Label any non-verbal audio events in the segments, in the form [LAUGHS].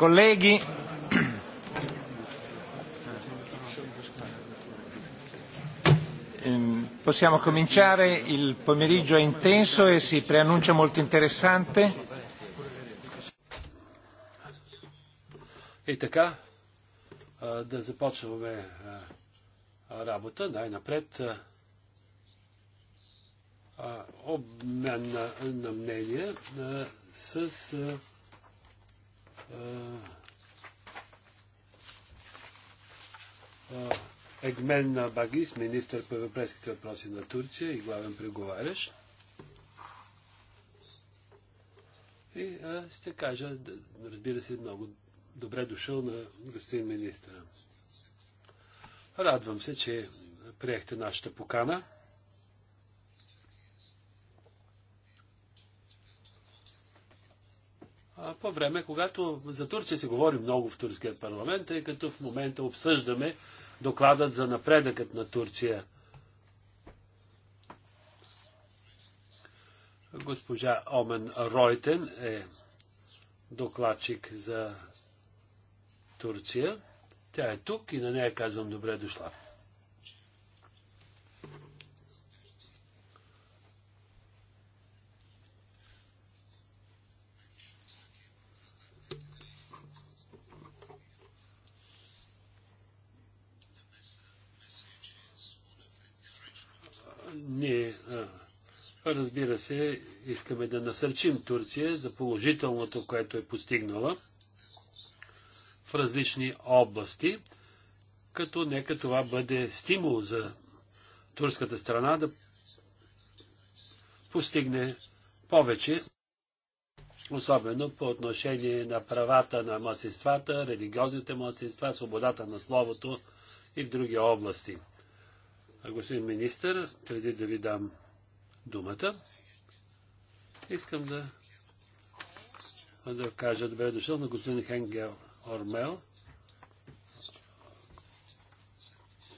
Colleghi, possiamo cominciare, il pomeriggio è intenso e si preannuncia molto interessante. E така, да започваме работа най-напред обмен на мнение с е, Егмен Багис, министър по европейските въпроси на Турция и главен преговаряш. И а, ще кажа, разбира се, много добре дошъл на господин министра. Радвам се, че приехте нашата покана. по време, когато за Турция се говори много в турският парламент, тъй като в момента обсъждаме докладът за напредъкът на Турция. Госпожа Омен Ройтен е докладчик за Турция. Тя е тук и на нея казвам добре дошла. Ние, разбира се, искаме да насърчим Турция за положителното, което е постигнала в различни области, като нека това бъде стимул за турската страна да постигне повече, особено по отношение на правата на младсинствата, религиозните младсинства, свободата на словото и в други области. Господин министър, преди да ви дам думата, искам да, да кажа добре дошъл на господин Хенгел Ормел,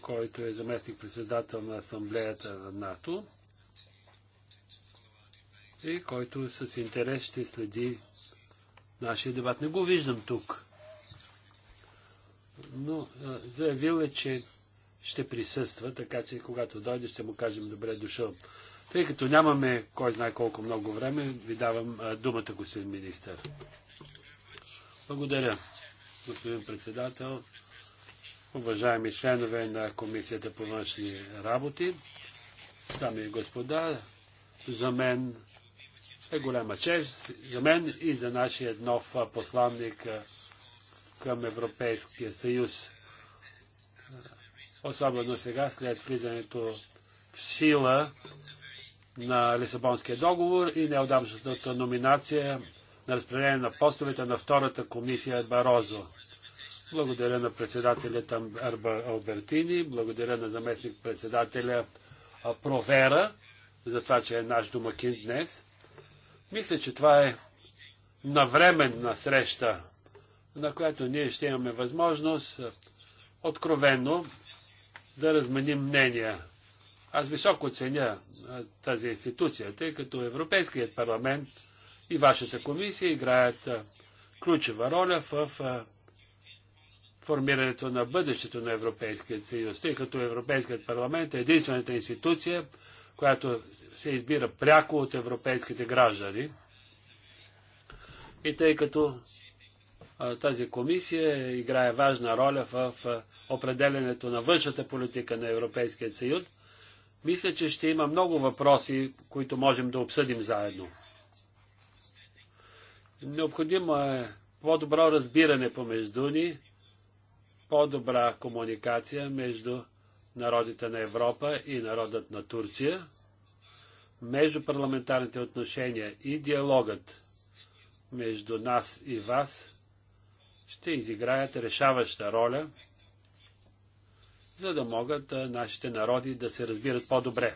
който е заместник председател на Асамблеята на НАТО и който с интерес ще следи нашия дебат. Не го виждам тук. Но заявил е, че ще присъства, така че когато дойде, ще му кажем добре дошъл. Тъй като нямаме кой знае колко много време, ви давам а, думата, господин министър. Благодаря, господин председател, уважаеми членове на Комисията по външни работи, дами и господа, за мен е голяма чест, за мен и за нашия нов посланник към Европейския съюз особено сега след влизането в сила на Лисабонския договор и неодавшата номинация на разпределение на постовете на втората комисия Барозо. Благодаря на председателя Албертини, благодаря на заместник председателя Провера за това, че е наш домакин днес. Мисля, че това е навременна среща, на която ние ще имаме възможност откровенно да разменим мнения. Аз високо ценя тази институция, тъй като Европейският парламент и вашата комисия играят ключова роля в формирането на бъдещето на Европейския съюз, тъй като Европейският парламент е единствената институция, която се избира пряко от европейските граждани. И тъй като тази комисия играе важна роля в определенето на външната политика на Европейския съюз. Мисля, че ще има много въпроси, които можем да обсъдим заедно. Необходимо е по-добро разбиране помежду ни, по-добра комуникация между народите на Европа и народът на Турция, между парламентарните отношения и диалогът между нас и вас ще изиграят решаваща роля, за да могат нашите народи да се разбират по-добре.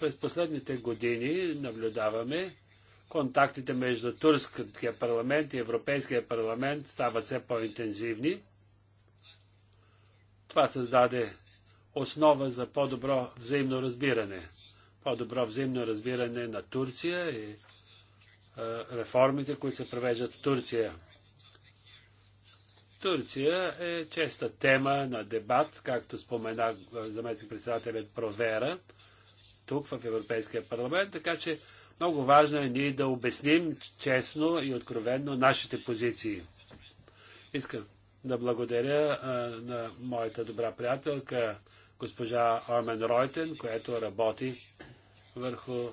През последните години наблюдаваме контактите между Турския парламент и Европейския парламент стават все по-интензивни. Това създаде основа за по-добро взаимно разбиране. По-добро взаимно разбиране на Турция и реформите, които се провеждат в Турция. Турция е честа тема на дебат, както спомена заместник председателят Провера тук в Европейския парламент, така че много важно е ние да обясним честно и откровенно нашите позиции. Искам да благодаря а, на моята добра приятелка, госпожа Армен Ройтен, която работи върху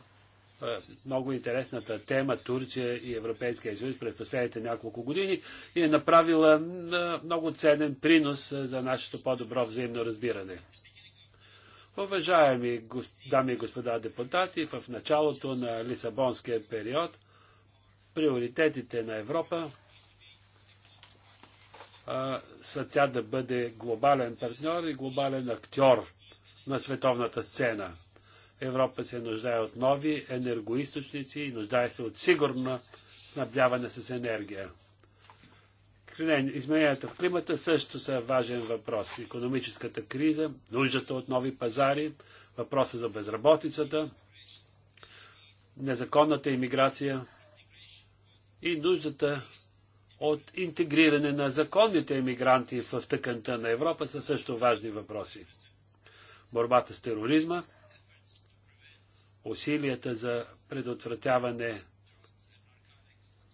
е, много интересната тема Турция и Европейския съюз през последните няколко години и е направила е, много ценен принос е, за нашето по-добро взаимно разбиране. Уважаеми дами и господа депутати, в началото на Лисабонския период приоритетите на Европа а, са тя да бъде глобален партньор и глобален актьор на световната сцена – Европа се нуждае от нови енергоисточници и нуждае се от сигурно снабдяване с енергия. Измененията в климата също са важен въпрос. Економическата криза, нуждата от нови пазари, въпроса за безработицата, незаконната иммиграция и нуждата от интегриране на законните иммигранти в тъканта на Европа са също важни въпроси. Борбата с тероризма – усилията за предотвратяване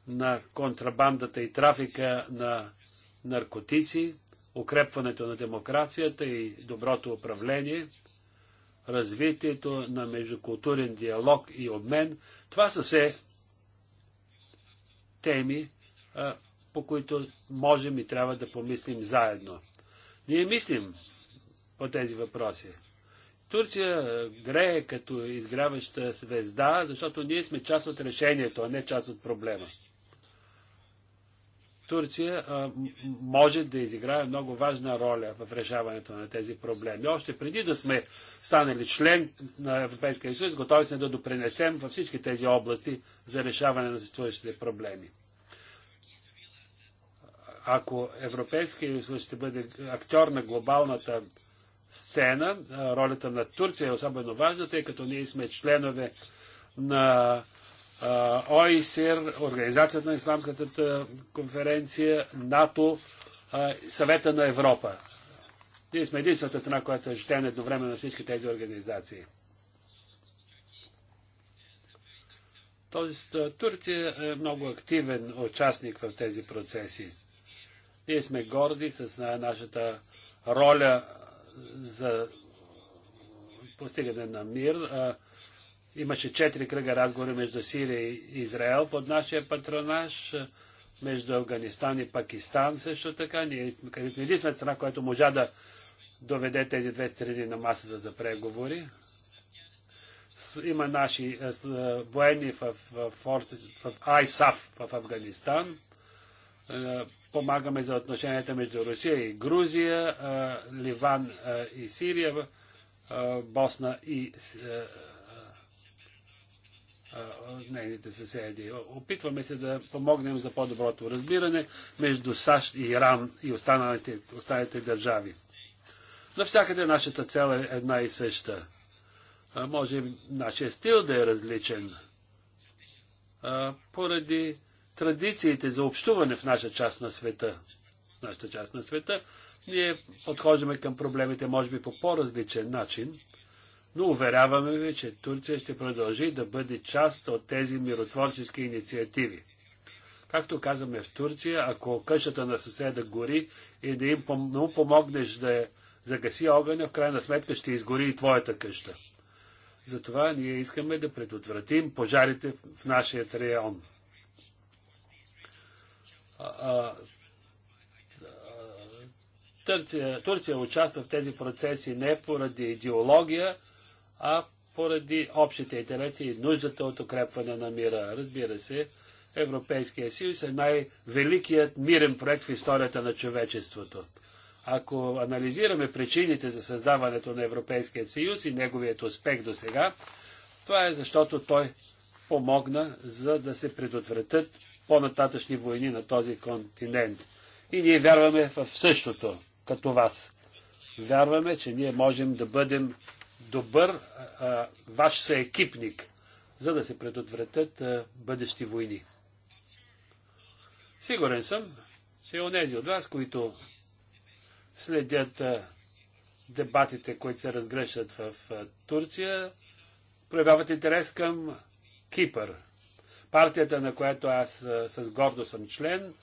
на контрабандата и трафика на наркотици, укрепването на демокрацията и доброто управление, развитието на междукултурен диалог и обмен. Това са се теми, по които можем и трябва да помислим заедно. Ние мислим по тези въпроси. Турция е, грее като изгряваща звезда, защото ние сме част от решението, а не част от проблема. Турция а, е, може да изиграе много важна роля в решаването на тези проблеми. Още преди да сме станали член на Европейския съюз, готови сме да допринесем във всички тези области за решаване на съществуващите проблеми. Ако Европейския съюз ще бъде актьор на глобалната сцена. Ролята на Турция е особено важна, тъй като ние сме членове на ОИСИР, Организацията на Исламската конференция, НАТО, Съвета на Европа. Ние сме единствената страна, която е член едновременно на всички тези организации. Тоест, Турция е много активен участник в тези процеси. Ние сме горди с нашата роля за постигане на мир. имаше четири кръга разговори между Сирия и Израел под нашия патронаж, между Афганистан и Пакистан също така. Ние сме единствената страна, която можа да доведе тези две страни на масата за преговори. Има наши военни в, в, в, в Айсаф в Афганистан. Е, помагаме за отношенията между Русия и Грузия, е, Ливан е, и Сирия, Босна и нейните съседи. Опитваме се да помогнем за по-доброто разбиране между САЩ и Иран и останалите, останалите държави. Навсякъде нашата цел е една и съща. Може нашия стил да е различен поради традициите за общуване в наша част на света, нашата част на света, ние подхождаме към проблемите, може би, по по-различен начин, но уверяваме ви, че Турция ще продължи да бъде част от тези миротворчески инициативи. Както казваме в Турция, ако къщата на съседа гори и да им помогнеш да загаси огъня, в крайна сметка ще изгори и твоята къща. Затова ние искаме да предотвратим пожарите в нашия район. Турция, Турция участва в тези процеси не поради идеология, а поради общите интереси и нуждата от укрепване на мира. Разбира се, Европейския съюз е най-великият мирен проект в историята на човечеството. Ако анализираме причините за създаването на Европейския съюз и неговият успех до сега, това е защото той помогна за да се предотвратят по-нататъчни войни на този континент. И ние вярваме в същото, като вас. Вярваме, че ние можем да бъдем добър а, ваш съекипник, за да се предотвратят а, бъдещи войни. Сигурен съм, че онези от вас, които следят а, дебатите, които се разгръщат в а, Турция, проявяват интерес към Кипър, Партията, на която аз с гордо съм член,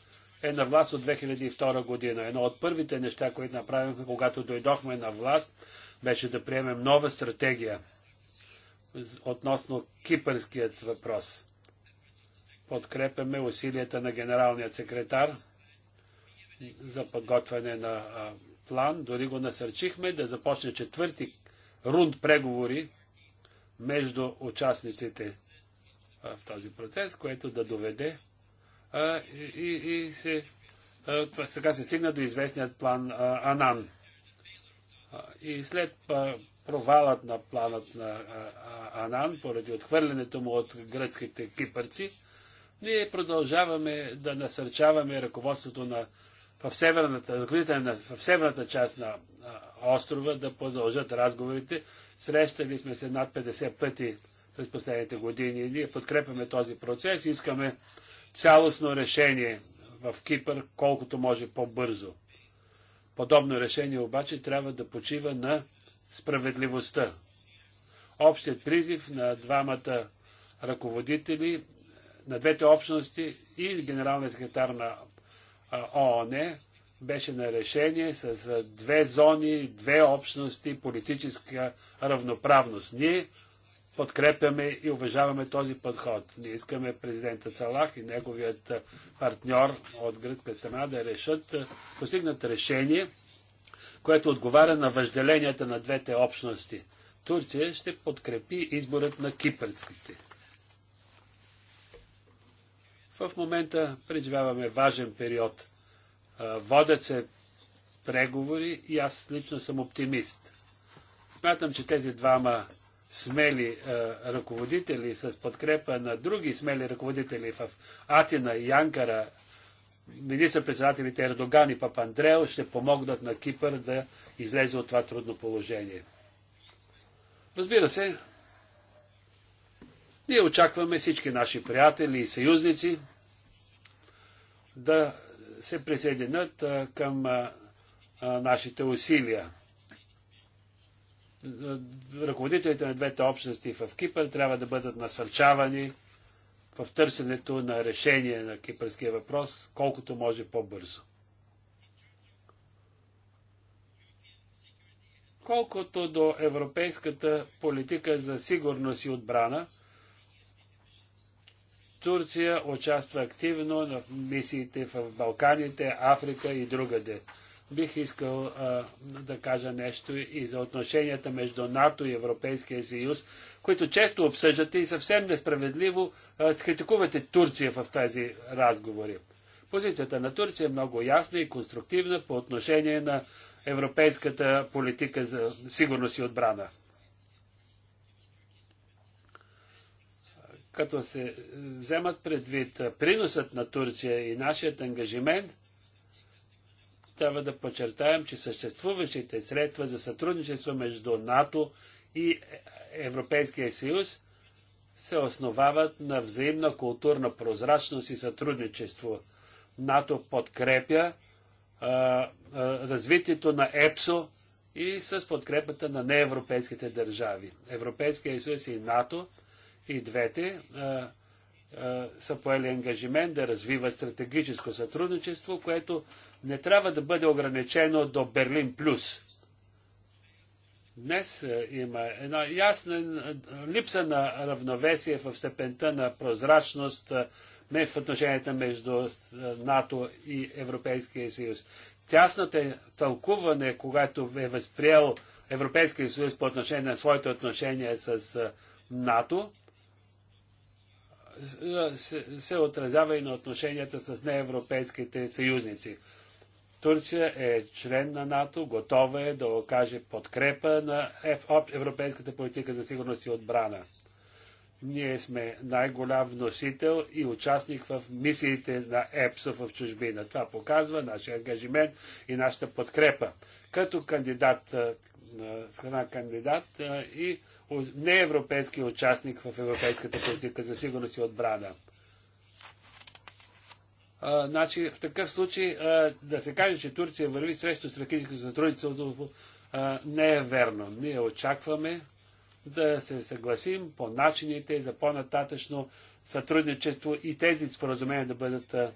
е на власт от 2002 година. Едно от първите неща, които направихме, когато дойдохме на власт, беше да приемем нова стратегия относно кипърският въпрос. Подкрепяме усилията на генералния секретар за подготвяне на план. Дори го насърчихме да започне четвърти рунд преговори между участниците в този процес, което да доведе а, и, и се, а, сега се стигна до известният план а, Анан. А, и след а, провалът на планът на а, а, Анан, поради отхвърлянето му от гръцките кипърци, ние продължаваме да насърчаваме ръководството на в северната, в северната част на острова да продължат разговорите. Срещали сме се над 50 пъти през последните години. Ние подкрепяме този процес и искаме цялостно решение в Кипър, колкото може по-бързо. Подобно решение обаче трябва да почива на справедливостта. Общият призив на двамата ръководители на двете общности и генералния секретар на ООН беше на решение с две зони, две общности, политическа равноправност. Ние подкрепяме и уважаваме този подход. Ние искаме президента Салах и неговият партньор от гръцка страна да решат, постигнат решение, което отговаря на въжделенията на двете общности. Турция ще подкрепи изборът на кипърските. В момента преживяваме важен период. Водят се преговори и аз лично съм оптимист. Смятам, че тези двама смели е, ръководители с подкрепа на други смели ръководители в Атина и Анкара, министър-председателите Ердоган и Папандрео ще помогнат на Кипър да излезе от това трудно положение. Разбира се, ние очакваме всички наши приятели и съюзници да се присъединят е, към е, нашите усилия ръководителите на двете общности в Кипър трябва да бъдат насърчавани в търсенето на решение на кипърския въпрос колкото може по-бързо. Колкото до европейската политика за сигурност и отбрана, Турция участва активно в мисиите в Балканите, Африка и другаде. Бих искал а, да кажа нещо и за отношенията между НАТО и Европейския съюз, които често обсъждате и съвсем несправедливо а, критикувате Турция в тези разговори. Позицията на Турция е много ясна и конструктивна по отношение на европейската политика за сигурност и отбрана. Като се вземат предвид приносът на Турция и нашият ангажимент, трябва да подчертаем, че съществуващите средства за сътрудничество между НАТО и Европейския съюз се основават на взаимна културна прозрачност и сътрудничество. НАТО подкрепя а, а, развитието на ЕПСО и с подкрепата на неевропейските държави. Европейския съюз и НАТО и двете а, са поели ангажимент да развиват стратегическо сътрудничество, което не трябва да бъде ограничено до Берлин Плюс. Днес има една ясна липса на равновесие в степента на прозрачност в отношенията между НАТО и Европейския съюз. Тясното е тълкуване, когато е възприел Европейския съюз по отношение на своите отношения с НАТО, се, отразява и на отношенията с неевропейските съюзници. Турция е член на НАТО, готова е да окаже подкрепа на европейската политика за сигурност и отбрана. Ние сме най-голям вносител и участник в мисиите на ЕПСО в чужбина. Това показва нашия ангажимент и нашата подкрепа. Като кандидат страна кандидат и неевропейски участник в европейската политика за сигурност и отбрана. А, значи, в такъв случай а, да се каже, че Турция върви срещу стратегическо сътрудничество, не е верно. Ние очакваме да се съгласим по начините за по-нататъчно сътрудничество и тези споразумения да бъдат а,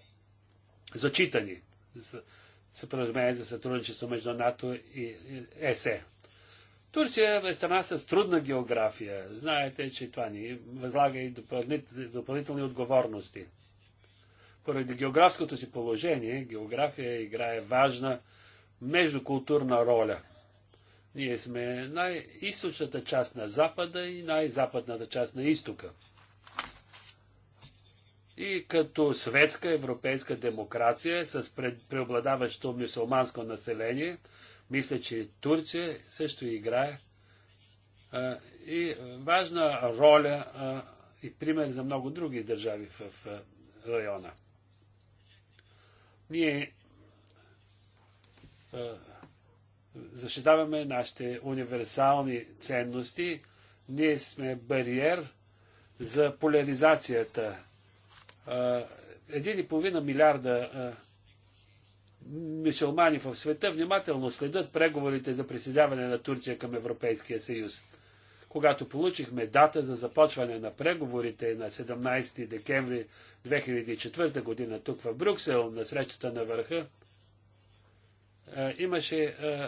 зачитани. Споразумение за сътрудничество между НАТО и ЕСЕ. Турция е страна с трудна география. Знаете, че това ни възлага и допълнителни, отговорности. Поради географското си положение, география играе важна междукултурна роля. Ние сме най-източната част на Запада и най-западната част на Изтока. И като светска европейска демокрация с преобладаващо мюсулманско население, мисля, че Турция също играе а, и важна роля а, и пример за много други държави в, в района. Ние а, защитаваме нашите универсални ценности. Ние сме бариер за поляризацията. Един и половина милиарда мисулмани в света внимателно следят преговорите за присъединяване на Турция към Европейския съюз. Когато получихме дата за започване на преговорите на 17 декември 2004 година тук в Брюксел на срещата на върха, е, имаше е,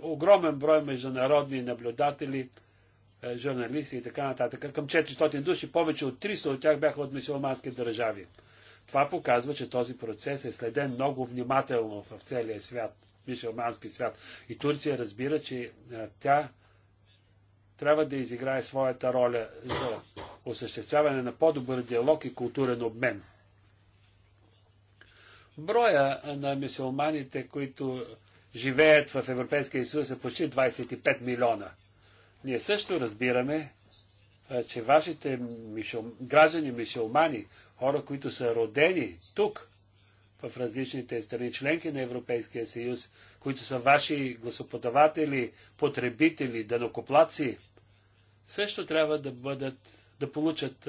огромен брой международни наблюдатели, е, журналисти и така нататък. Към 400 души, повече от 300 от тях бяха от мисулмански държави. Това показва, че този процес е следен много внимателно в целия свят, мишелмански свят. И Турция разбира, че е, тя трябва да изиграе своята роля за осъществяване на по-добър диалог и културен обмен. Броя на мисулманите, които живеят в Европейския съюз е почти 25 милиона. Ние също разбираме, че вашите мишел... граждани мишелмани, хора, които са родени тук, в различните страни, членки на Европейския съюз, които са ваши гласоподаватели, потребители, данокоплаци, също трябва да бъдат, да получат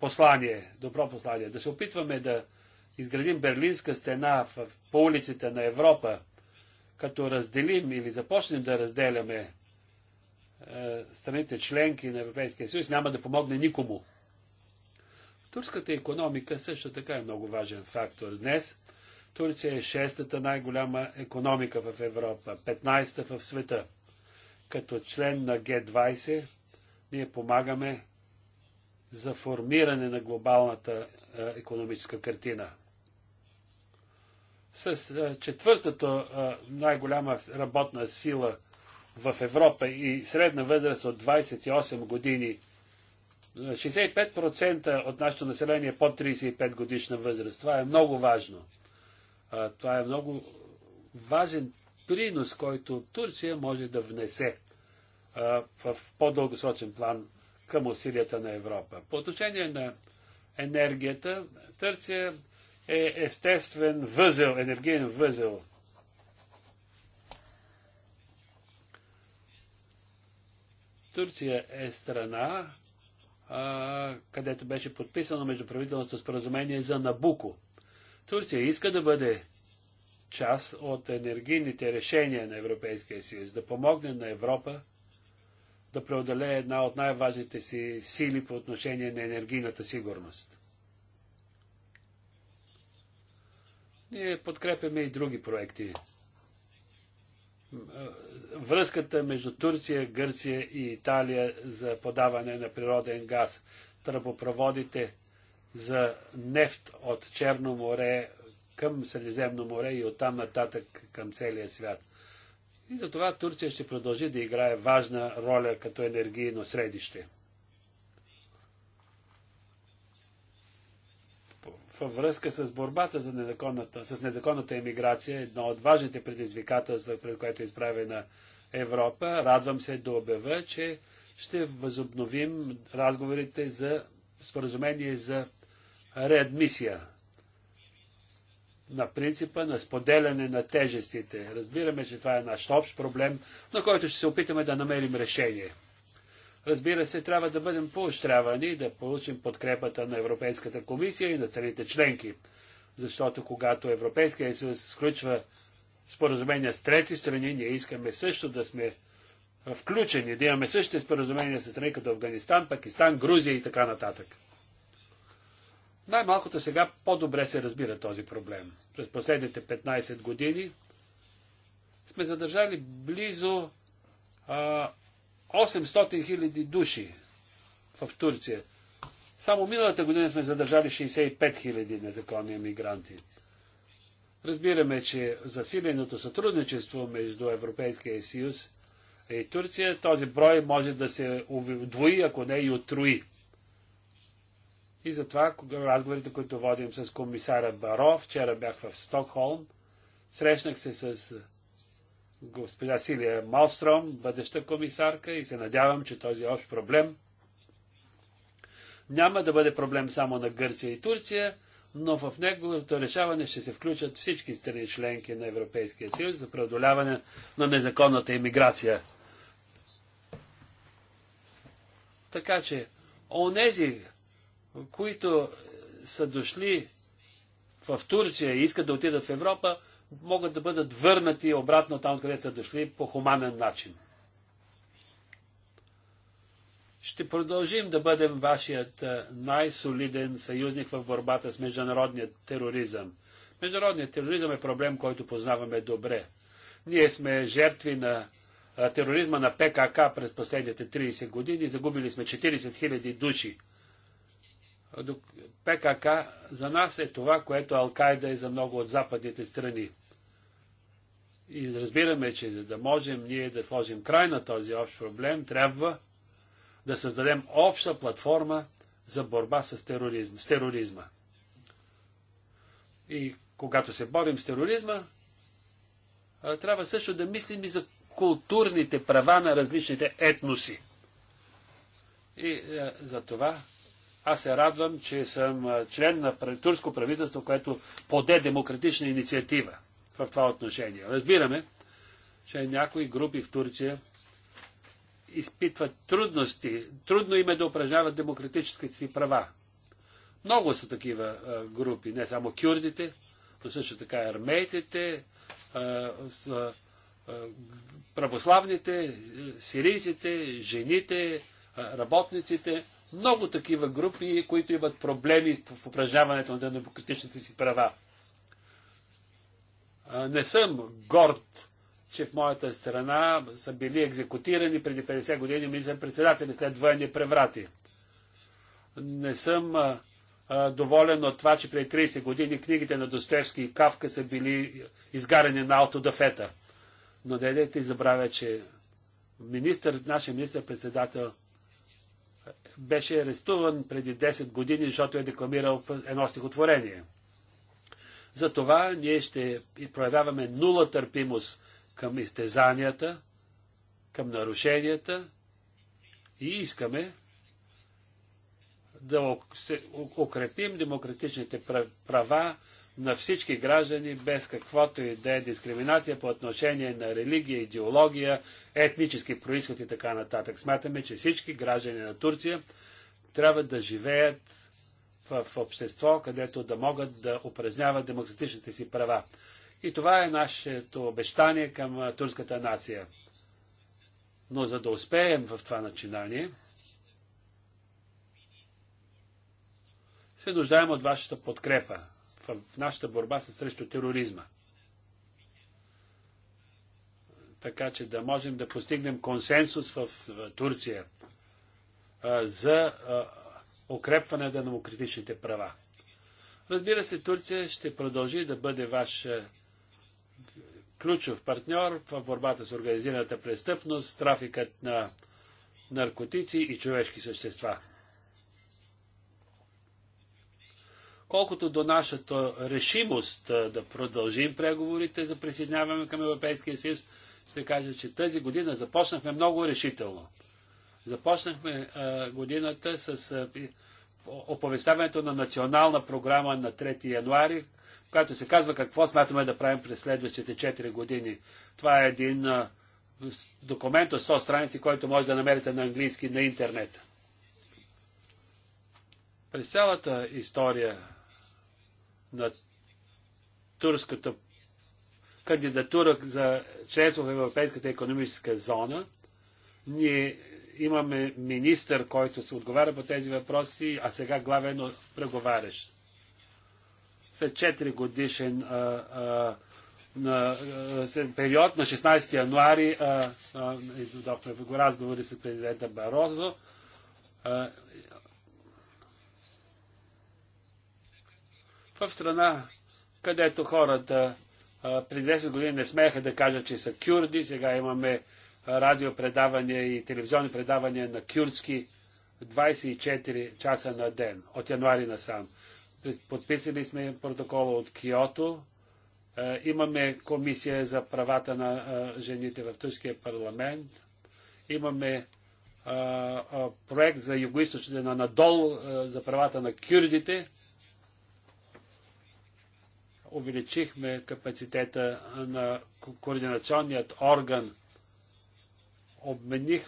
послание, добро послание. Да се опитваме да изградим Берлинска стена в, по улиците на Европа, като разделим или започнем да разделяме е, страните членки на Европейския съюз няма да помогне никому. Турската економика също така е много важен фактор. Днес Турция е шестата най-голяма економика в Европа, 15-та в света. Като член на Г-20 ние помагаме за формиране на глобалната е, економическа картина. С е, четвъртата най-голяма работна сила – в Европа и средна възраст от 28 години, 65% от нашето население е под 35 годишна възраст. Това е много важно. Това е много важен принос, който Турция може да внесе в по-дългосрочен план към усилията на Европа. По отношение на енергията, Турция е естествен възел, енергиен възел Турция е страна, а, където беше подписано междуправителното споразумение за Набуко. Турция иска да бъде част от енергийните решения на Европейския съюз, да помогне на Европа да преодолее една от най-важните си сили по отношение на енергийната сигурност. Ние подкрепяме и други проекти връзката между Турция, Гърция и Италия за подаване на природен газ, тръбопроводите за нефт от Черно море към Средиземно море и оттам нататък към целия свят. И затова Турция ще продължи да играе важна роля като енергийно средище. във връзка с борбата за незаконната, с незаконната емиграция, едно от важните предизвикателства, пред което е изправена Европа. Радвам се да обявя, че ще възобновим разговорите за споразумение за реадмисия на принципа на споделяне на тежестите. Разбираме, че това е наш общ проблем, на който ще се опитаме да намерим решение. Разбира се, трябва да бъдем поощрявани да получим подкрепата на Европейската комисия и на страните членки. Защото когато Европейския съюз сключва споразумения с трети страни, ние искаме също да сме включени, да имаме същите споразумения с страни като Афганистан, Пакистан, Грузия и така нататък. Най-малкото сега по-добре се разбира този проблем. През последните 15 години сме задържали близо а, 800 хиляди души в Турция. Само миналата година сме задържали 65 хиляди незаконни емигранти. Разбираме, че засиленото сътрудничество между Европейския съюз и Турция, този брой може да се удвои, ако не и отруи. И затова разговорите, които водим с комисара Баро, вчера бях в Стокхолм, срещнах се с госпожа Силия Малстром, бъдеща комисарка, и се надявам, че този общ проблем няма да бъде проблем само на Гърция и Турция, но в неговото решаване ще се включат всички страни членки на Европейския съюз за преодоляване на незаконната иммиграция. Така че, онези, които са дошли в Турция и искат да отидат в Европа, могат да бъдат върнати обратно там, къде са дошли по хуманен начин. Ще продължим да бъдем вашият е, най-солиден съюзник в борбата с международният тероризъм. Международният тероризъм е проблем, който познаваме добре. Ние сме жертви на е, тероризма на ПКК през последните 30 години. Загубили сме 40 000 души. ПКК за нас е това, което Алкайда е за много от западните страни. И разбираме, че за да можем ние да сложим край на този общ проблем, трябва да създадем обща платформа за борба с тероризм, с тероризма. И когато се борим с тероризма, трябва също да мислим и за културните права на различните етноси. И е, за това аз се радвам, че съм е, член на турско правителство, което поде демократична инициатива това отношение. Разбираме, че някои групи в Турция изпитват трудности, трудно им е да упражняват демократическите си права. Много са такива групи, не само кюрдите, но също така армейците, православните, сирийците, жените, работниците. Много такива групи, които имат проблеми в упражняването на демократичните си права. Не съм горд, че в моята страна са били екзекутирани преди 50 години министър-председатели след военни преврати. Не съм доволен от това, че преди 30 години книгите на Достоевски и Кавка са били изгарени на аутодафета. Но не дайте и забравя, че министър, нашия министър-председател беше арестуван преди 10 години, защото е декламирал едно стихотворение – затова ние ще проявяваме нула търпимост към изтезанията, към нарушенията и искаме да укрепим демократичните права на всички граждани без каквото и да е дискриминация по отношение на религия, идеология, етнически происход и така нататък. Смятаме, че всички граждани на Турция трябва да живеят в общество, където да могат да упражняват демократичните си права. И това е нашето обещание към турската нация. Но за да успеем в това начинание, се нуждаем от вашата подкрепа в нашата борба с срещу тероризма. Така че да можем да постигнем консенсус в Турция за укрепване на демократичните права. Разбира се, Турция ще продължи да бъде ваш е, ключов партньор в борбата с организираната престъпност, трафикът на наркотици и човешки същества. Колкото до нашата решимост е, да продължим преговорите за присъединяване към Европейския съюз, ще кажа, че тази година започнахме много решително. Започнахме годината с оповестяването на национална програма на 3 януари, която се казва какво смятаме да правим през следващите 4 години. Това е един документ от 100 страници, който може да намерите на английски на интернет. През цялата история на турската кандидатура за членство в Европейската економическа зона, ние имаме министър, който се отговаря по тези въпроси, а сега главен преговарящ. След 4 годишен а, а, на, а, период на 16 януари а, издадохме разговори с президента Барозо. А, в страна, където хората а, преди 10 години не смееха да кажат, че са кюрди, сега имаме радиопредавания и телевизионни предавания на кюрдски 24 часа на ден, от януари насам. Подписали сме протокола от Киото. Е, имаме комисия за правата на е, жените в турския парламент. Имаме е, проект за югоизточните на надолу за правата на кюрдите. Увеличихме капацитета на координационният орган обмених,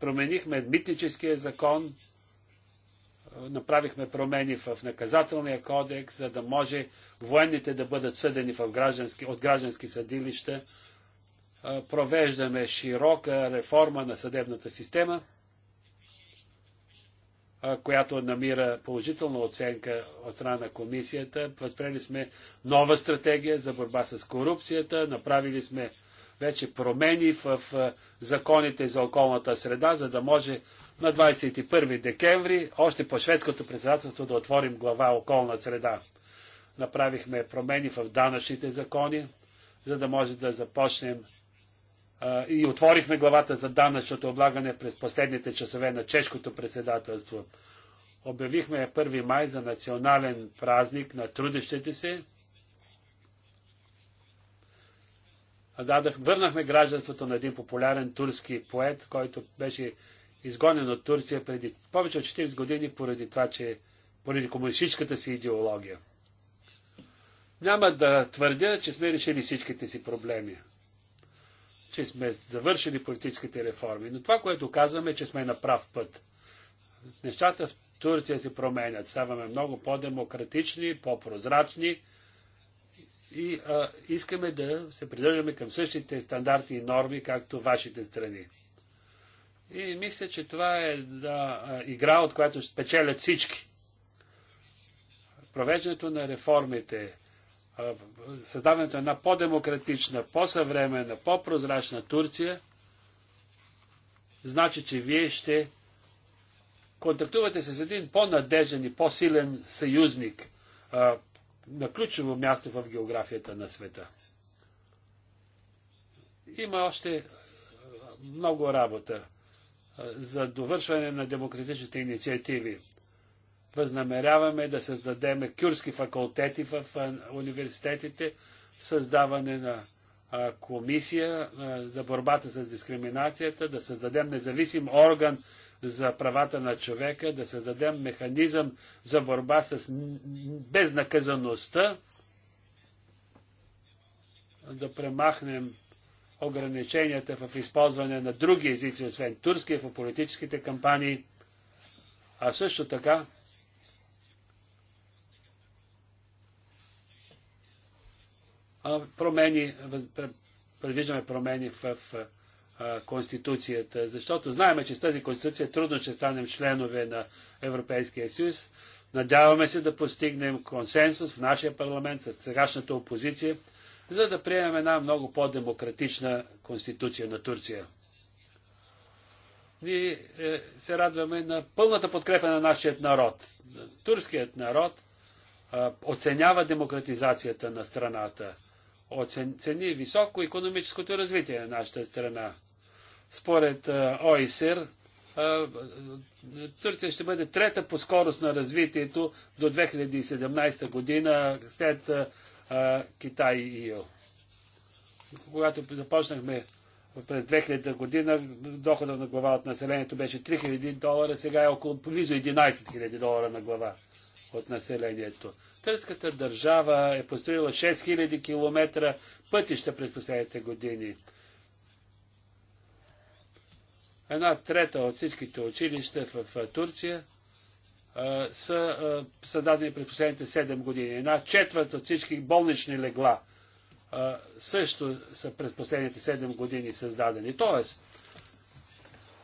променихме митническия закон, направихме промени в наказателния кодекс, за да може военните да бъдат съдени в граждански, от граждански съдилища. Провеждаме широка реформа на съдебната система, която намира положителна оценка от страна на комисията. Възпрели сме нова стратегия за борба с корупцията, направили сме вече промени в законите за околната среда, за да може на 21 декември, още по шведското председателство, да отворим глава околна среда. Направихме промени в данъчните закони, за да може да започнем и отворихме главата за данъчното облагане през последните часове на чешкото председателство. Обявихме 1 май за национален празник на трудещите се, дадах, върнахме гражданството на един популярен турски поет, който беше изгонен от Турция преди повече от 40 години поради това, че поради комунистическата си идеология. Няма да твърдя, че сме решили всичките си проблеми, че сме завършили политическите реформи, но това, което казваме, е, че сме на прав път. Нещата в Турция се променят, ставаме много по-демократични, по-прозрачни, и а, искаме да се придържаме към същите стандарти и норми, както вашите страни. И мисля, че това е да, игра, от която спечелят всички. Провеждането на реформите, създаването на една по-демократична, по-съвременна, по-прозрачна Турция, значи, че вие ще контактувате с един по надежен и по-силен съюзник, на ключово място в географията на света. Има още много работа за довършване на демократичните инициативи. Възнамеряваме да създадем кюрски факултети в университетите, създаване на комисия за борбата с дискриминацията, да създадем независим орган за правата на човека, да създадем механизъм за борба с безнаказаността, да премахнем ограниченията в използване на други езици, освен турски, в политическите кампании, а също така промени, предвиждаме промени в, в Конституцията, защото знаем, че с тази Конституция трудно ще станем членове на Европейския съюз. Надяваме се да постигнем консенсус в нашия парламент с сегашната опозиция, за да приемем една много по-демократична Конституция на Турция. Ние е, се радваме на пълната подкрепа на нашия народ. Турският народ оценява демократизацията на страната оцени високо економическото развитие на нашата страна. Според ОИСЕР, Турция ще бъде трета по скорост на развитието до 2017 година след Китай и ИО. Когато започнахме през 2000 година, доходът на глава от населението беше 3000 долара, сега е около близо 11 000 долара на глава от населението. Търската държава е построила 6000 км пътища през последните години. Една трета от всичките училища в Турция са създадени през последните 7 години. Една четвърт от всички болнични легла също са през последните 7 години създадени. Тоест,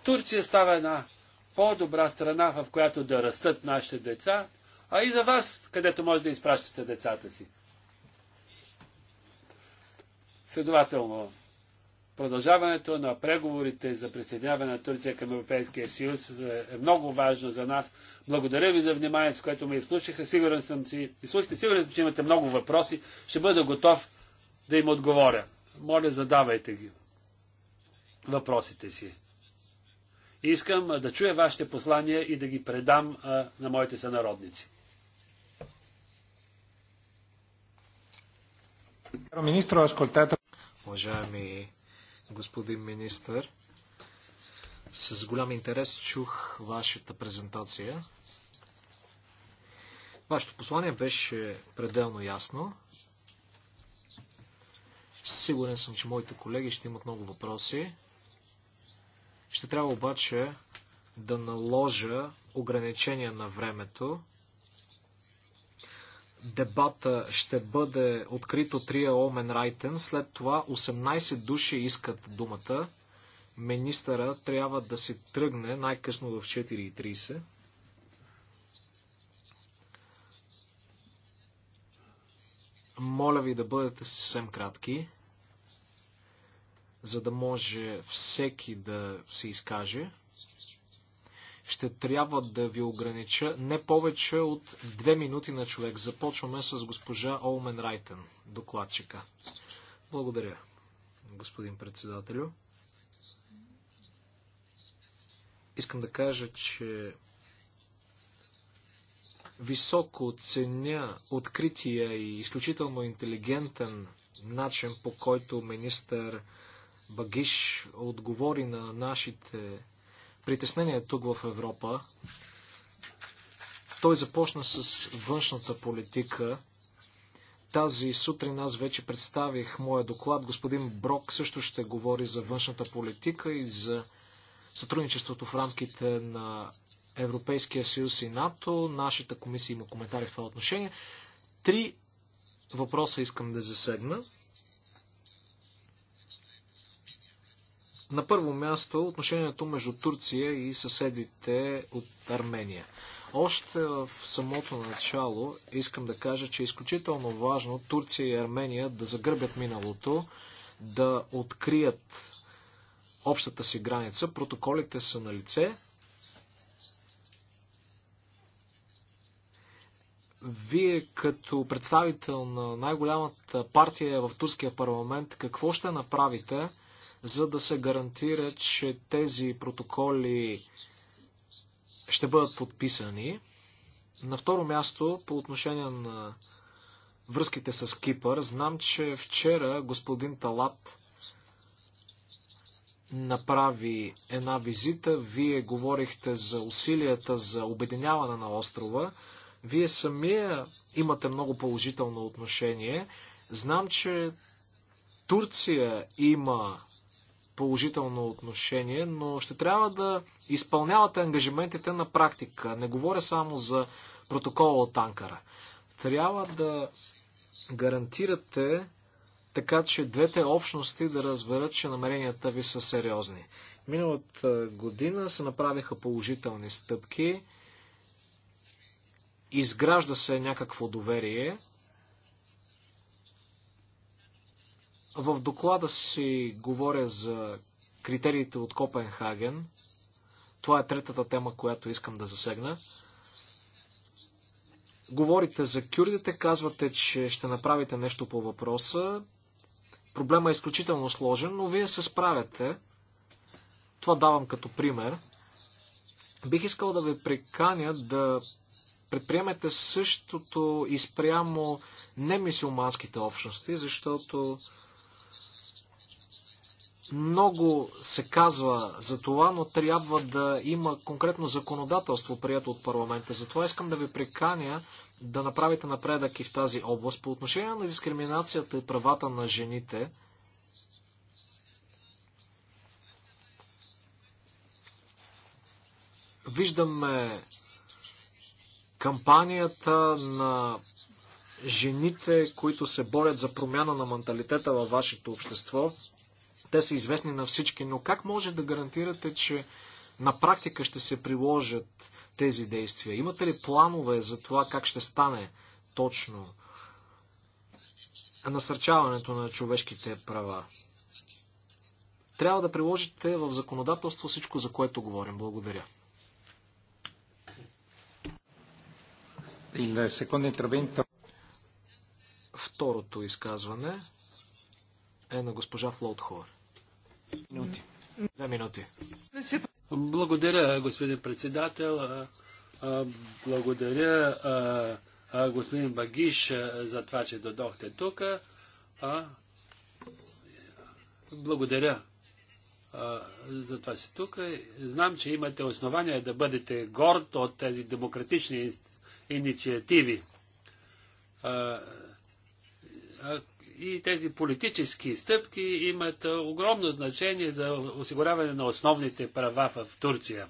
Турция става една по-добра страна, в която да растат нашите деца, а и за вас, където може да изпращате децата си. Следователно, Продължаването на преговорите за присъединяване на Турция към Европейския съюз е, е много важно за нас. Благодаря ви за вниманието, с което ме изслушаха. Сигурен съм, че, изслушахте. Сигурен съм, че имате много въпроси. Ще бъда готов да им отговоря. Моля, задавайте ги въпросите си. Искам да чуя вашите послания и да ги предам на моите сънародници. Уважаеми господин министър. С голям интерес чух вашата презентация. Вашето послание беше пределно ясно. Сигурен съм, че моите колеги ще имат много въпроси. Ще трябва обаче да наложа ограничения на времето, дебата ще бъде открит от Рия Омен Райтен. След това 18 души искат думата. Министъра трябва да си тръгне най-късно в 4.30. Моля ви да бъдете съвсем кратки, за да може всеки да се изкаже ще трябва да ви огранича не повече от две минути на човек. Започваме с госпожа Олмен Райтен, докладчика. Благодаря, господин председателю. Искам да кажа, че високо ценя открития и изключително интелигентен начин, по който министър Багиш отговори на нашите притеснение тук в Европа. Той започна с външната политика. Тази сутрин аз вече представих моя доклад. Господин Брок също ще говори за външната политика и за сътрудничеството в рамките на Европейския съюз и НАТО. Нашата комисия има коментари в това отношение. Три въпроса искам да засегна. На първо място отношението между Турция и съседите от Армения. Още в самото начало искам да кажа, че е изключително важно Турция и Армения да загърбят миналото, да открият общата си граница. Протоколите са на лице. Вие като представител на най-голямата партия в турския парламент, какво ще направите? за да се гарантира, че тези протоколи ще бъдат подписани. На второ място, по отношение на връзките с Кипър, знам, че вчера господин Талат направи една визита. Вие говорихте за усилията за обединяване на острова. Вие самия имате много положително отношение. Знам, че Турция има положително отношение, но ще трябва да изпълнявате ангажиментите на практика. Не говоря само за протокола от Анкара. Трябва да гарантирате така, че двете общности да разберат, че намеренията ви са сериозни. Миналата година се направиха положителни стъпки, изгражда се някакво доверие В доклада си говоря за критериите от Копенхаген. Това е третата тема, която искам да засегна. Говорите за кюрдите, казвате, че ще направите нещо по въпроса. Проблема е изключително сложен, но вие се справяте. Това давам като пример. Бих искал да ви приканя да предприемете същото и спрямо немисюлманските общности, защото много се казва за това, но трябва да има конкретно законодателство, прието от парламента. Затова искам да ви приканя да направите напредък и в тази област. По отношение на дискриминацията и правата на жените, виждаме кампанията на жените, които се борят за промяна на менталитета във вашето общество. Те са известни на всички, но как може да гарантирате, че на практика ще се приложат тези действия? Имате ли планове за това как ще стане точно насърчаването на човешките права? Трябва да приложите в законодателство всичко, за което говорим. Благодаря. Второто изказване е на госпожа Флоутхор. Минути. Две минути. Благодаря, господин председател. Благодаря, господин Багиш, за това, че додохте тук. Благодаря за това че тук. Знам, че имате основания да бъдете горд от тези демократични инициативи и тези политически стъпки имат огромно значение за осигуряване на основните права в Турция.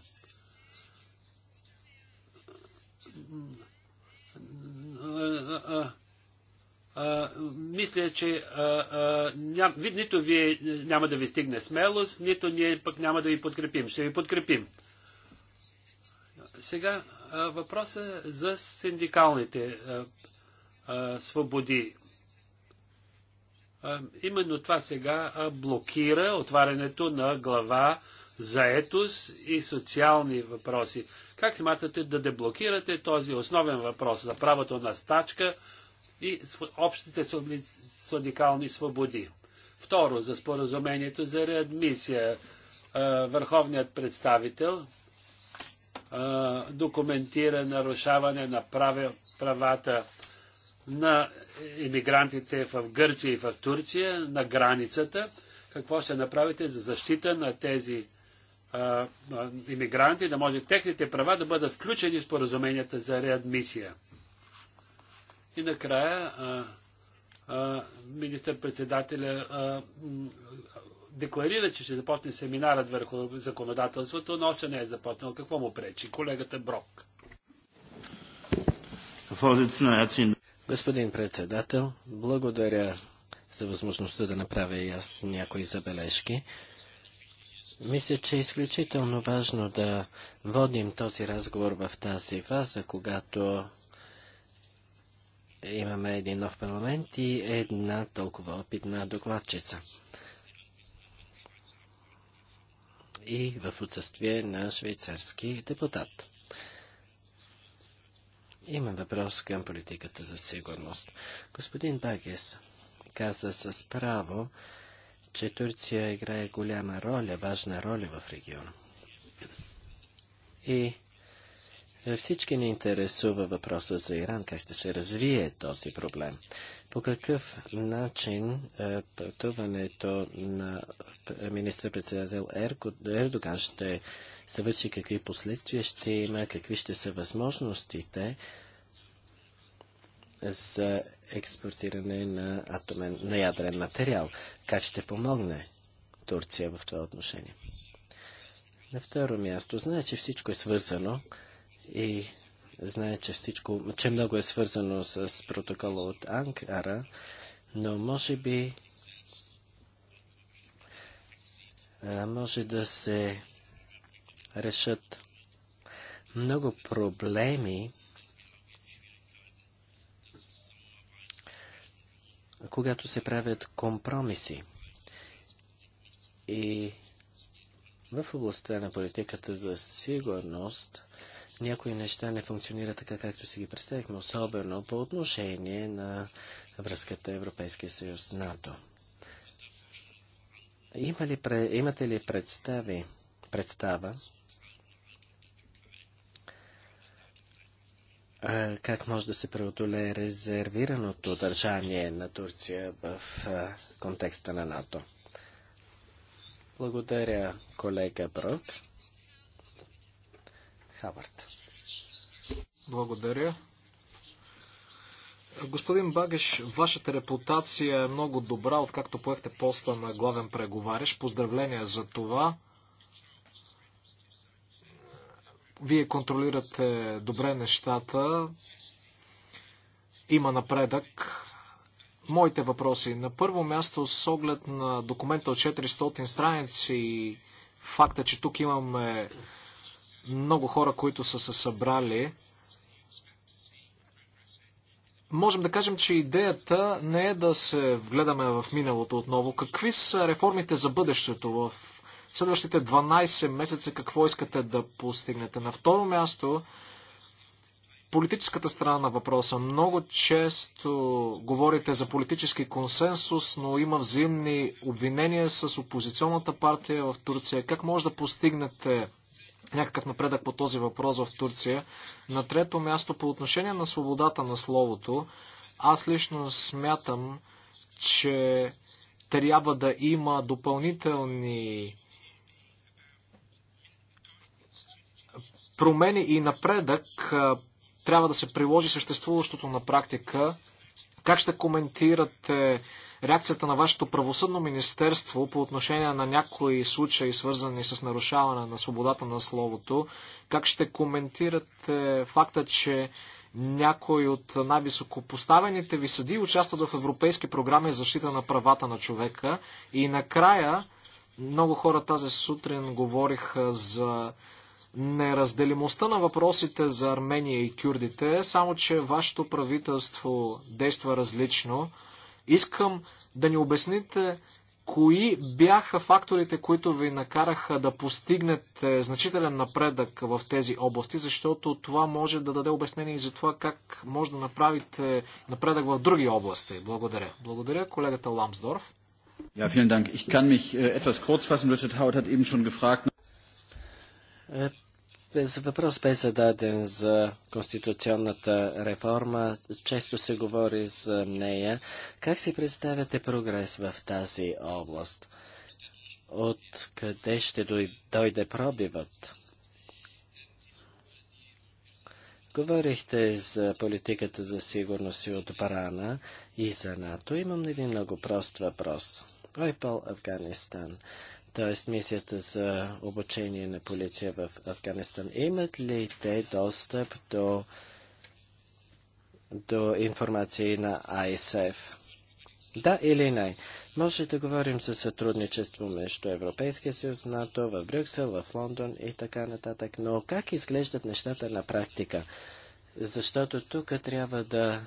Мисля, че нито вие е, няма да ви стигне смелост, нито ние пък няма да ви подкрепим. Ще ви подкрепим. Сега въпросът е за синдикалните свободи. Именно това сега блокира отварянето на глава заетост и социални въпроси. Как смятате да деблокирате този основен въпрос за правото на стачка и общите синдикални свободи? Второ, за споразумението за реадмисия. Върховният представител документира нарушаване на праве, правата на иммигрантите в Гърция и в Турция, на границата, какво ще направите за защита на тези иммигранти, да може техните права да бъдат включени в споразуменията за реадмисия. И накрая министър-председателя декларира, че ще започне семинарът върху законодателството, но още не е започнал. Какво му пречи? Колегата Брок. Господин председател, благодаря за възможността да направя и аз някои забележки. Мисля, че е изключително важно да водим този разговор в тази фаза, когато имаме един нов парламент и една толкова опитна докладчица. И в отсъствие на швейцарски депутат. Имам въпрос към политиката за сигурност. Господин Багес каза с право, че Турция играе голяма роля, важна роля в региона. И е, всички ни интересува въпроса за Иран, как ще се развие този проблем. По какъв начин е, пътуването на е, министър-председател Ердоган ще се върши, какви последствия ще има, какви ще са възможностите за експортиране на, атомен, на ядрен материал? Как ще помогне Турция в това отношение? На второ място, знае, че всичко е свързано и знае, че всичко, че много е свързано с протокола от Анкара, но може би може да се решат много проблеми, когато се правят компромиси. И в областта на политиката за сигурност някои неща не функционират така, както си ги представихме, особено по отношение на връзката Европейския съюз НАТО. Има ли, имате ли представи, представа как може да се преодолее резервираното държание на Турция в контекста на НАТО? Благодаря, колега Брок. Хабърт. Благодаря. Господин Багеш, вашата репутация е много добра, откакто поехте поста на главен преговаряш. Поздравления за това. Вие контролирате добре нещата. Има напредък. Моите въпроси. На първо място, с оглед на документа от 400 страници и факта, че тук имаме много хора, които са се събрали. Можем да кажем, че идеята не е да се вгледаме в миналото отново. Какви са реформите за бъдещето в следващите 12 месеца? Какво искате да постигнете? На второ място, политическата страна на въпроса. Много често говорите за политически консенсус, но има взаимни обвинения с опозиционната партия в Турция. Как може да постигнете някакъв напредък по този въпрос в Турция. На трето място, по отношение на свободата на словото, аз лично смятам, че трябва да има допълнителни промени и напредък. Трябва да се приложи съществуващото на практика. Как ще коментирате реакцията на вашето правосъдно министерство по отношение на някои случаи, свързани с нарушаване на свободата на словото? Как ще коментирате факта, че някои от най-високопоставените ви съди участват в европейски програми за защита на правата на човека? И накрая, много хора тази сутрин говориха за неразделимостта на въпросите за Армения и кюрдите, само че вашето правителство действа различно. Искам да ни обясните кои бяха факторите, които ви накараха да постигнете значителен напредък в тези области, защото това може да даде обяснение и за това как може да направите напредък в други области. Благодаря. Благодаря, колегата Ламсдорф. Ja, vielen Dank. Ich kann mich äh, etwas kurz fassen. Richard Howard hat eben schon gefragt. Е, Въпрос бе зададен за конституционната реформа. Често се говори за нея. Как си представяте прогрес в тази област? От къде ще дойде пробивът? Говорихте за политиката за сигурност и отбрана и за НАТО. Имам един много прост въпрос. Кой е Пол Афганистан т.е. мисията за обучение на полиция в Афганистан. Имат ли те достъп до, до информации на АИСЕФ? Да или не? Може да говорим за сътрудничество между Европейския съюз, НАТО, в Брюксел, в Лондон и така нататък. Но как изглеждат нещата на практика? Защото тук трябва да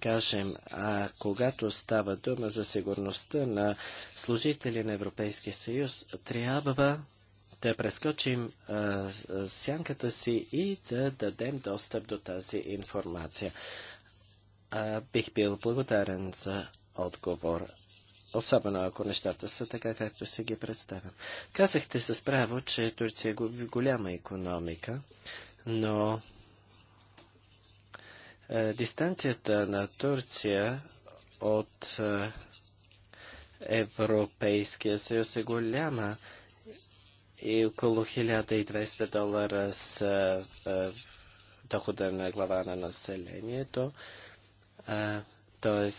кажем, а когато става дума за сигурността на служители на Европейския съюз, трябва да прескочим а, сянката си и да дадем достъп до тази информация. А, бих бил благодарен за отговор, особено ако нещата са така, както си ги представям. Казахте с право, че Турция е голяма економика, но е, дистанцията на Турция от е, Европейския съюз е голяма и около 1200 долара с е, дохода на глава на населението, т.е.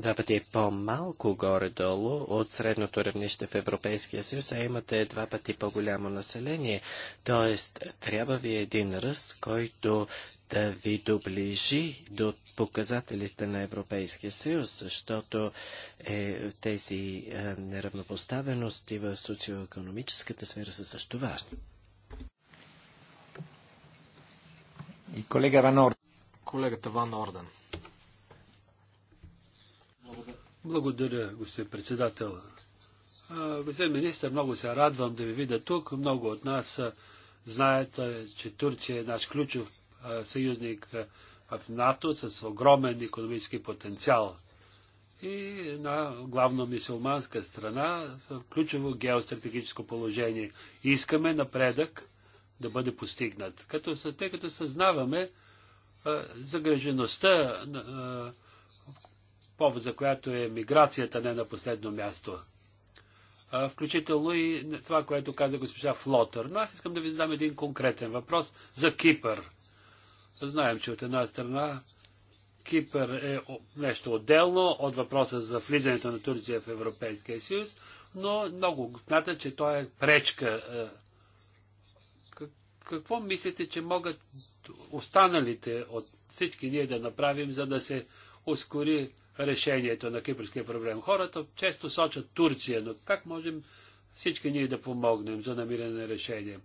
два пъти е по-малко горе-долу от средното равнище в Европейския съюз, а имате два пъти по-голямо население. Т.е. трябва ви един ръст, който да ви доближи до показателите на Европейския съюз, защото е, тези е, неравнопоставености в социоекономическата сфера са също важни. И колега Ван Орден. Колегата Ван Орден. Благодаря, господин председател. Господин министр, много се радвам да ви видя тук. Много от нас знаят, че Турция е наш ключов съюзник в НАТО с огромен економически потенциал и една главно мисулманска страна в ключово геостратегическо положение. Искаме напредък да бъде постигнат, като, тъй като съзнаваме а, загрежеността, а, повод за която е миграцията не на последно място. А, включително и това, което каза госпожа Флотър. Но аз искам да ви задам един конкретен въпрос за Кипър. Знаем, че от една страна Кипър е нещо отделно от въпроса за влизането на Турция в Европейския съюз, но много смятат, че той е пречка. Е, какво мислите, че могат останалите от всички ние да направим, за да се ускори решението на кипърския проблем? Хората често сочат Турция, но как можем всички ние да помогнем за намиране на решение?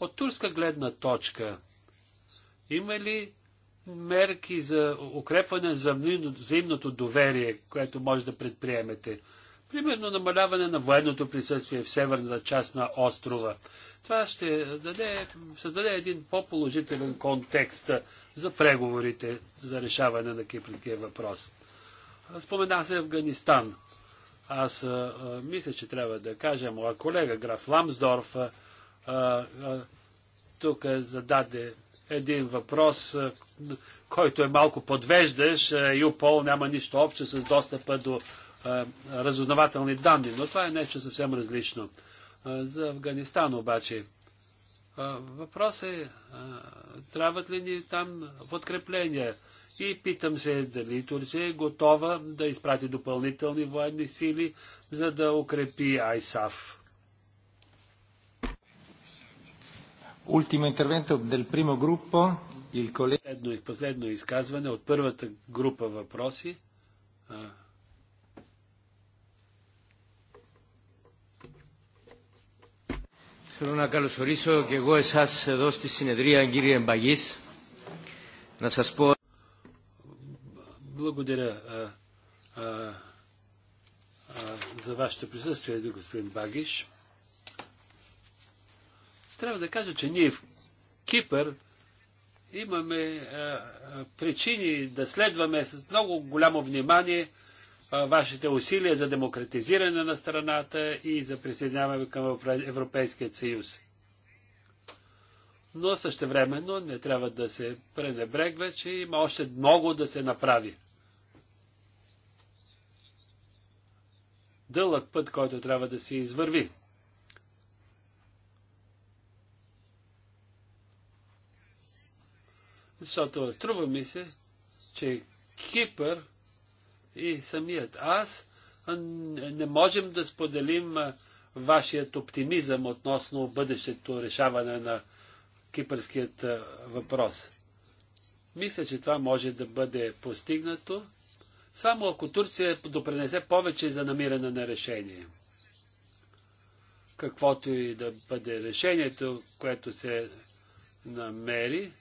От турска гледна точка – има ли мерки за укрепване на взаимното доверие, което може да предприемете? Примерно намаляване на военното присъствие в северната част на острова. Това ще даде, създаде един по-положителен контекст за преговорите за решаване на кипрския въпрос. Споменах се Афганистан. Аз а, мисля, че трябва да кажа, моя колега граф Ламсдорф а, а, тук е, зададе един въпрос, е, който е малко подвеждаш. Е, ЮПОЛ няма нищо общо с достъпа до разузнавателни данни, но това е нещо съвсем различно. за Афганистан обаче. Въпрос е, трябват ли ни там подкрепления? И питам се дали Турция е готова да изпрати допълнителни военни сили, за да укрепи Айсаф. Ultimo intervento del primo gruppo, il collega... Последно, последно изказване от първата група въпроси. А... Θέλω να καλωσορίσω και εγώ εσάς εδώ στη συνεδρία, κύριε Μπαγής. Να σας πω... Благодаря а, а, а, за вашето присъствие, господин Багиш. Трябва да кажа, че ние в Кипър имаме а, е, е, причини да следваме с много голямо внимание а, е, вашите усилия за демократизиране на страната и за присъединяване към Европейския съюз. Но същевременно не трябва да се пренебрегва, че има още много да се направи. Дълъг път, който трябва да се извърви. Защото струва ми се, че Кипър и самият аз не можем да споделим вашият оптимизъм относно бъдещето решаване на кипърският въпрос. Мисля, че това може да бъде постигнато, само ако Турция допренесе повече за намиране на решение. Каквото и да бъде решението, което се намери,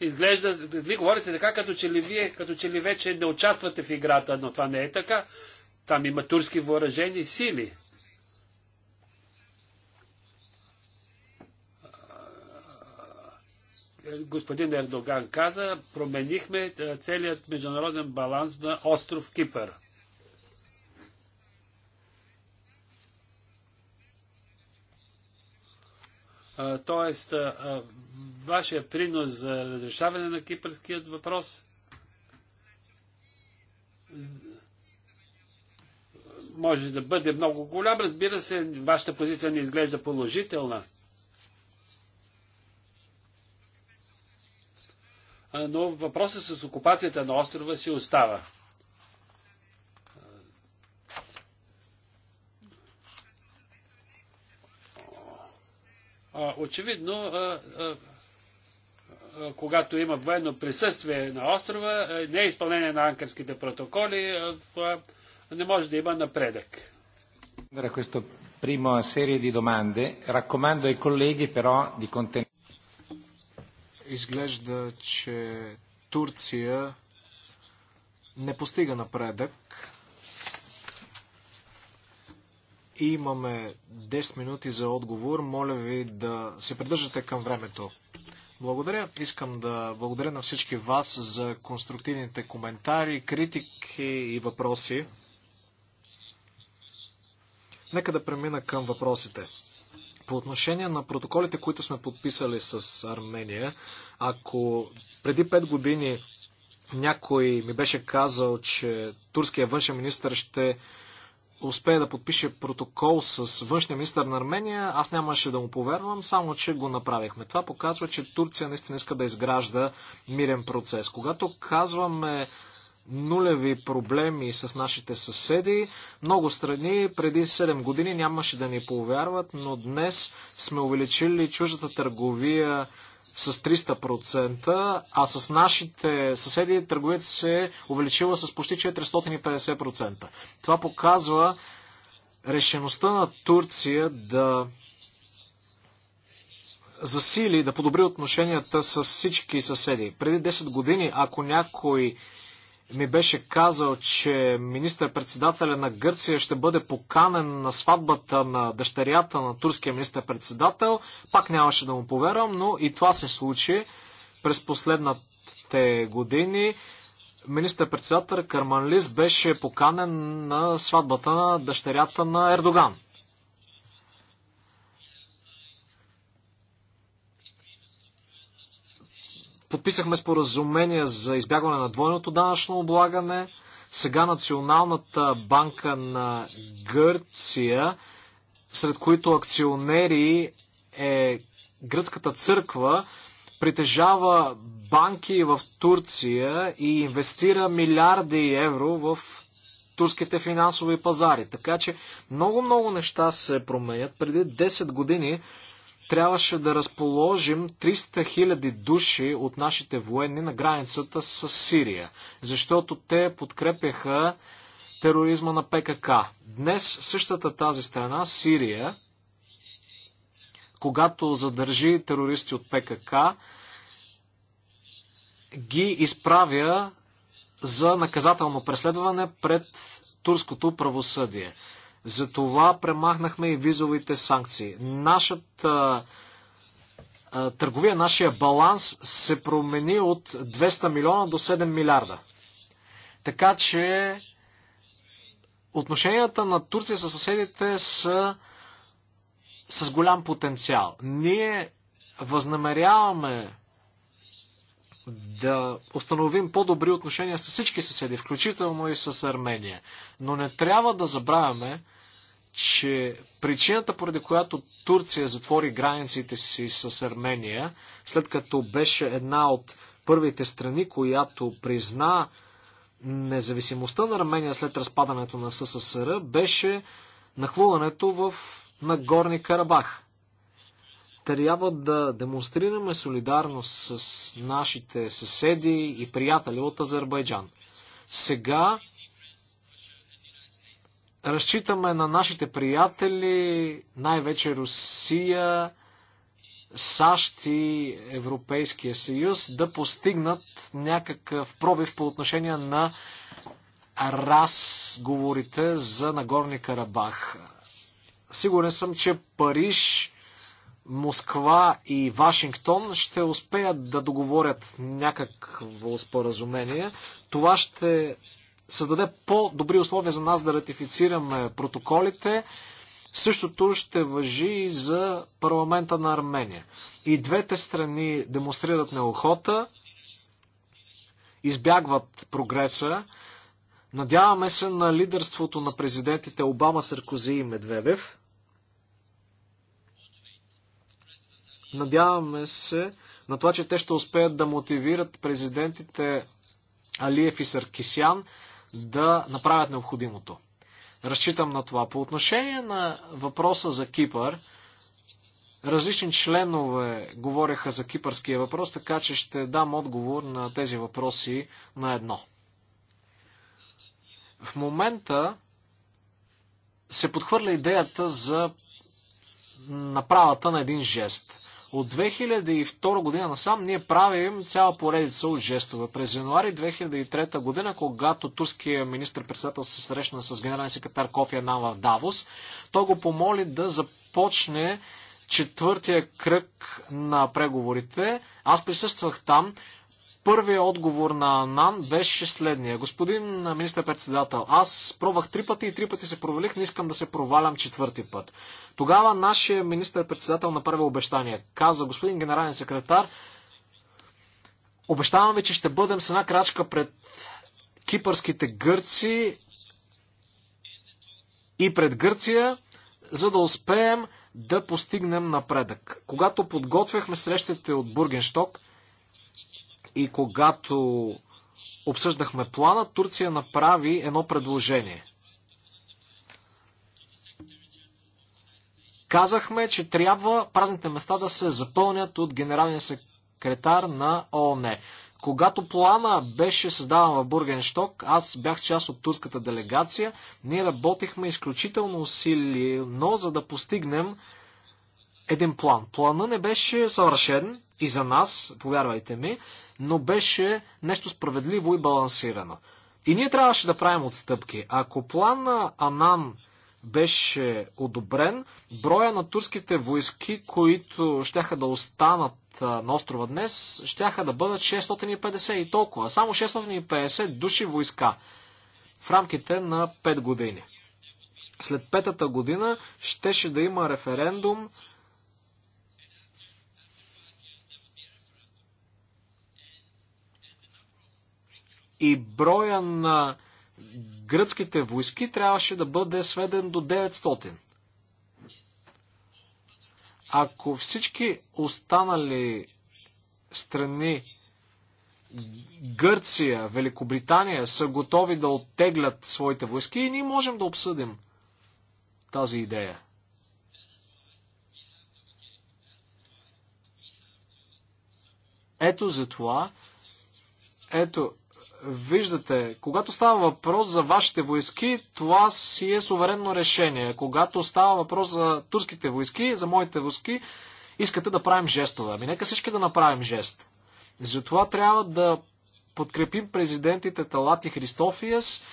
изглежда, вие говорите така, като че ли вие, като че ли вече не участвате в играта, но това не е така. Там има турски въоръжени сили. Господин Ердоган каза, променихме целият международен баланс на остров Кипър. Тоест, вашия принос за разрешаване на кипърският въпрос може да бъде много голям. Разбира се, вашата позиция не изглежда положителна. Но въпросът с окупацията на острова си остава. Очевидно, когато има военно присъствие на острова, не е изпълнение на анкарските протоколи, това не може да има напредък. Изглежда, че Турция не постига напредък Имаме 10 минути за отговор. Моля ви да се придържате към времето. Благодаря. Искам да благодаря на всички вас за конструктивните коментари, критики и въпроси. Нека да премина към въпросите. По отношение на протоколите, които сме подписали с Армения, ако преди 5 години някой ми беше казал, че турския външен министр ще успее да подпише протокол с външния министр на Армения, аз нямаше да му повярвам, само че го направихме. Това показва, че Турция наистина иска да изгражда мирен процес. Когато казваме нулеви проблеми с нашите съседи. Много страни преди 7 години нямаше да ни повярват, но днес сме увеличили чуждата търговия с 300%, а с нашите съседи търговията се увеличива увеличила с почти 450%. Това показва решеността на Турция да засили, да подобри отношенията с всички съседи. Преди 10 години, ако някой ми беше казал, че министър-председателя на Гърция ще бъде поканен на сватбата на дъщерята на турския министър-председател. Пак нямаше да му повярвам, но и това се случи през последните години. Министър-председател Карманлис беше поканен на сватбата на дъщерята на Ердоган. Подписахме споразумение за избягване на двойното данъчно облагане. Сега Националната банка на Гърция, сред които акционери е гръцката църква, притежава банки в Турция и инвестира милиарди евро в турските финансови пазари. Така че много-много неща се променят. Преди 10 години трябваше да разположим 300 000 души от нашите военни на границата с Сирия, защото те подкрепяха тероризма на ПКК. Днес същата тази страна, Сирия, когато задържи терористи от ПКК, ги изправя за наказателно преследване пред турското правосъдие. Затова премахнахме и визовите санкции. Нашата търговия, нашия баланс се промени от 200 милиона до 7 милиарда. Така че отношенията на Турция със съседите са с голям потенциал. Ние възнамеряваме да установим по-добри отношения с всички съседи, включително и с Армения. Но не трябва да забравяме, че причината, поради която Турция затвори границите си с Армения, след като беше една от първите страни, която призна независимостта на Армения след разпадането на СССР, беше нахлуването в Нагорни Карабах. Трябва да демонстрираме солидарност с нашите съседи и приятели от Азербайджан. Сега разчитаме на нашите приятели, най-вече Русия, САЩ и Европейския съюз, да постигнат някакъв пробив по отношение на разговорите за Нагорни Карабах. Сигурен съм, че Париж, Москва и Вашингтон ще успеят да договорят някакво споразумение. Това ще създаде по-добри условия за нас да ратифицираме протоколите, същото ще въжи и за парламента на Армения. И двете страни демонстрират неохота, избягват прогреса. Надяваме се на лидерството на президентите Обама, Саркози и Медведев. Надяваме се на това, че те ще успеят да мотивират президентите Алиев и Саркисян да направят необходимото. Разчитам на това. По отношение на въпроса за Кипър, различни членове говореха за кипърския въпрос, така че ще дам отговор на тези въпроси на едно. В момента се подхвърля идеята за направата на един жест. От 2002 година насам ние правим цяла поредица от жестове. През януари 2003 година, когато турския министр-председател се срещна с генерален секретар Кофи Анан в Давос, той го помоли да започне четвъртия кръг на преговорите. Аз присъствах там. Първият отговор на НАН беше следния. Господин министър-председател, аз пробвах три пъти и три пъти се провалих, не искам да се провалям четвърти път. Тогава нашия министър-председател направи обещание. Каза, господин генерален секретар, обещаваме, че ще бъдем с една крачка пред кипърските гърци и пред Гърция, за да успеем да постигнем напредък. Когато подготвяхме срещите от Бургеншток, и когато обсъждахме плана, Турция направи едно предложение. Казахме, че трябва празните места да се запълнят от генералния секретар на ООН. Когато плана беше създаван в Бургеншток, аз бях част от турската делегация. Ние работихме изключително усилено, за да постигнем един план. Плана не беше съвършен, и за нас, повярвайте ми, но беше нещо справедливо и балансирано. И ние трябваше да правим отстъпки. Ако план на Анан беше одобрен, броя на турските войски, които щяха да останат на острова днес, щяха да бъдат 650 и толкова. Само 650 души войска в рамките на 5 години. След петата година щеше да има референдум и броя на гръцките войски трябваше да бъде сведен до 900. Ако всички останали страни Гърция, Великобритания са готови да оттеглят своите войски и ние можем да обсъдим тази идея. Ето за това, ето Виждате, когато става въпрос за вашите войски, това си е суверенно решение. Когато става въпрос за турските войски, за моите войски, искате да правим жестове. Ами нека всички да направим жест. Затова трябва да подкрепим президентите Талат и Христофиес,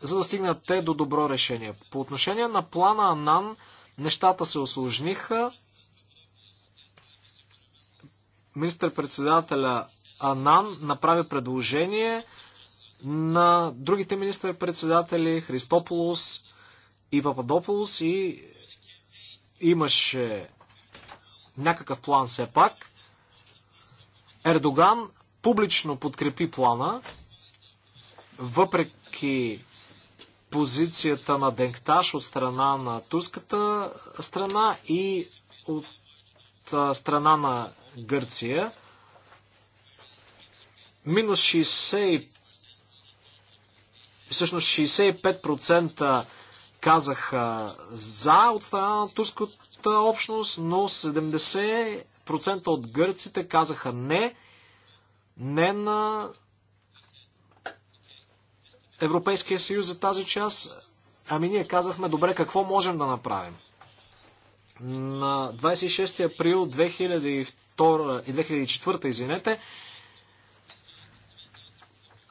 за да стигнат те до добро решение. По отношение на плана Анан, нещата се осложниха. Министър-председателя Анан направи предложение на другите министър-председатели Христополос и Пападополос и имаше някакъв план все пак. Ердоган публично подкрепи плана, въпреки позицията на Денкташ от страна на турската страна и от страна на Гърция. Минус 60, всъщност 65% казаха за от страна на турската общност, но 70% от гърците казаха не, не на Европейския съюз за тази част. Ами ние казахме, добре, какво можем да направим? На 26 април 2002, 2004, извинете,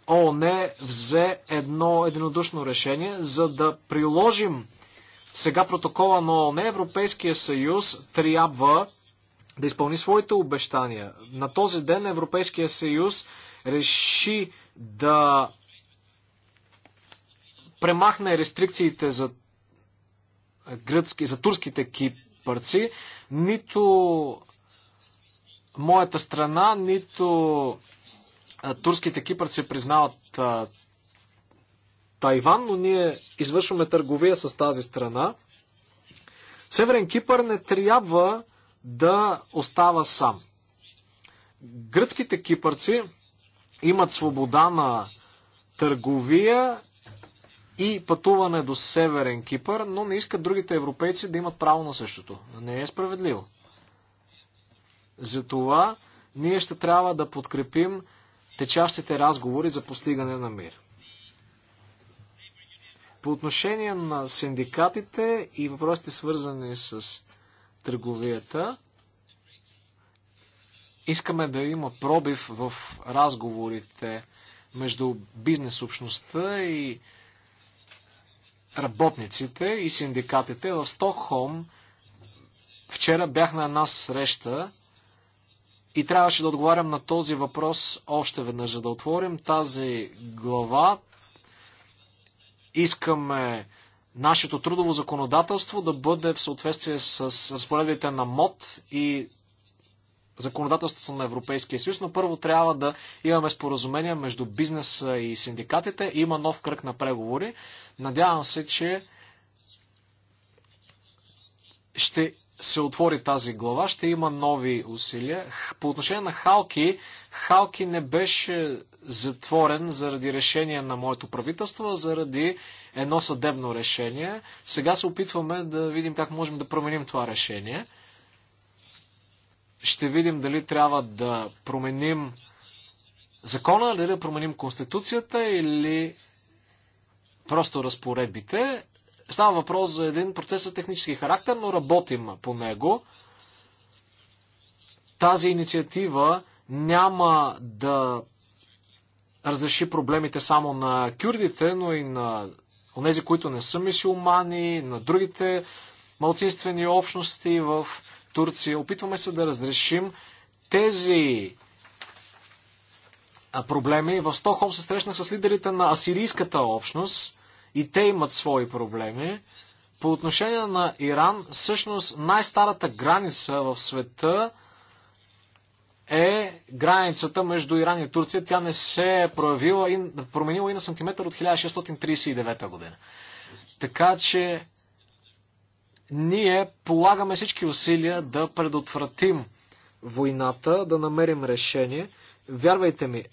ООН взе едно единодушно решение, за да приложим сега протокола на ООН, Европейския съюз трябва да изпълни своите обещания. На този ден Европейския съюз реши да премахне рестрикциите за, гръцки, за турските кипърци. Нито моята страна, нито турските кипърци признават Тайван, но ние извършваме търговия с тази страна. Северен Кипър не трябва да остава сам. Гръцките кипърци имат свобода на търговия и пътуване до Северен Кипър, но не искат другите европейци да имат право на същото. Не е справедливо. Затова ние ще трябва да подкрепим течащите разговори за постигане на мир. По отношение на синдикатите и въпросите свързани с търговията, искаме да има пробив в разговорите между бизнес общността и работниците и синдикатите в Стокхолм. Вчера бях на една среща и трябваше да отговарям на този въпрос още веднъж, за да отворим тази глава. Искаме нашето трудово законодателство да бъде в съответствие с разпоредбите на МОД и законодателството на Европейския съюз, но първо трябва да имаме споразумения между бизнеса и синдикатите. Има нов кръг на преговори. Надявам се, че ще се отвори тази глава, ще има нови усилия. По отношение на Халки, Халки не беше затворен заради решение на моето правителство, а заради едно съдебно решение. Сега се опитваме да видим как можем да променим това решение. Ще видим дали трябва да променим закона, дали да променим конституцията или просто разпоредбите. Става въпрос за един процес с технически характер, но работим по него. Тази инициатива няма да разреши проблемите само на кюрдите, но и на онези, които не са мисиомани, на другите малцинствени общности в Турция. Опитваме се да разрешим тези проблеми. В Стокхолм се срещнах с лидерите на асирийската общност. И те имат свои проблеми. По отношение на Иран, всъщност най-старата граница в света е границата между Иран и Турция. Тя не се е проявила и променила и на сантиметър от 1639 година. Така че ние полагаме всички усилия да предотвратим войната, да намерим решение. Вярвайте ми,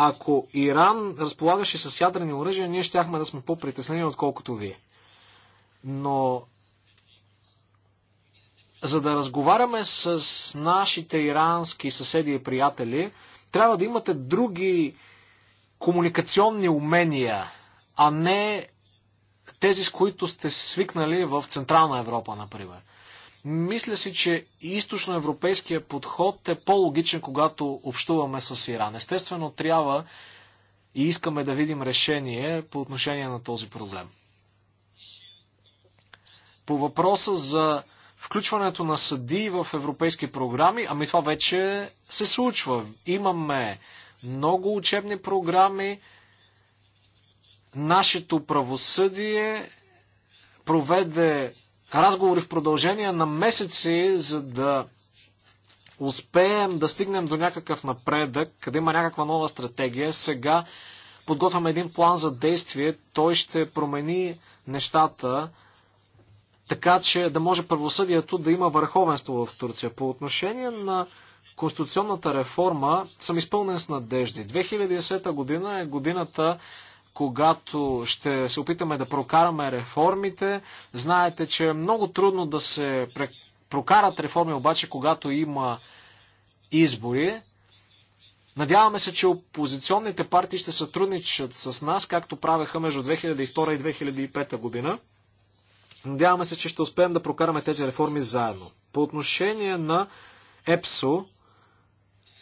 ако Иран разполагаше с ядрени оръжия, ние щяхме да сме по-притеснени, отколкото вие. Но за да разговаряме с нашите ирански съседи и приятели, трябва да имате други комуникационни умения, а не тези, с които сте свикнали в Централна Европа, например. Мисля си, че източноевропейския подход е по-логичен, когато общуваме с Иран. Естествено, трябва и искаме да видим решение по отношение на този проблем. По въпроса за включването на съдии в европейски програми, ами това вече се случва. Имаме много учебни програми. Нашето правосъдие проведе разговори в продължение на месеци, за да успеем да стигнем до някакъв напредък, къде има някаква нова стратегия. Сега подготвяме един план за действие. Той ще промени нещата така, че да може правосъдието да има върховенство в Турция. По отношение на конституционната реформа съм изпълнен с надежди. 2010 година е годината когато ще се опитаме да прокараме реформите. Знаете, че е много трудно да се прокарат реформи, обаче когато има избори. Надяваме се, че опозиционните партии ще сътрудничат с нас, както правеха между 2002 и 2005 година. Надяваме се, че ще успеем да прокараме тези реформи заедно. По отношение на ЕПСО,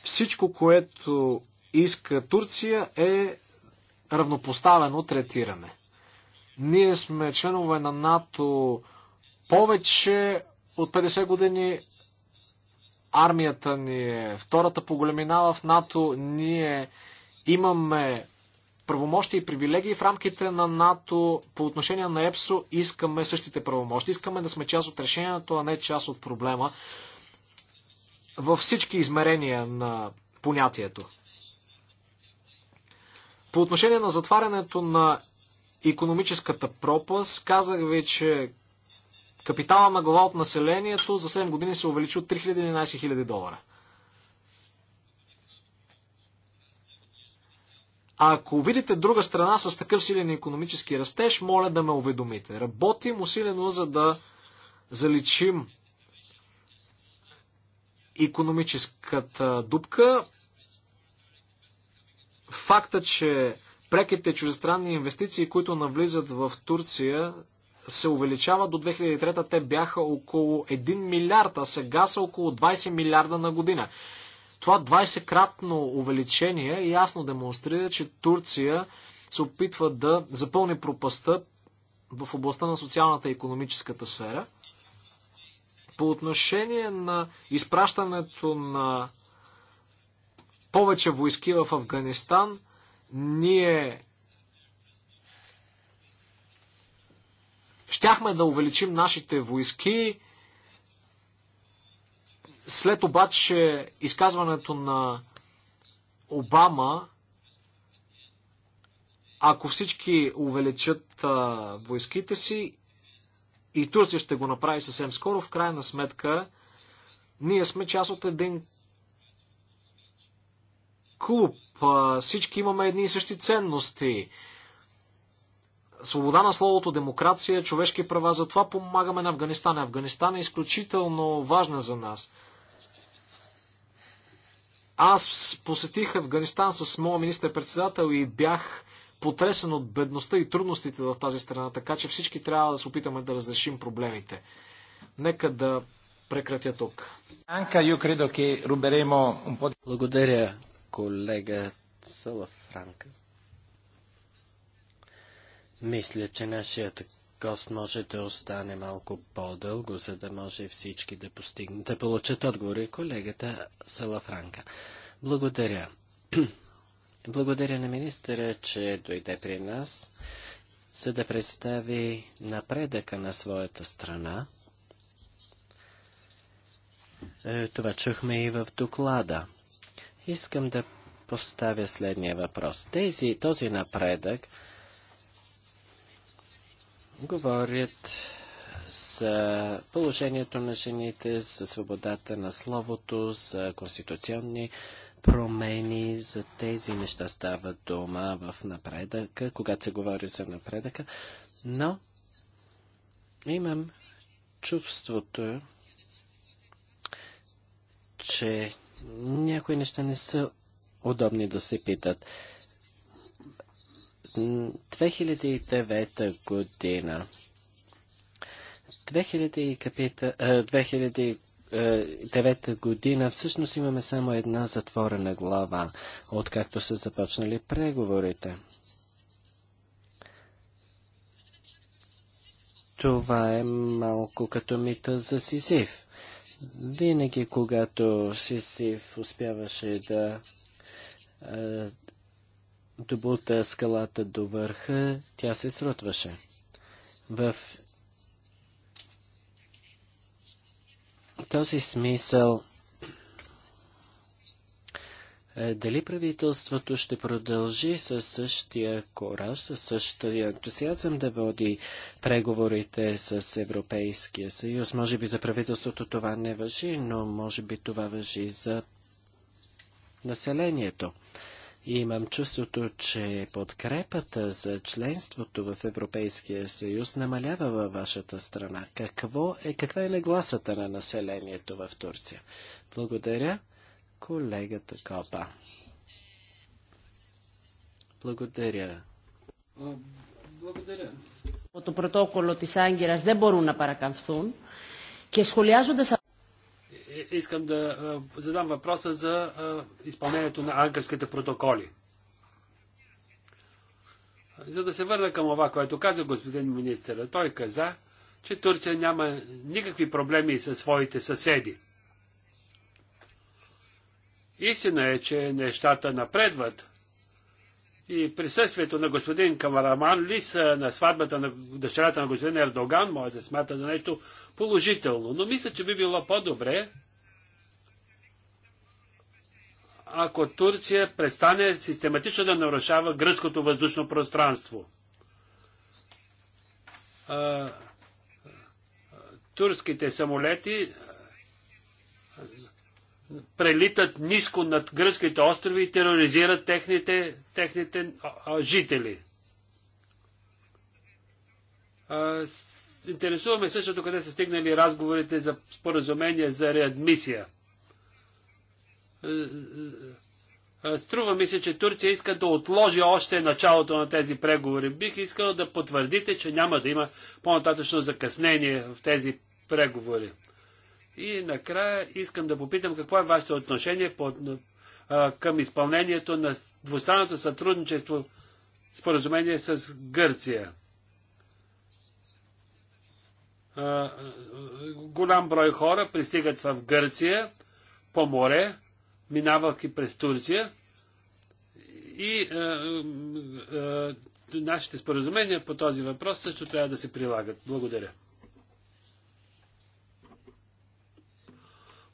всичко, което иска Турция е равнопоставено третиране. Ние сме членове на НАТО повече от 50 години. Армията ни е втората по големина в НАТО. Ние имаме правомощи и привилегии в рамките на НАТО по отношение на ЕПСО искаме същите правомощи. Искаме да сме част от решението, а не част от проблема във всички измерения на понятието. По отношение на затварянето на економическата пропаст, казах ви, че капитала на глава от населението за 7 години се увеличи от 3000 на 000 долара. А ако видите друга страна с такъв силен економически растеж, моля да ме уведомите. Работим усилено, за да заличим економическата дупка. Факта, че преките чужестранни инвестиции, които навлизат в Турция, се увеличават до 2003 те бяха около 1 милиард, а сега са около 20 милиарда на година. Това 20-кратно увеличение ясно демонстрира, че Турция се опитва да запълни пропаста в областта на социалната и економическата сфера. По отношение на изпращането на повече войски в Афганистан. Ние щяхме да увеличим нашите войски. След обаче изказването на Обама, ако всички увеличат а, войските си, и Турция ще го направи съвсем скоро, в крайна сметка, ние сме част от един клуб. Всички имаме едни и същи ценности. Свобода на словото, демокрация, човешки права. Затова помагаме на Афганистан. Афганистан е изключително важна за нас. Аз посетих Афганистан с моя министър-председател и бях потресен от бедността и трудностите в тази страна, така че всички трябва да се опитаме да разрешим проблемите. Нека да прекратя тук. Благодаря колега Салафранка. Мисля, че нашият гост може да остане малко по-дълго, за да може всички да, постигнат, да получат отговори колегата Салафранка. Благодаря. [CLEARS THROAT] Благодаря на министъра, че дойде при нас, за да представи напредъка на своята страна. Е, това чухме и в доклада. Искам да поставя следния въпрос. Тези, този напредък говорят за положението на жените, за свободата на словото, за конституционни промени, за тези неща става дома в напредъка, когато се говори за напредъка, но имам чувството, че някои неща не са удобни да се питат. 2009 година 2009 година всъщност имаме само една затворена глава, откакто са започнали преговорите. Това е малко като мита за Сизив. Винаги, когато Сисиф успяваше да добута скалата до върха, тя се срутваше. В този смисъл е, дали правителството ще продължи със същия кораж, със същия ентусиазъм да води преговорите с Европейския съюз? Може би за правителството това не въжи, но може би това въжи за населението. И имам чувството, че подкрепата за членството в Европейския съюз намалява във вашата страна. Какво е, каква е нагласата на населението в Турция? Благодаря колегата Копа. Благодаря. Благодаря. Το πρωτόκολλο της Άγκυρας δεν μπορούν να παρακαμφθούν και σχολιάζοντας... Искам да задам въпроса за изпълнението на анкърските протоколи. За да се върна към това, което каза господин министър, той каза, че Турция няма никакви проблеми със своите съседи. Истина е, че нещата напредват. И присъствието на господин Камараман Лис на сватбата на дъщерята на господин Ердоган може да се смята за нещо положително. Но мисля, че би било по-добре, ако Турция престане систематично да нарушава гръцкото въздушно пространство. турските самолети прелитат ниско над гръцките острови и тероризират техните, техните а, а, жители. А, с, интересуваме също до къде са стигнали разговорите за споразумение за реадмисия. Е, е, е, струва ми се, че Турция иска да отложи още началото на тези преговори. Бих искал да потвърдите, че няма да има по-нататъчно закъснение в тези преговори. И накрая искам да попитам какво е вашето отношение под, а, към изпълнението на двустранното сътрудничество споразумение с Гърция. А, голям брой хора пристигат в Гърция по море, минавалки през Турция и а, а, нашите споразумения по този въпрос също трябва да се прилагат. Благодаря.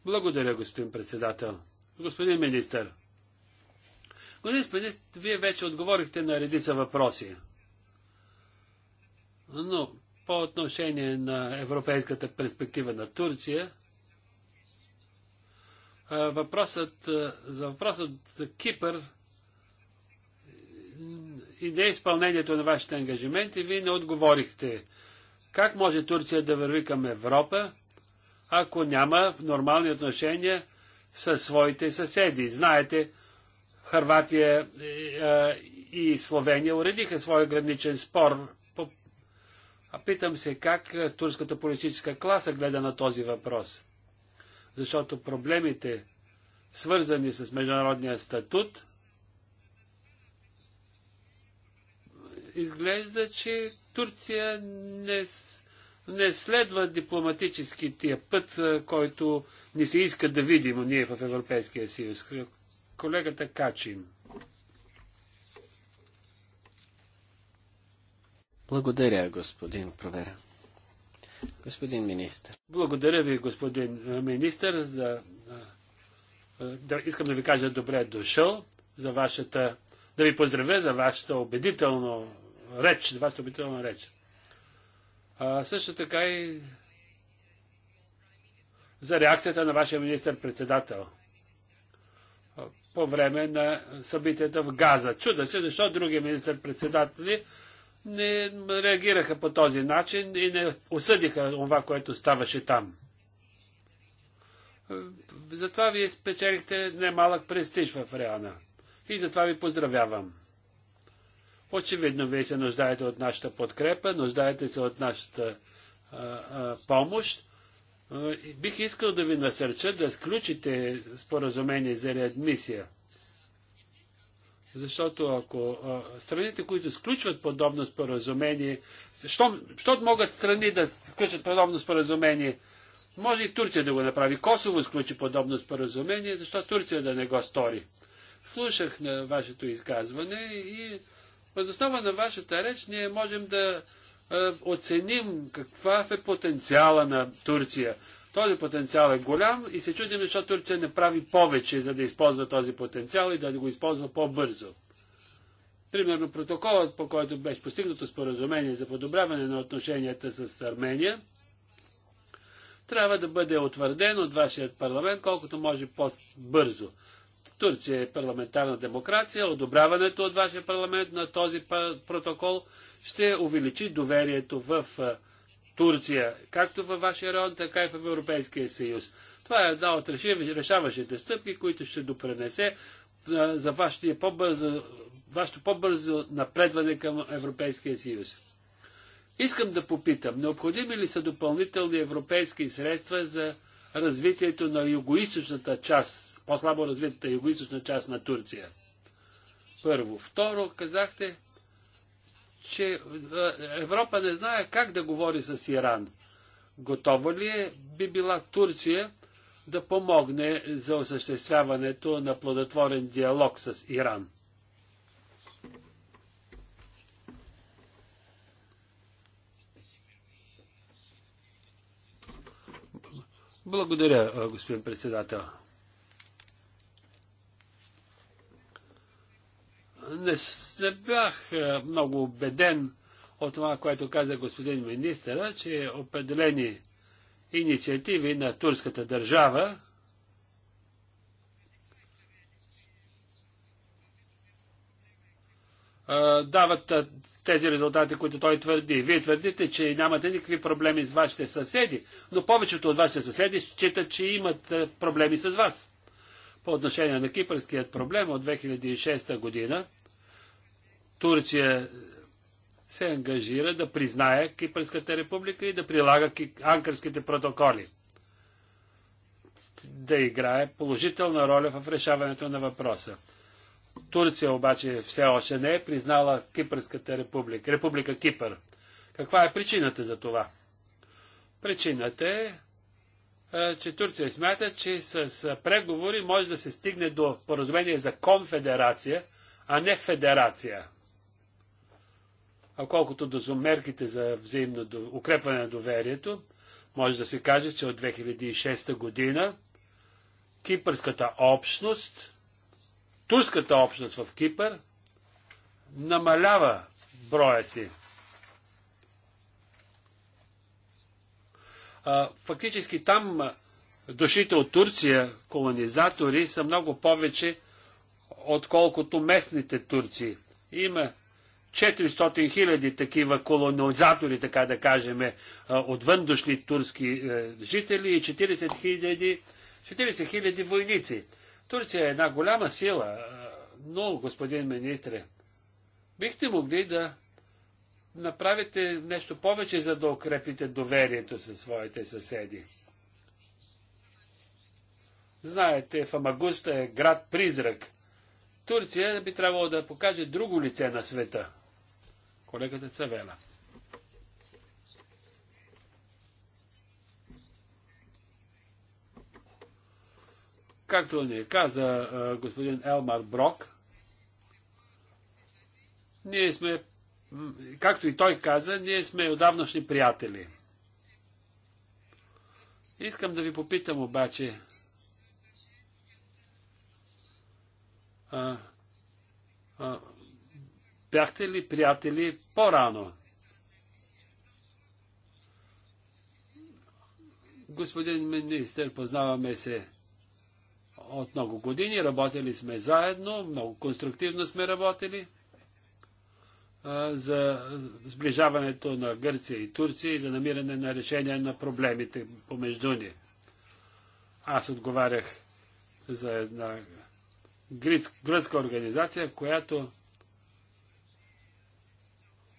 Благодаря, господин председател. Господин министър, господин министър, вие вече отговорихте на редица въпроси. Но по отношение на европейската перспектива на Турция, въпросът, за въпросът за Кипър и неизпълнението на вашите ангажименти, вие не отговорихте. Как може Турция да върви към Европа, ако няма нормални отношения със своите съседи. Знаете, Харватия е, е, и Словения уредиха своя граничен спор. А питам се как е, турската политическа класа гледа на този въпрос. Защото проблемите, свързани с международния статут, изглежда, че Турция не не следва дипломатически тия път, който ни се иска да видим ние в Европейския съюз. Колегата Качин. Благодаря, господин Провер. Господин министр. Благодаря ви, господин министр, за... Да, искам да ви кажа добре дошъл за вашата... Да ви поздравя за вашата убедително реч, за вашата убедителна реч. А, също така и за реакцията на вашия министр-председател по време на събитията в Газа. Чуда се, защо други министр-председатели не реагираха по този начин и не осъдиха това, което ставаше там. Затова вие спечелихте немалък престиж в Реана. И затова ви поздравявам. Очевидно, вие се нуждаете от нашата подкрепа, нуждаете се от нашата а, а, помощ. А, бих искал да ви насърча да сключите споразумение за реадмисия. Защото ако а, страните, които сключват подобно споразумение, що, що могат страни да сключат подобно споразумение, може и Турция да го направи. Косово сключи подобно споразумение, защо Турция да не го стори? Слушах на вашето изказване и основа на вашата реч ние можем да е, оценим каква е потенциала на Турция. Този потенциал е голям и се чудим, защо Турция не прави повече, за да използва този потенциал и да го използва по-бързо. Примерно протоколът, по който беше постигнато споразумение за подобряване на отношенията с Армения, трябва да бъде утвърден от вашия парламент колкото може по-бързо. Турция е парламентарна демокрация, одобряването от вашия парламент на този протокол ще увеличи доверието в Турция, както във вашия район, така и в Европейския съюз. Това е една от решаващите стъпки, които ще допренесе за вашето по-бързо, по напредване към Европейския съюз. Искам да попитам, необходими ли са допълнителни европейски средства за развитието на югоисточната част по-слабо развитата югоизточна част на Турция. Първо. Второ, казахте, че Европа не знае как да говори с Иран. Готова ли е, би била Турция да помогне за осъществяването на плодотворен диалог с Иран? Благодаря, господин председател. не, не бях е, много убеден от това, което каза господин министъра, че определени инициативи на турската държава е, дават е, тези резултати, които той твърди. Вие твърдите, че нямате никакви проблеми с вашите съседи, но повечето от вашите съседи считат, че имат проблеми с вас. По отношение на кипърският проблем от 2006 година, Турция се ангажира да признае Кипърската република и да прилага анкърските протоколи. Да играе положителна роля в решаването на въпроса. Турция обаче все още не е признала Кипърската република, Република Кипър. Каква е причината за това? Причината е, че Турция смята, че с преговори може да се стигне до поразумение за конфедерация, а не федерация. А колкото до мерките за взаимно укрепване на доверието, може да се каже, че от 2006 година кипърската общност, турската общност в Кипър, намалява броя си. Фактически там душите от Турция, колонизатори, са много повече, отколкото местните турци. Има 400 хиляди такива колонизатори, така да кажем, отвън дошли турски е, жители и 40 хиляди 40 хиляди войници. Турция е една голяма сила, но, господин министре, бихте могли да направите нещо повече, за да укрепите доверието със своите съседи. Знаете, Фамагуста е град призрак. Турция би трябвало да покаже друго лице на света. Колегата Цавела. Както ни каза господин Елмар Брок, ние сме както и той каза, ние сме отдавнашни приятели. Искам да ви попитам обаче. А, а, бяхте ли приятели по-рано? Господин министр, познаваме се от много години, работили сме заедно, много конструктивно сме работили за сближаването на Гърция и Турция и за намиране на решение на проблемите помежду ни. Аз отговарях за една гръцка организация, която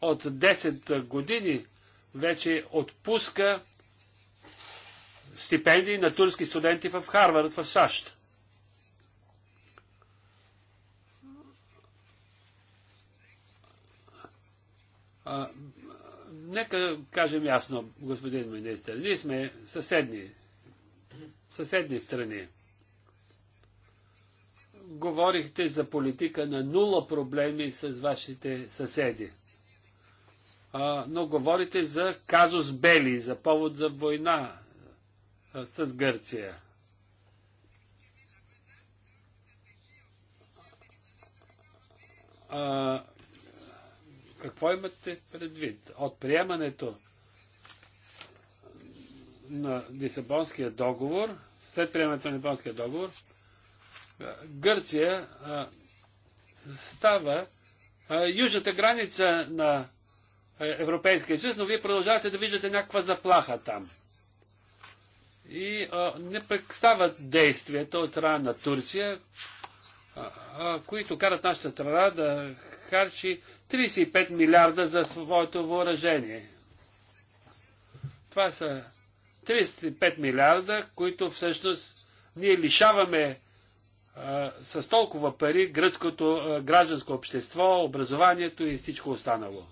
от 10 години вече отпуска стипендии на турски студенти в Харвард в САЩ. А, нека кажем ясно, господин министр, ние сме съседни, съседни страни. Говорихте за политика на нула проблеми с вашите съседи. А, но говорите за казус Бели, за повод за война а, с Гърция. А, какво имате предвид? От приемането на Лисабонския договор, след приемането на Лисабонския договор, Гърция става южната граница на Европейския съюз, но вие продължавате да виждате някаква заплаха там. И а, не представят действията от страна на Турция, а, а, които карат нашата страна да харчи 35 милиарда за своето въоръжение. Това са 35 милиарда, които всъщност ние лишаваме а, с толкова пари гръцкото а, гражданско общество, образованието и всичко останало.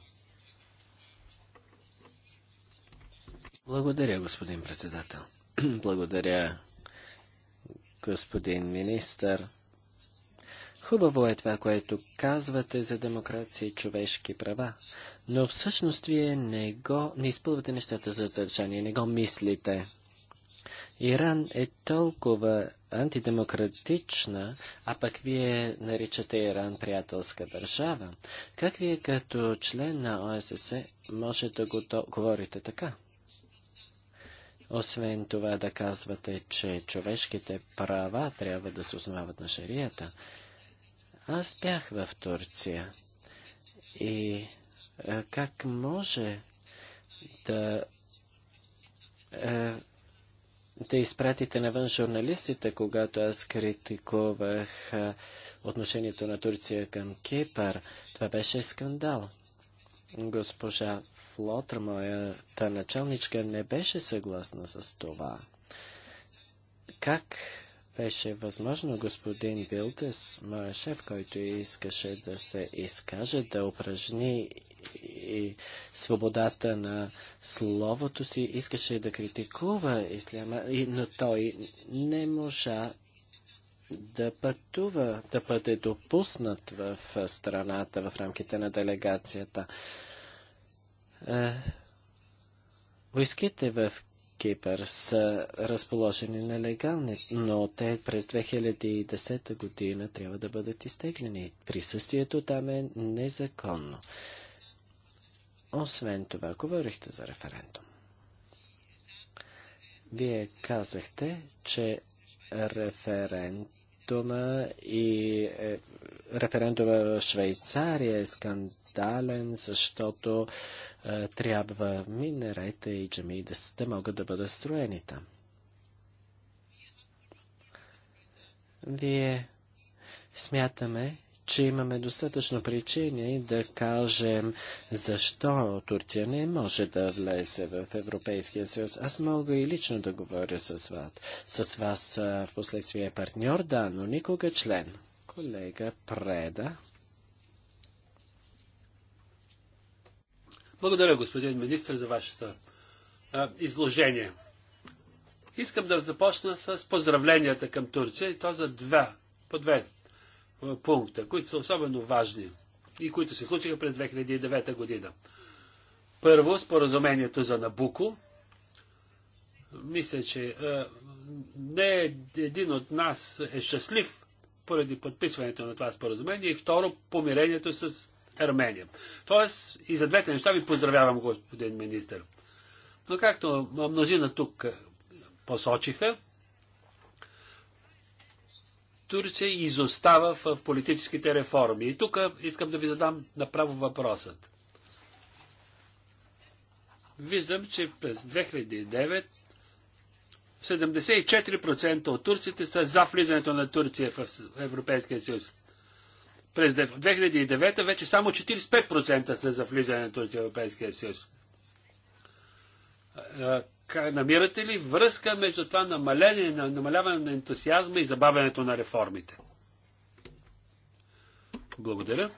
Благодаря, господин председател. [CLEARS THROAT] Благодаря, господин министър. Хубаво е това, което казвате за демокрация и човешки права, но всъщност вие не го не изпълвате нещата за държание, не го мислите. Иран е толкова антидемократична, а пък вие наричате Иран приятелска държава. Как вие като член на може можете го до... говорите така? Освен това да казвате, че човешките права трябва да се основават на шарията. Аз бях в Турция и а, е, как може да а, е, да изпратите навън журналистите, когато аз критикувах а, е, отношението на Турция към Кипър. Това беше скандал. Госпожа Флотр, моята началничка, не беше съгласна с това. Как беше възможно господин Вилдес, моя шеф, който искаше да се изкаже, да упражни и свободата на словото си, искаше да критикува исляма, но той не можа да пътува, да бъде допуснат в страната, в рамките на делегацията. Е, войските в Кипър са разположени нелегални, но те през 2010 година трябва да бъдат изтеглени. Присъствието там е незаконно. Освен това, говорихте за референдум. Вие казахте, че референдума и е, референдума в Швейцария е скандал детален, защото е, трябва минерайте и джами да, да могат да бъдат строени там. Вие смятаме, че имаме достатъчно причини да кажем защо Турция не може да влезе в Европейския съюз. Аз мога и лично да говоря с вас. С вас е, в последствие е партньор, да, но никога член. Колега Преда. Благодаря, господин министр, за вашето изложение. Искам да започна с поздравленията към Турция и то за два, по две пункта, които са особено важни и които се случиха през 2009 година. Първо, споразумението за Набуко. Мисля, че е, не един от нас е щастлив поради подписването на това споразумение. И второ, помирението с Армения. Тоест, и за двете неща ви поздравявам, господин министр. Но както мнозина тук е, посочиха, Турция изостава в политическите реформи. И тук искам да ви задам направо въпросът. Виждам, че през 2009 74% от турците са за влизането на Турция в Европейския съюз. През 2009 вече само 45% са за влизането в Европейския съюз. Намирате ли връзка между това намаление, намаляване на ентусиазма и забавянето на реформите? Благодаря.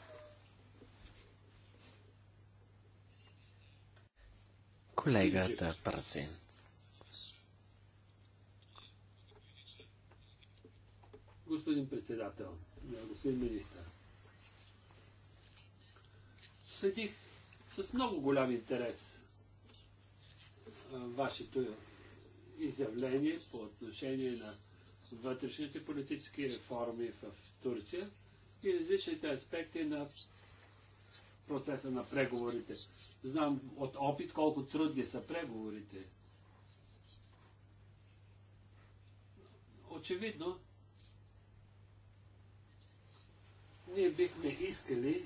Колегата Парсин. Господин председател, господин министър следих с много голям интерес вашето изявление по отношение на вътрешните политически реформи в Турция и различните аспекти на процеса на преговорите. Знам от опит колко трудни са преговорите. Очевидно, ние бихме искали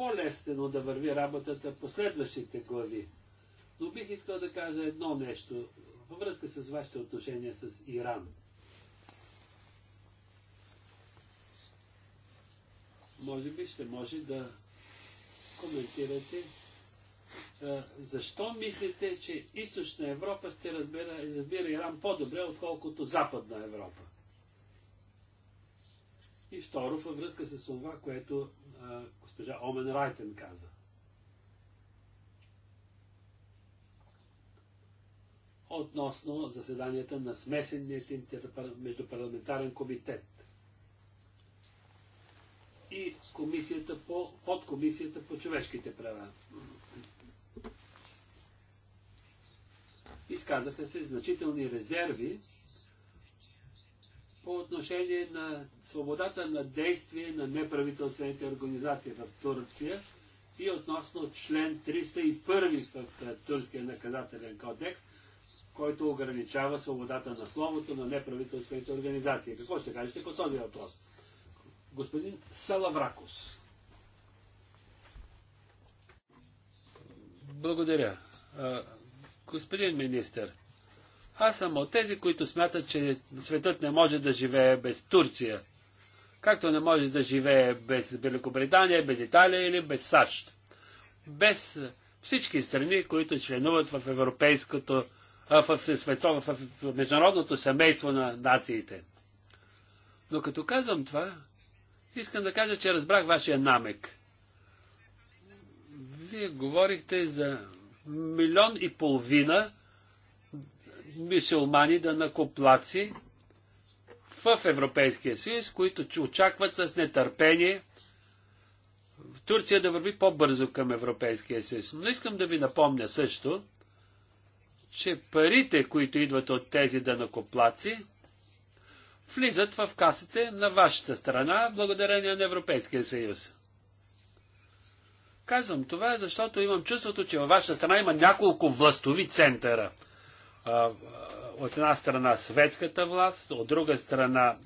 по-лесно да върви работата по следващите глави. Но бих искал да кажа едно нещо във връзка с вашите отношения с Иран. Може би ще може да коментирате защо мислите, че източна Европа ще разбира, разбира Иран по-добре, отколкото западна Европа. И второ, във връзка с това, което госпожа Омен Райтен каза. Относно заседанията на смесеният междупарламентарен комитет и комисията по, подкомисията по човешките права. Изказаха се значителни резерви по отношение на свободата на действие на неправителствените организации в Турция и относно член 301 в Турския наказателен кодекс, който ограничава свободата на словото на неправителствените организации. Какво ще кажете по този въпрос? Господин Салавракус. Благодаря. Господин министр, аз съм от тези, които смятат, че светът не може да живее без Турция. Както не може да живее без Великобритания, без Италия или без САЩ. Без всички страни, които членуват в европейското, а, в, светово, в международното семейство на нациите. Но като казвам това, искам да кажа, че разбрах вашия намек. Вие говорихте за милион и половина мисулмани да накоплаци в Европейския съюз, които очакват с нетърпение Турция да върви по-бързо към Европейския съюз. Но искам да ви напомня също, че парите, които идват от тези данакоплаци, влизат в касите на вашата страна, благодарение на Европейския съюз. Казвам това, защото имам чувството, че във вашата страна има няколко властови центъра – от една страна светската власт, от друга страна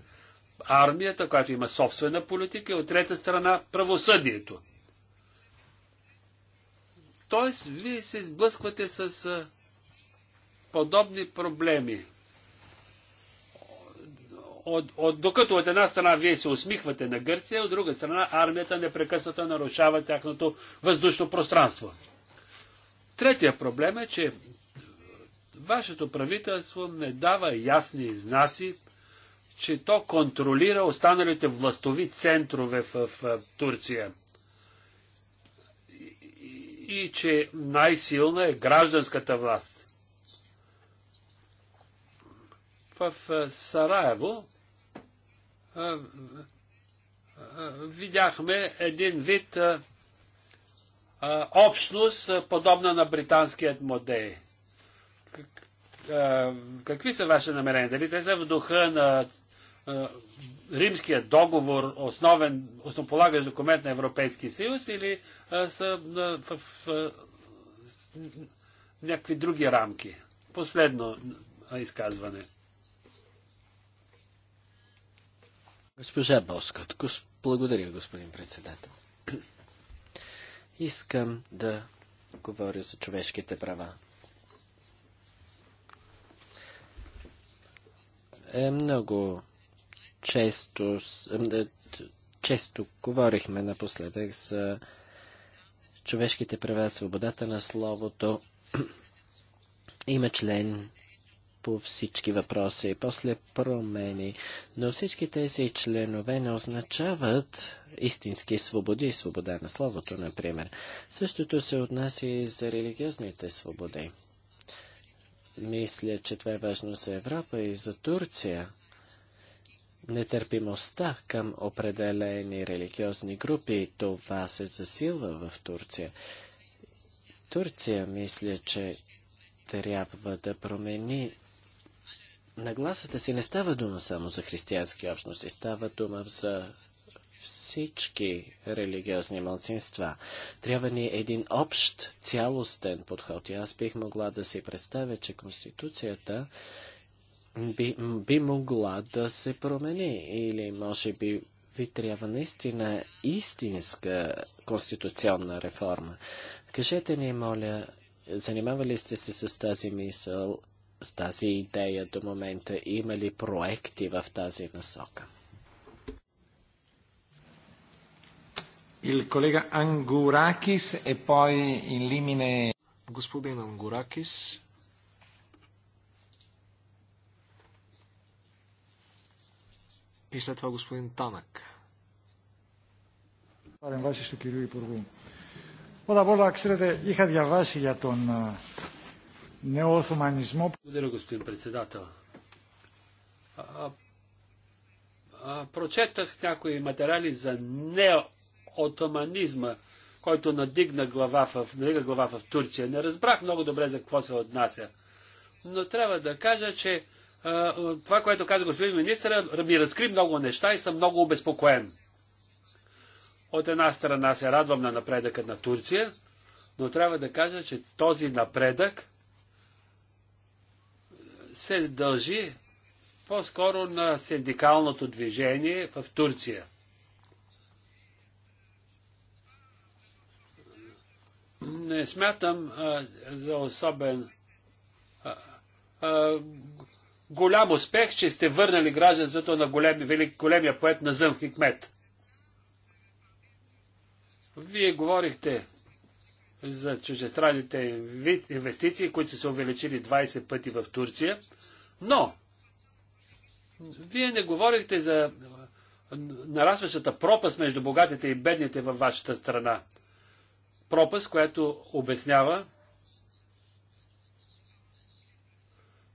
армията, която има собствена политика, и от трета страна правосъдието. Тоест, вие се сблъсквате с подобни проблеми. От, от, докато от една страна вие се усмихвате на Гърция, от друга страна армията непрекъснато нарушава тяхното въздушно пространство. Третия проблем е, че Вашето правителство не дава ясни знаци, че то контролира останалите властови центрове в, в Турция. И, и, че най-силна е гражданската власт. В, в Сараево видяхме един вид а, общност, подобна на британският модей какви са ваши намерения? Дали те са в духа на римския договор, основен, основополагащ документ на Европейския съюз или са в, в някакви други рамки? Последно изказване. Госпожа Боскот, благодаря, господин председател. [CLEARS THROAT] Искам да говоря за човешките права. Е, много често, е, често говорихме напоследък за човешките права, свободата на словото. [CLEARS THROAT] Има член по всички въпроси, после промени, но всички тези членове не означават истински свободи, свобода на словото, например. Същото се отнася и за религиозните свободи. Мисля, че това е важно за Европа и за Турция. Нетърпимостта към определени религиозни групи, това се засилва в Турция. Турция мисля, че трябва да промени нагласата си. Не става дума само за християнски общности, става дума за всички религиозни мълцинства. Трябва ни един общ, цялостен подход. И аз бих могла да си представя, че Конституцията би, би могла да се промени или може би ви трябва наистина истинска конституционна реформа. Кажете ни, моля, занимавали сте се с тази мисъл, с тази идея до момента? Има ли проекти в тази насока? Il collega Angurakis e poi in limine... Господин Ангуракис. И след това господин Танък. Παρεμβάσεις του κυρίου Υπουργού. Πρώτα απ' όλα, ξέρετε, είχα διαβάσει για τον νέο Οθωμανισμό. Благодаря, господин председател. А, а, прочетах някои материали за нео отоманизма, който надигна глава в, надигна глава в Турция. Не разбрах много добре за какво се отнася. Но трябва да кажа, че а, това, което каза господин министър, ми разкри много неща и съм много обезпокоен. От една страна се радвам на напредъка на Турция, но трябва да кажа, че този напредък се дължи по-скоро на синдикалното движение в Турция. не смятам а, за особен а, а, голям успех, че сте върнали гражданството на големи, велик, големия поет на Зъм Хикмет. Вие говорихте за чужестранните инвестиции, които са се увеличили 20 пъти в Турция, но вие не говорихте за нарастващата пропаст между богатите и бедните във вашата страна пропаст, която обяснява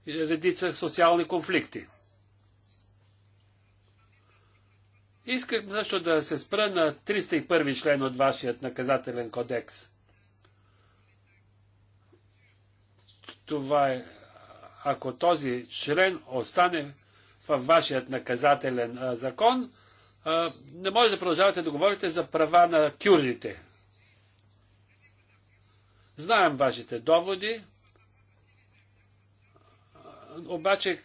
редица социални конфликти. Исках също да се спра на 301 член от вашият наказателен кодекс. Това е, ако този член остане във вашият наказателен закон, не може да продължавате да говорите за права на кюрдите. Знаем вашите доводи, обаче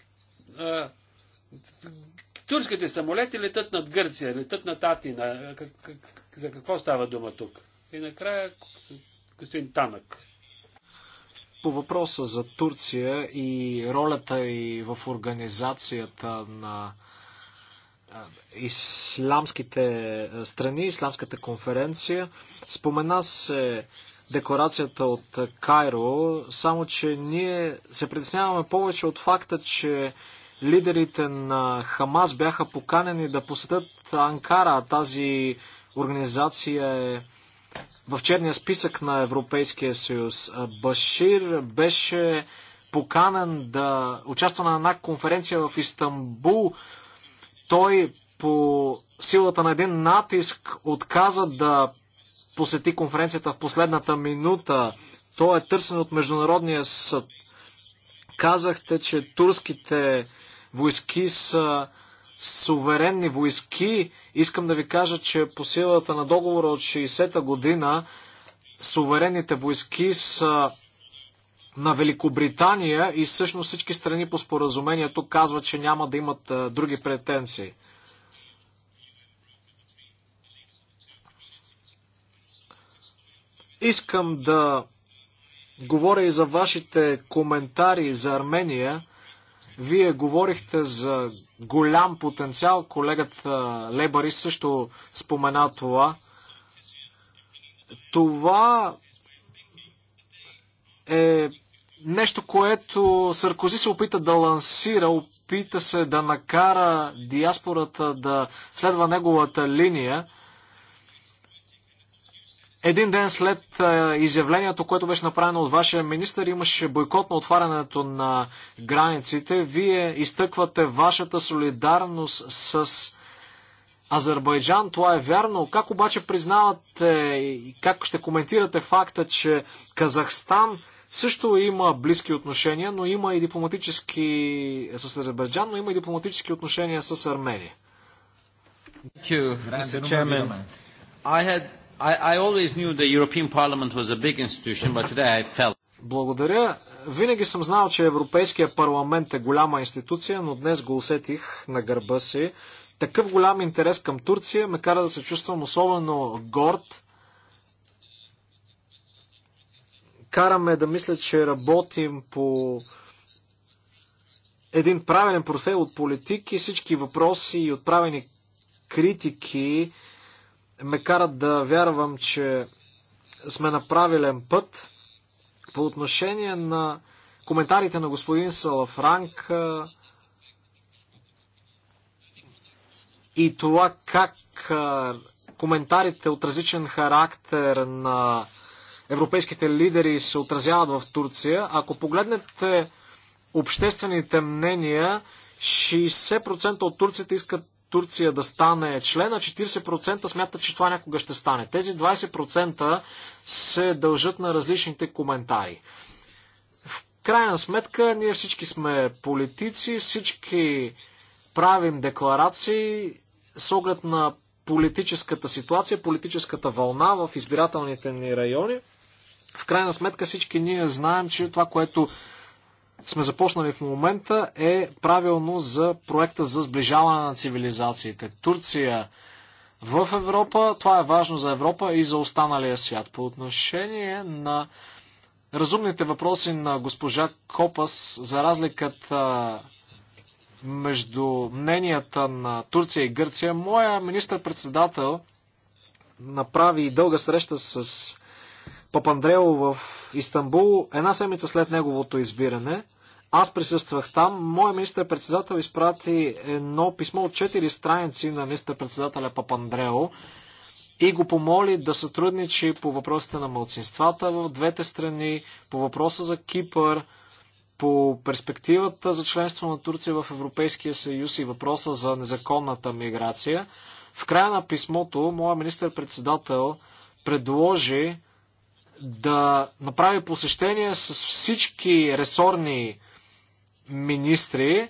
турските самолети летат над Гърция, летат над Атина. За какво става дума тук? И накрая господин Танък. По въпроса за Турция и ролята и в организацията на исламските страни, исламската конференция, спомена се декларацията от Кайро, само че ние се притесняваме повече от факта, че лидерите на Хамас бяха поканени да посетят Анкара. Тази организация е в черния списък на Европейския съюз. Башир беше поканен да участва на една конференция в Истанбул. Той по силата на един натиск отказа да посети конференцията в последната минута. Той е търсен от Международния съд. Казахте, че турските войски са суверенни войски. Искам да ви кажа, че по силата на договора от 60-та година суверенните войски са на Великобритания и всъщност всички страни по споразумението казват, че няма да имат е, други претенции. Искам да говоря и за вашите коментари за Армения. Вие говорихте за голям потенциал. Колегата Лебари също спомена това. Това е нещо, което Саркози се опита да лансира, опита се да накара диаспората да следва неговата линия. Един ден след изявлението, което беше направено от вашия министр, имаше бойкот на отварянето на границите. Вие изтъквате вашата солидарност с Азербайджан. Това е вярно. Как обаче признавате и как ще коментирате факта, че Казахстан също има близки отношения, но има и дипломатически с Азербайджан, но има и дипломатически отношения с Армения? Thank you, Mr. Chairman. I had I, I always knew the European Parliament was a big institution, but today I felt благодаря. Винаги съм знал, че Европейския парламент е голяма институция, но днес го усетих на гърба си. Такъв голям интерес към Турция ме кара да се чувствам особено горд. Караме да мисля, че работим по един правилен портфел от политики, всички въпроси и отправени критики ме карат да вярвам, че сме на правилен път. По отношение на коментарите на господин Салафранк и това как коментарите от различен характер на европейските лидери се отразяват в Турция, ако погледнете обществените мнения, 60% от турците искат Турция да стане члена 40% смятат, че това някога ще стане. Тези 20% се дължат на различните коментари. В крайна сметка, ние всички сме политици, всички правим декларации с оглед на политическата ситуация, политическата вълна в избирателните ни райони. В крайна сметка всички ние знаем, че това, което сме започнали в момента е правилно за проекта за сближаване на цивилизациите. Турция в Европа, това е важно за Европа и за останалия свят. По отношение на разумните въпроси на госпожа Копас за разликата между мненията на Турция и Гърция, моя министър-председател направи дълга среща с Папандрео в Истанбул една седмица след неговото избиране. Аз присъствах там. Моя министър-председател изпрати едно писмо от четири страници на министър-председателя Папандрео и го помоли да сътрудничи по въпросите на младсинствата в двете страни, по въпроса за Кипър, по перспективата за членство на Турция в Европейския съюз и въпроса за незаконната миграция. В края на писмото моя министър-председател предложи да направи посещение с всички ресорни министри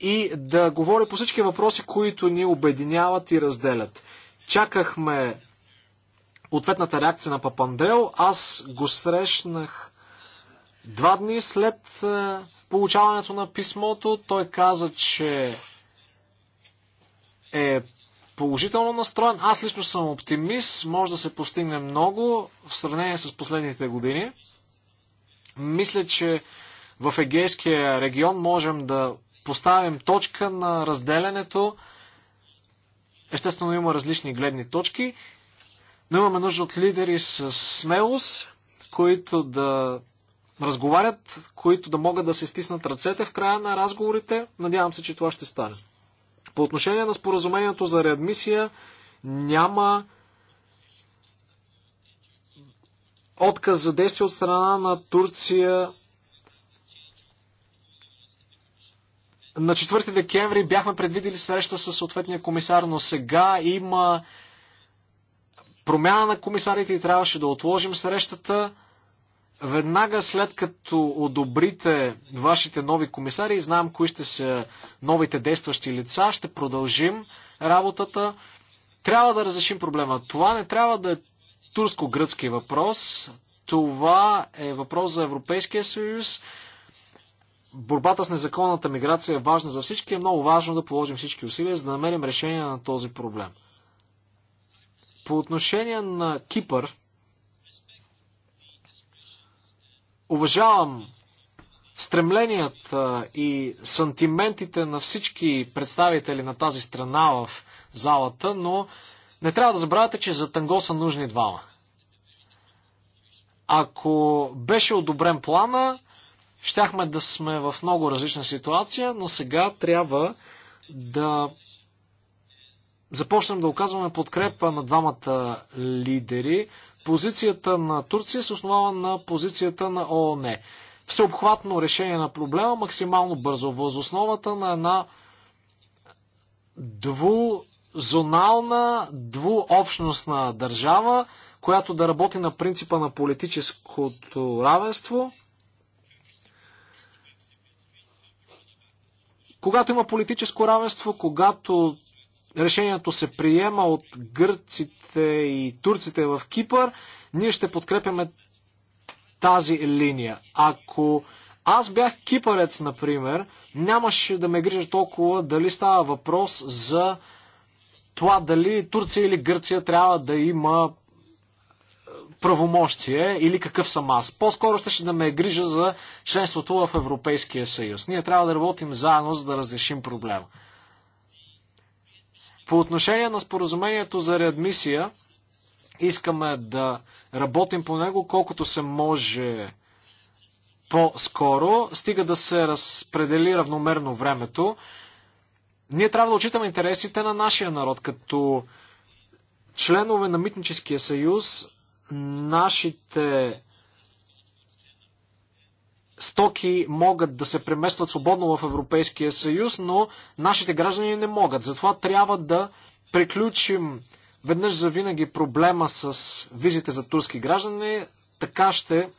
и да говори по всички въпроси, които ни обединяват и разделят. Чакахме ответната реакция на Папандрел. Аз го срещнах два дни след е, получаването на писмото. Той каза, че е положително настроен. Аз лично съм оптимист. Може да се постигне много в сравнение с последните години. Мисля, че в Егейския регион можем да поставим точка на разделянето. Естествено има различни гледни точки, но имаме нужда от лидери с смелост, които да разговарят, които да могат да се стиснат ръцете в края на разговорите. Надявам се, че това ще стане. По отношение на споразумението за реадмисия няма отказ за действие от страна на Турция на 4 декември бяхме предвидили среща с съответния комисар, но сега има промяна на комисарите и трябваше да отложим срещата. Веднага след като одобрите вашите нови комисари, знам кои ще са новите действащи лица, ще продължим работата. Трябва да разрешим проблема. Това не трябва да е турско-гръцки въпрос. Това е въпрос за Европейския съюз. Борбата с незаконната миграция е важна за всички. Е много важно да положим всички усилия, за да намерим решение на този проблем. По отношение на Кипър, Уважавам стремленията и сантиментите на всички представители на тази страна в залата, но не трябва да забравяте, че за танго са нужни двама. Ако беше одобрен плана, щяхме да сме в много различна ситуация, но сега трябва да започнем да оказваме подкрепа на двамата лидери – Позицията на Турция се основава на позицията на ООН. Всеобхватно решение на проблема максимално бързо, възосновата на една двузонална, двуобщностна държава, която да работи на принципа на политическото равенство. Когато има политическо равенство, когато решението се приема от гърците, сирийците и турците в Кипър, ние ще подкрепяме тази линия. Ако аз бях кипарец, например, нямаше да ме грижа толкова дали става въпрос за това дали Турция или Гърция трябва да има е, правомощие или какъв съм аз. По-скоро ще, ще да ме грижа за членството в Европейския съюз. Ние трябва да работим заедно, за да разрешим проблема. По отношение на споразумението за реадмисия, искаме да работим по него колкото се може по-скоро, стига да се разпредели равномерно времето. Ние трябва да отчитаме интересите на нашия народ. Като членове на Митническия съюз, нашите стоки могат да се преместват свободно в Европейския съюз, но нашите граждани не могат. Затова трябва да приключим веднъж за винаги проблема с визите за турски граждани. Така ще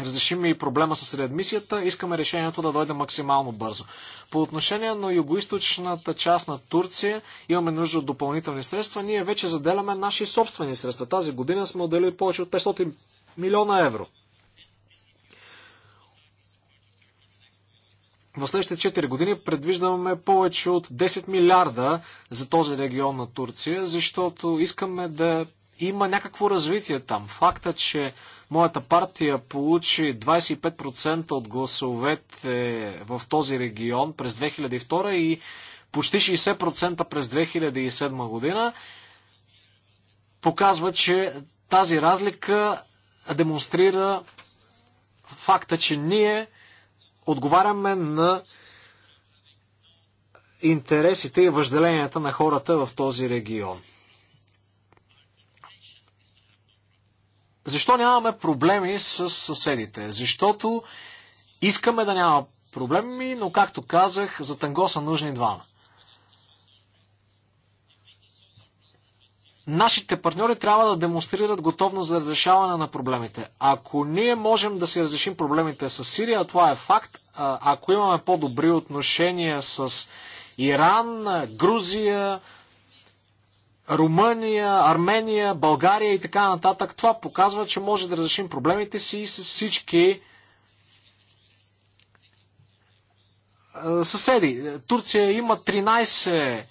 разрешим и проблема с реадмисията. Искаме решението да дойде максимално бързо. По отношение на югоисточната част на Турция имаме нужда от допълнителни средства. Ние вече заделяме наши собствени средства. Тази година сме отделили повече от 500 милиона евро. В следващите 4 години предвиждаме повече от 10 милиарда за този регион на Турция, защото искаме да има някакво развитие там. Факта, че моята партия получи 25% от гласовете в този регион през 2002 и почти 60% през 2007 година, показва, че тази разлика демонстрира факта, че ние отговаряме на интересите и въжделенията на хората в този регион. Защо нямаме проблеми с съседите? Защото искаме да няма проблеми, но както казах, за танго са нужни двама. Нашите партньори трябва да демонстрират готовност за разрешаване на проблемите. Ако ние можем да си разрешим проблемите с Сирия, това е факт. Ако имаме по-добри отношения с Иран, Грузия, Румъния, Армения, България и така нататък, това показва, че може да разрешим проблемите си и с всички съседи. Турция има 13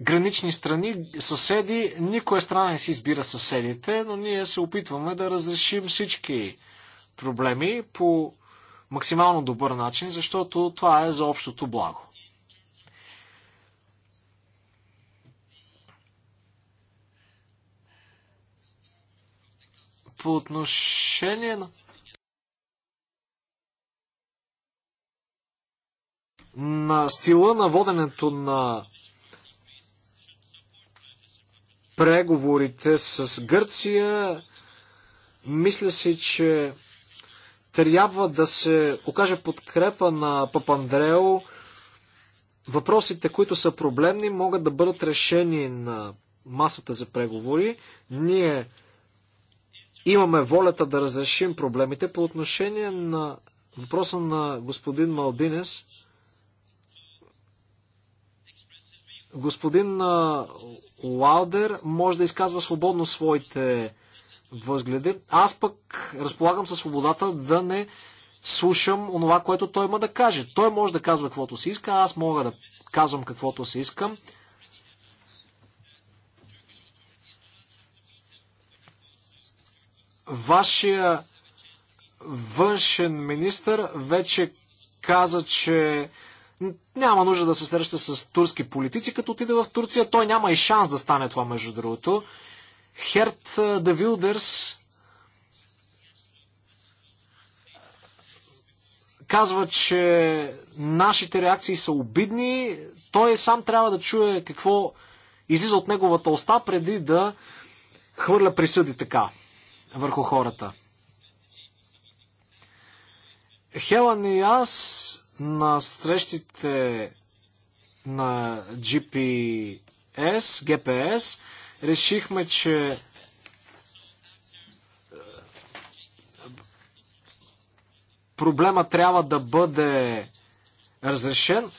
гранични страни, съседи, никоя е страна не си избира съседите, но ние се опитваме да разрешим всички проблеми по максимално добър начин, защото това е за общото благо. По отношение на на стила на воденето на преговорите с Гърция. Мисля си, че трябва да се окаже подкрепа на Папандрео. Въпросите, които са проблемни, могат да бъдат решени на масата за преговори. Ние имаме волята да разрешим проблемите. По отношение на въпроса на господин Малдинес, господин Лаудер може да изказва свободно своите възгледи. Аз пък разполагам със свободата да не слушам онова, което той има да каже. Той може да казва каквото си иска, аз мога да казвам каквото си искам. Вашия външен министр вече каза, че няма нужда да се среща с турски политици. Като отиде в Турция, той няма и шанс да стане това, между другото. Херт де Вилдерс казва, че нашите реакции са обидни. Той сам трябва да чуе какво излиза от неговата уста, преди да хвърля присъди така върху хората. Хелън и аз на срещите на GPS, GPS, решихме, че е, проблема трябва да бъде разрешен.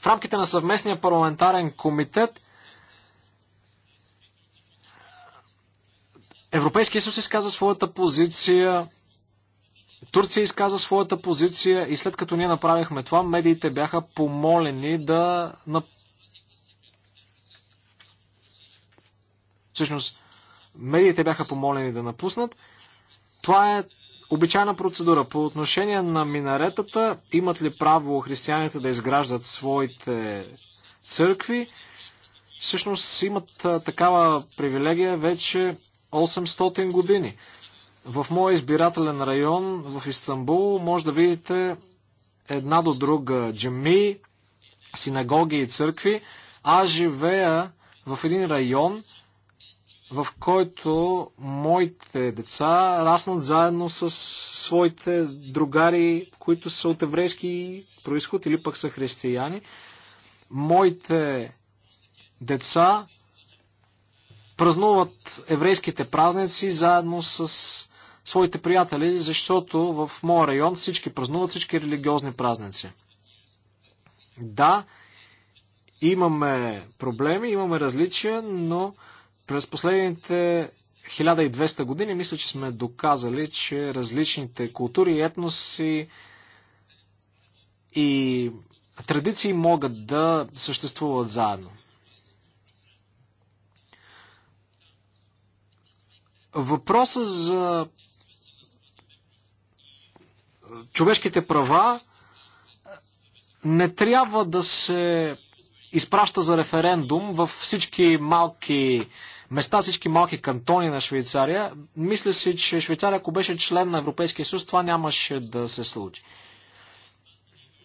В рамките на съвместния парламентарен комитет Европейския съюз изказа своята позиция, Турция изказа своята позиция и след като ние направихме това, медиите бяха помолени да. Всъщност, медиите бяха помолени да напуснат. Това е обичайна процедура. По отношение на минаретата, имат ли право християните да изграждат своите църкви? Всъщност имат такава привилегия вече 800 години. В моя избирателен район в Истанбул може да видите една до друга джами, синагоги и църкви. Аз живея в един район, в който моите деца раснат заедно с своите другари, които са от еврейски происход или пък са християни. Моите деца празнуват еврейските празници заедно с своите приятели, защото в моя район всички празнуват всички религиозни празници. Да, имаме проблеми, имаме различия, но през последните 1200 години мисля, че сме доказали, че различните култури, и етноси и традиции могат да съществуват заедно. Въпросът за човешките права не трябва да се изпраща за референдум във всички малки места, всички малки кантони на Швейцария. Мисля си, че Швейцария, ако беше член на Европейския съюз, това нямаше да се случи.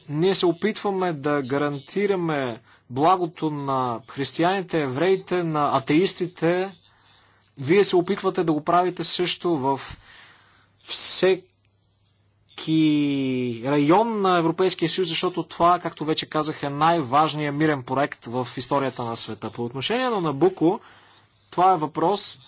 Ние се опитваме да гарантираме благото на християните, евреите, на атеистите. Вие се опитвате да го правите също в всеки исторически район на Европейския съюз, защото това, както вече казах, е най-важният мирен проект в историята на света. По отношение на Набуко, това е въпрос,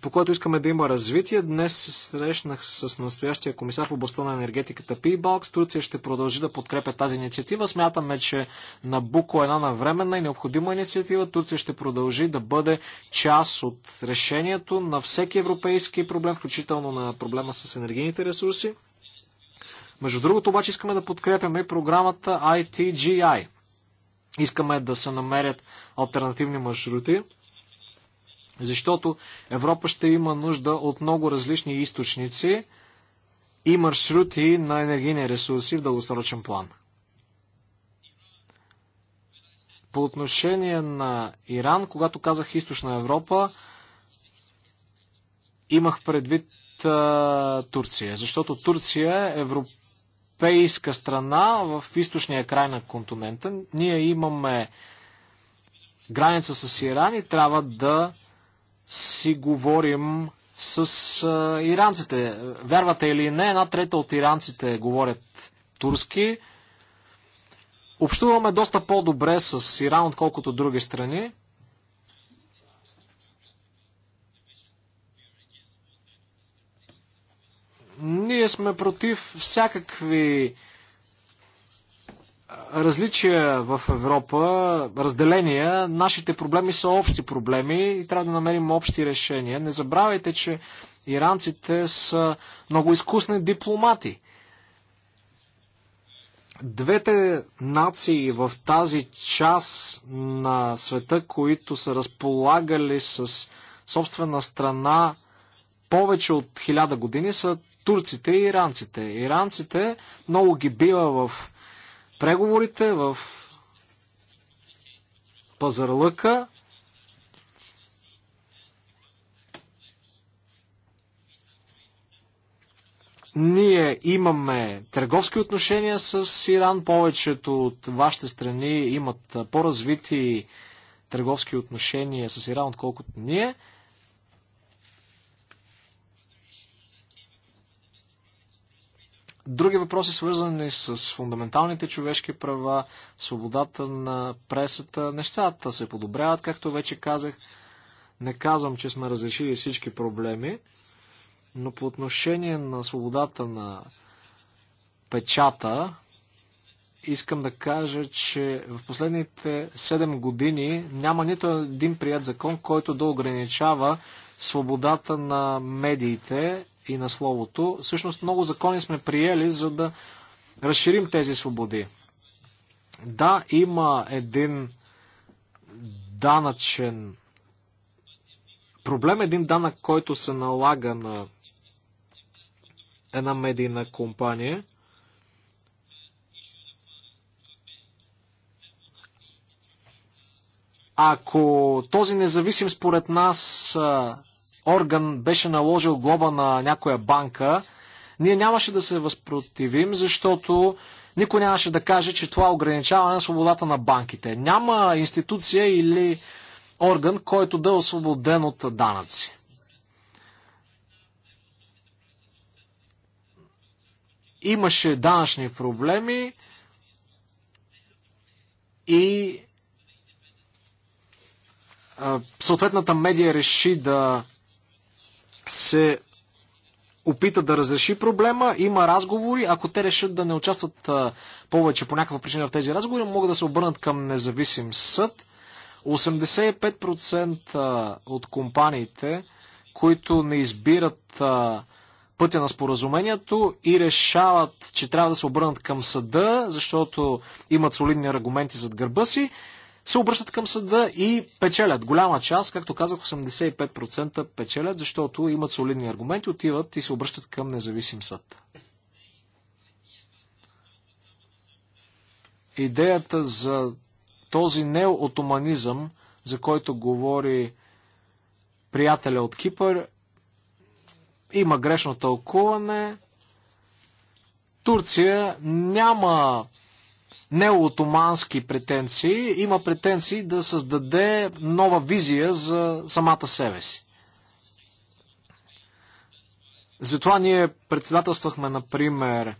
по който искаме да има развитие. Днес се срещнах с настоящия комисар в областта на енергетиката Пибалк. Турция ще продължи да подкрепя тази инициатива. Смятаме, че Набуко е една навременна и необходима инициатива. Турция ще продължи да бъде част от решението на всеки европейски проблем, включително на проблема с енергийните ресурси. Между другото, обаче, искаме да подкрепяме и програмата ITGI. Искаме да се намерят альтернативни маршрути защото Европа ще има нужда от много различни източници и маршрути на енергийни ресурси в дългосрочен план. По отношение на Иран, когато казах източна Европа, имах предвид а, Турция, защото Турция е европейска страна в източния край на континента. Ние имаме граница с Иран и трябва да си говорим с а, иранците. Вярвате или не, една трета от иранците говорят турски. Общуваме доста по-добре с Иран, отколкото други страни. Ние сме против всякакви различия в Европа, разделения, нашите проблеми са общи проблеми и трябва да намерим общи решения. Не забравяйте, че иранците са много изкусни дипломати. Двете нации в тази част на света, които са разполагали с собствена страна повече от хиляда години, са турците и иранците. Иранците много ги бива в преговорите в пазарлъка Ние имаме търговски отношения с Иран. Повечето от вашите страни имат по-развити търговски отношения с Иран, отколкото ние. Други въпроси, свързани с фундаменталните човешки права, свободата на пресата, нещата се подобряват, както вече казах. Не казвам, че сме разрешили всички проблеми, но по отношение на свободата на печата, искам да кажа, че в последните 7 години няма нито един прият закон, който да ограничава свободата на медиите и на словото. Всъщност много закони сме приели, за да разширим тези свободи. Да, има един данъчен проблем, един данък, който се налага на една медийна компания. Ако този независим според нас орган беше наложил глоба на някоя банка, ние нямаше да се възпротивим, защото никой нямаше да каже, че това е ограничаване на свободата на банките. Няма институция или орган, който да е освободен от данъци. Имаше данъчни проблеми и съответната медия реши да се опита да разреши проблема, има разговори. Ако те решат да не участват повече по някаква причина в тези разговори, могат да се обърнат към независим съд. 85% от компаниите, които не избират пътя на споразумението и решават, че трябва да се обърнат към съда, защото имат солидни аргументи зад гърба си, се обръщат към съда и печелят. Голяма част, както казах, 85% печелят, защото имат солидни аргументи, отиват и се обръщат към независим съд. Идеята за този неотоманизъм, за който говори приятеля от Кипър, има грешно тълкуване. Турция няма неотомански претенции, има претенции да създаде нова визия за самата себе си. Затова ние председателствахме, например,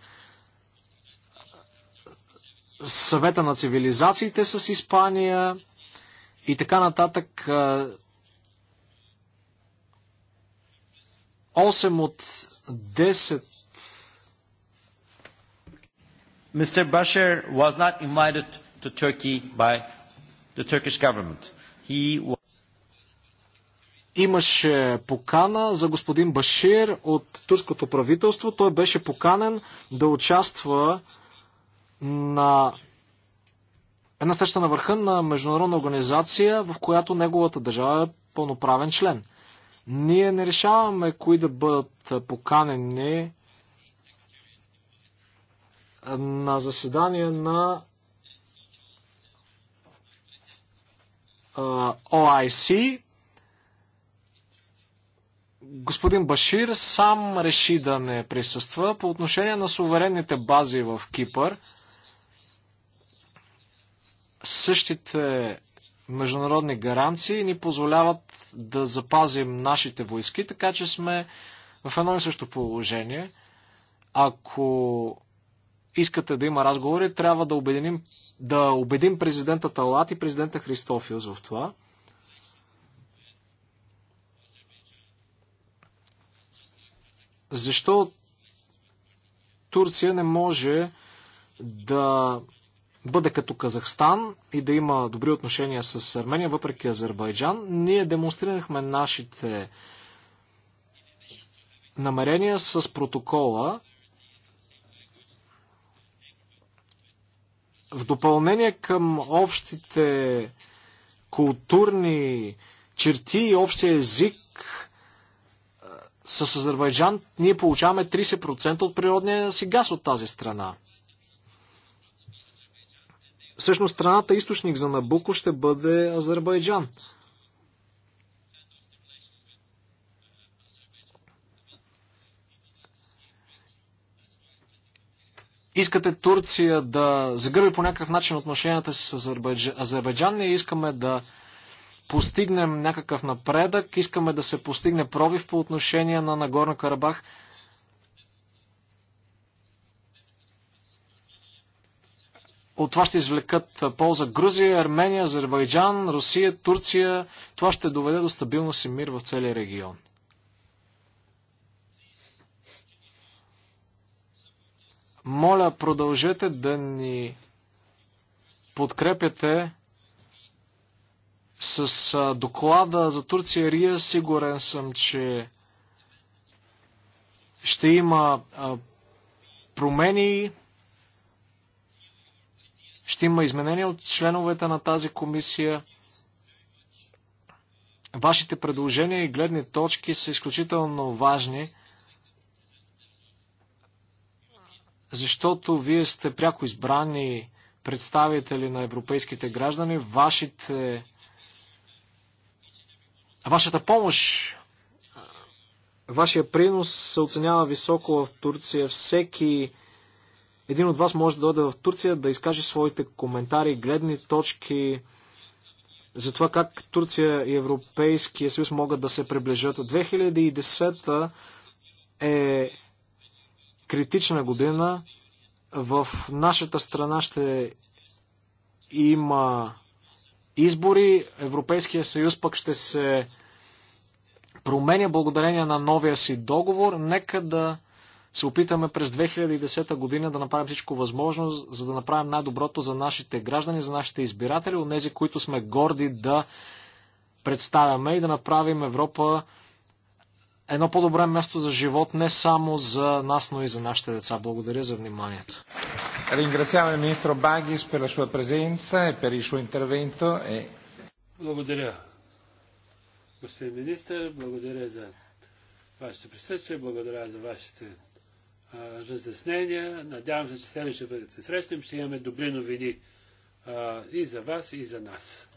съвета на цивилизациите с Испания и така нататък. Осем от 10 Mr. Bashir was not invited to Turkey by the Turkish government. He was Имаше покана за господин Башир от турското правителство. Той беше поканен да участва на една среща на върха на международна организация, в която неговата държава е пълноправен член. Ние не решаваме кои да бъдат поканени на заседание на ОАЙС Господин Башир сам реши да не присъства по отношение на суверенните бази в Кипър. Същите международни гаранции ни позволяват да запазим нашите войски, така че сме в едно и също положение. Ако искате да има разговори, трябва да, обединим, да убедим президента Талат и президента Христофиус в това. Защо Турция не може да бъде като Казахстан и да има добри отношения с Армения, въпреки Азербайджан. Ние демонстрирахме нашите намерения с протокола. В допълнение към общите културни черти и общия език, с Азербайджан ние получаваме 30% от природния си газ от тази страна. Всъщност страната източник за Набуко ще бъде Азербайджан. искате Турция да загърби по някакъв начин отношенията си с Азербайджан. Азербайджан ние искаме да постигнем някакъв напредък, искаме да се постигне пробив по отношение на Нагорно Карабах. От това ще извлекат полза Грузия, Армения, Азербайджан, Русия, Турция. Това ще доведе до стабилност и мир в целия регион. Моля, продължете да ни подкрепяте с доклада за Турция Рия. Сигурен съм, че ще има промени, ще има изменения от членовете на тази комисия. Вашите предложения и гледни точки са изключително важни. защото вие сте пряко избрани представители на европейските граждани. Вашите, вашата помощ, вашия принос се оценява високо в Турция. Всеки един от вас може да дойде в Турция да изкаже своите коментари, гледни точки за това как Турция и Европейския съюз могат да се приближат. 2010 е критична година. В нашата страна ще има избори. Европейския съюз пък ще се променя благодарение на новия си договор. Нека да се опитаме през 2010 година да направим всичко възможно, за да направим най-доброто за нашите граждани, за нашите избиратели, от тези, които сме горди да представяме и да направим Европа едно по-добре място за живот не само за нас, но и за нашите деца. Благодаря за вниманието. Ringraziamo il ministro Baghis per la sua presenza e per il suo intervento. E... Благодаря. Господин министр, благодаря за вашето присъствие, благодаря за вашите а, разяснения. Надявам се, че следващия път се срещнем, ще имаме добри новини а, и за вас, и за нас.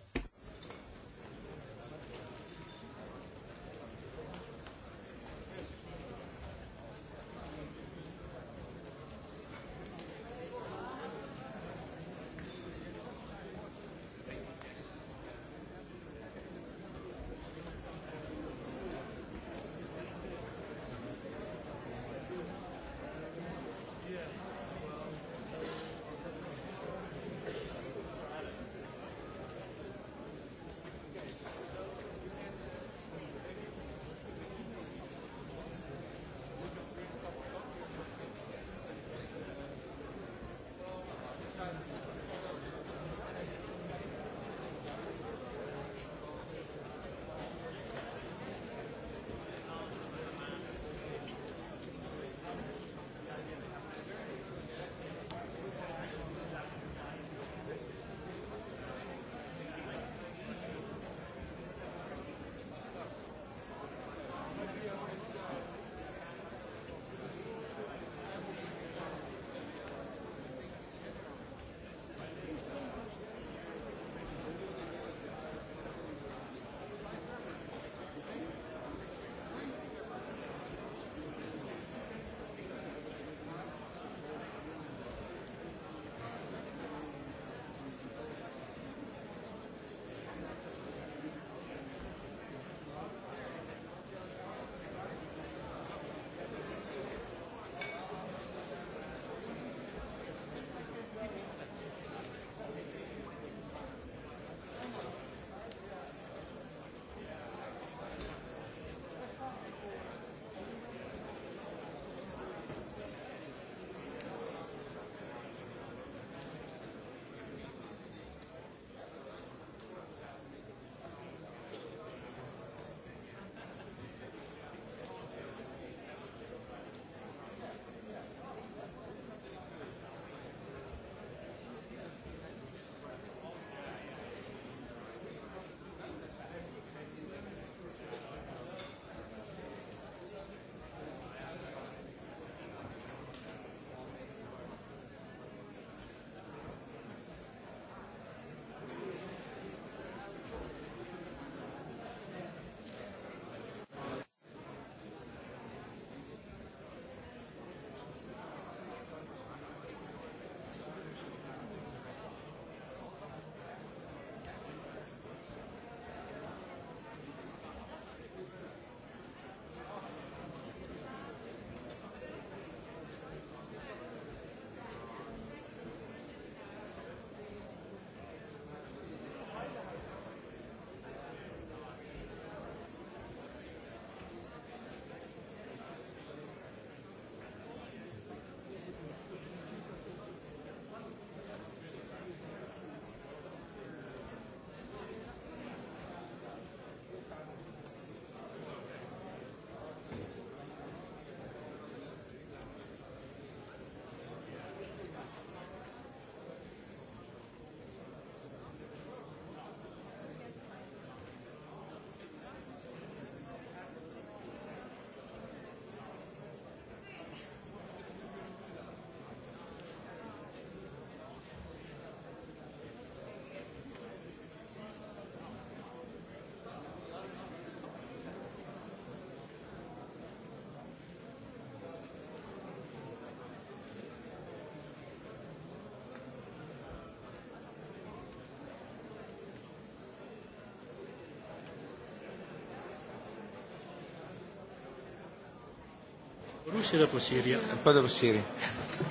Russia dopo Siria. Poi dopo Siria.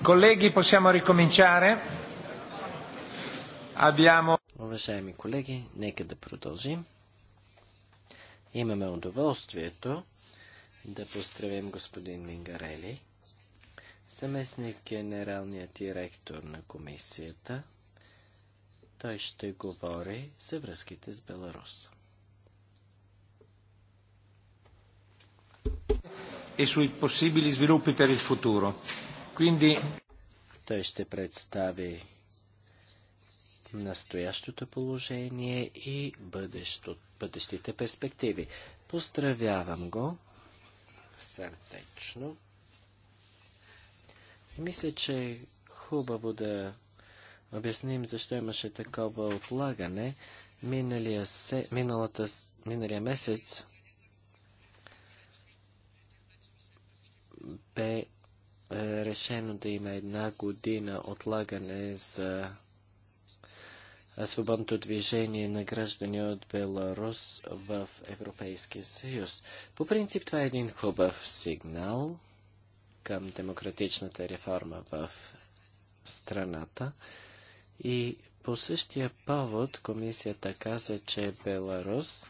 Colleghi, possiamo ricominciare? Abbiamo... Уважаеми колеги, нека да продължим. Имаме удоволствието да поздравим господин Мингарели, съместник генералният директор на комисията. Той ще говори за връзките с Беларуса. e sui possibili sviluppi per il futuro. Quindi... ще представи настоящото положение и бъдещо, бъдещите перспективи. Поздравявам го сърдечно. Мисля, че е хубаво да обясним защо имаше такова отлагане. Миналия, се, миналата, миналия месец бе е, решено да има една година отлагане за е, свободното движение на граждани от Беларус в Европейския съюз. По принцип това е един хубав сигнал към демократичната реформа в страната. И по същия повод комисията каза, че Беларус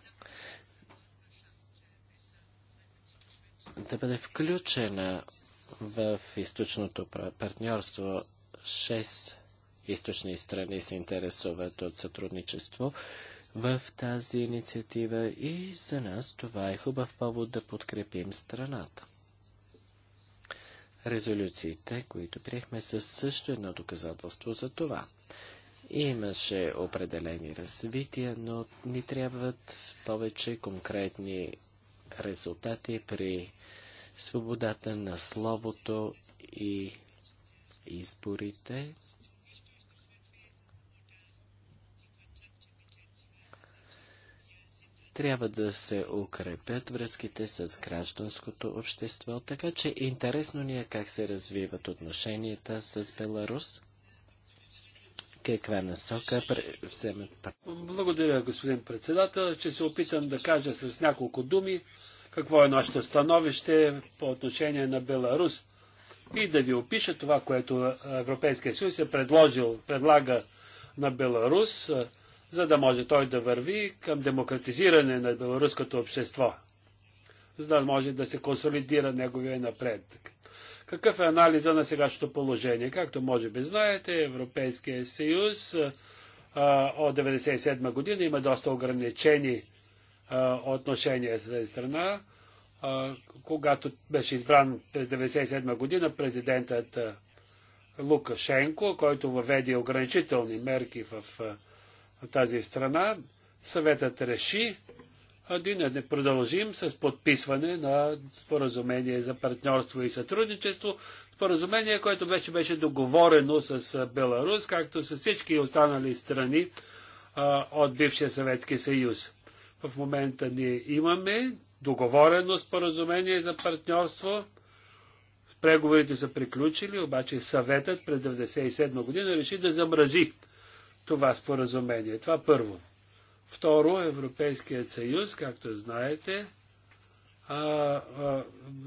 да бъде включена в източното партньорство. Шест източни страни се интересуват от сътрудничество в тази инициатива и за нас това е хубав повод да подкрепим страната. Резолюциите, които приехме, са също едно доказателство за това. Имаше определени развития, но ни трябват повече конкретни резултати при свободата на словото и изборите. Трябва да се укрепят връзките с гражданското общество, така че е интересно ни е как се развиват отношенията с Беларус. Каква насока вземат? Благодаря, господин председател, че се опитам да кажа с няколко думи какво е нашето становище по отношение на Беларус и да ви опиша това, което Европейския съюз е предложил, предлага на Беларус, за да може той да върви към демократизиране на беларуското общество, за да може да се консолидира неговия напредък. Какъв е анализа на сегашното положение? Както може би знаете, Европейския съюз от 1997 година има доста ограничени отношение с тази страна. Когато беше избран през 1997 година президентът Лукашенко, който въведе ограничителни мерки в тази страна, съветът реши да не продължим с подписване на споразумение за партньорство и сътрудничество. Споразумение, което беше, беше договорено с Беларус, както с всички останали страни от бившия Съветски съюз. В момента ние имаме договорено споразумение за партньорство. Преговорите са приключили, обаче съветът през 1997 година реши да замрази това споразумение. Това първо. Второ, Европейският съюз, както знаете, а, а,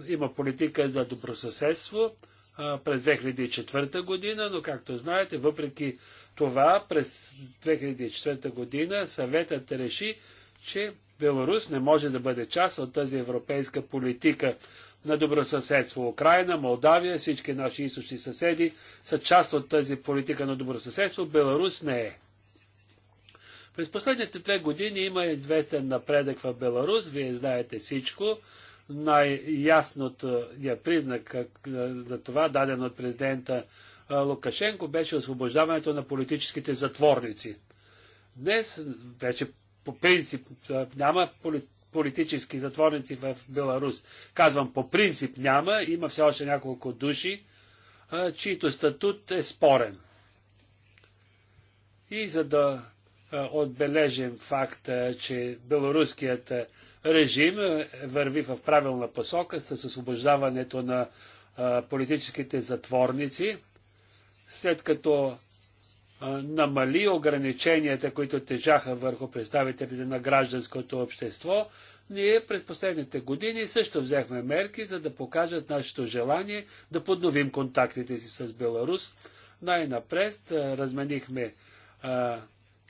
има политика за добросъседство а, през 2004 година, но както знаете, въпреки това, през 2004 година съветът реши че Беларус не може да бъде част от тази европейска политика на добросъседство. Украина, Молдавия, всички наши източни съседи са част от тази политика на добросъседство. Беларус не е. През последните две години има известен напредък в Беларус. Вие знаете всичко. Най-ясното признак за това, даден от президента Лукашенко, беше освобождаването на политическите затворници. Днес вече по принцип няма политически затворници в Беларус. Казвам, по принцип няма, има все още няколко души, чието статут е спорен. И за да отбележим факта, че беларуският режим върви в правилна посока с освобождаването на политическите затворници, след като намали ограниченията, които тежаха върху представителите на гражданското общество, ние през последните години също взехме мерки, за да покажат нашето желание да подновим контактите си с Беларус. Най-напред разменихме а,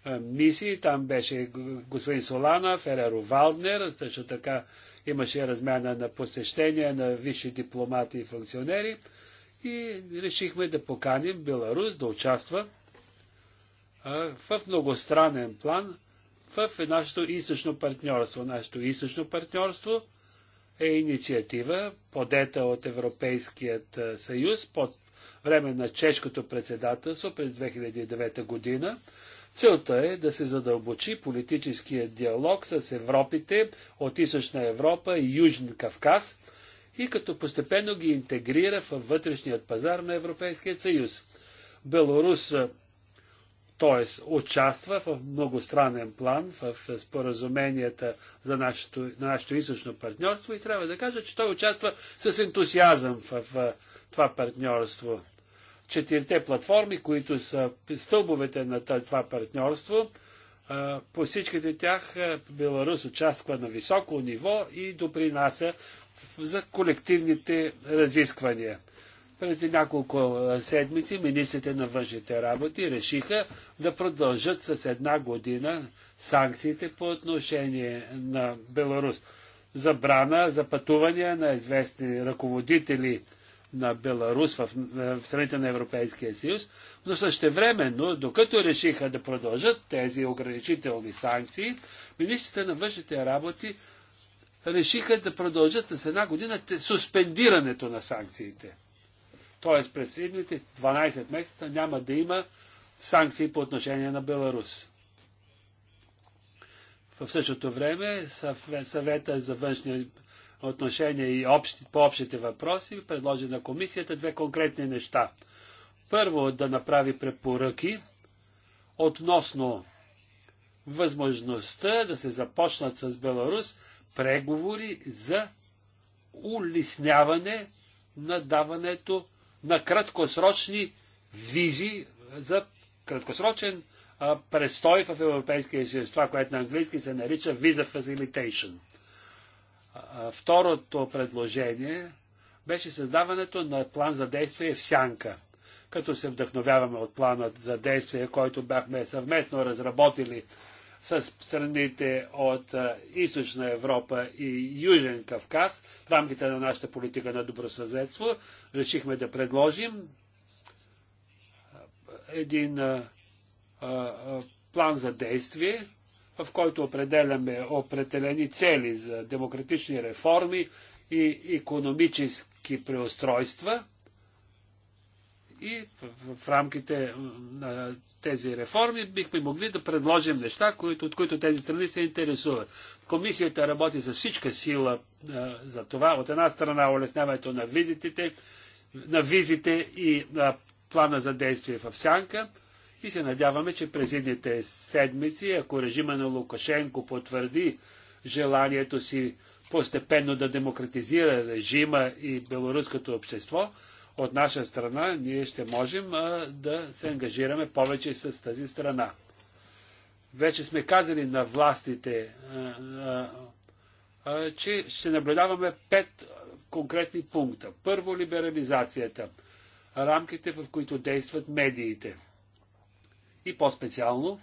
а, мисии, там беше господин Солана, Фереро Валднер, също така имаше размяна на посещения на висши дипломати и функционери и решихме да поканим Беларус да участва в многостранен план в е нашето източно партньорство. Нашето източно партньорство е инициатива, подета от Европейският съюз под време на чешкото председателство през 2009 година. Целта е да се задълбочи политическия диалог с Европите от Източна Европа и Южен Кавказ и като постепенно ги интегрира във вътрешният пазар на Европейския съюз. Беларус т.е. участва в многостранен план в споразуменията за нашето, нашето източно партньорство и трябва да кажа, че той участва с ентусиазъм в, в, в това партньорство. Четирите платформи, които са стълбовете на това партньорство, по всичките тях Беларус участва на високо ниво и допринася за колективните разисквания. Преди няколко седмици министрите на външните работи решиха да продължат с една година санкциите по отношение на Беларус. Забрана за пътувания на известни ръководители на Беларус в, в страните на Европейския съюз, но същевременно, докато решиха да продължат тези ограничителни санкции, министрите на външните работи решиха да продължат с една година суспендирането на санкциите т.е. през следните 12 месеца няма да има санкции по отношение на Беларус. В същото време съвета за външни отношения и общи, по общите въпроси предложи на комисията две конкретни неща. Първо да направи препоръки относно възможността да се започнат с Беларус преговори за улесняване на даването на краткосрочни визи за краткосрочен а, престой в Европейския съюз, това, което на английски се нарича Visa Facilitation. А, второто предложение беше създаването на план за действие в сянка. Като се вдъхновяваме от планът за действие, който бяхме съвместно разработили с страните от Източна Европа и Южен Кавказ. В рамките на нашата политика на добросъседство решихме да предложим един план за действие, в който определяме определени цели за демократични реформи и економически преустройства и в рамките на тези реформи бихме могли да предложим неща, от които тези страни се интересуват. Комисията работи за всичка сила за това. От една страна улесняването на визитите, на визите и на плана за действие в сянка. И се надяваме, че през едните седмици, ако режима на Лукашенко потвърди желанието си постепенно да демократизира режима и белоруското общество, от наша страна ние ще можем а, да се ангажираме повече с тази страна. Вече сме казали на властите, а, а, че ще наблюдаваме пет конкретни пункта. Първо, либерализацията, рамките в които действат медиите. И по-специално,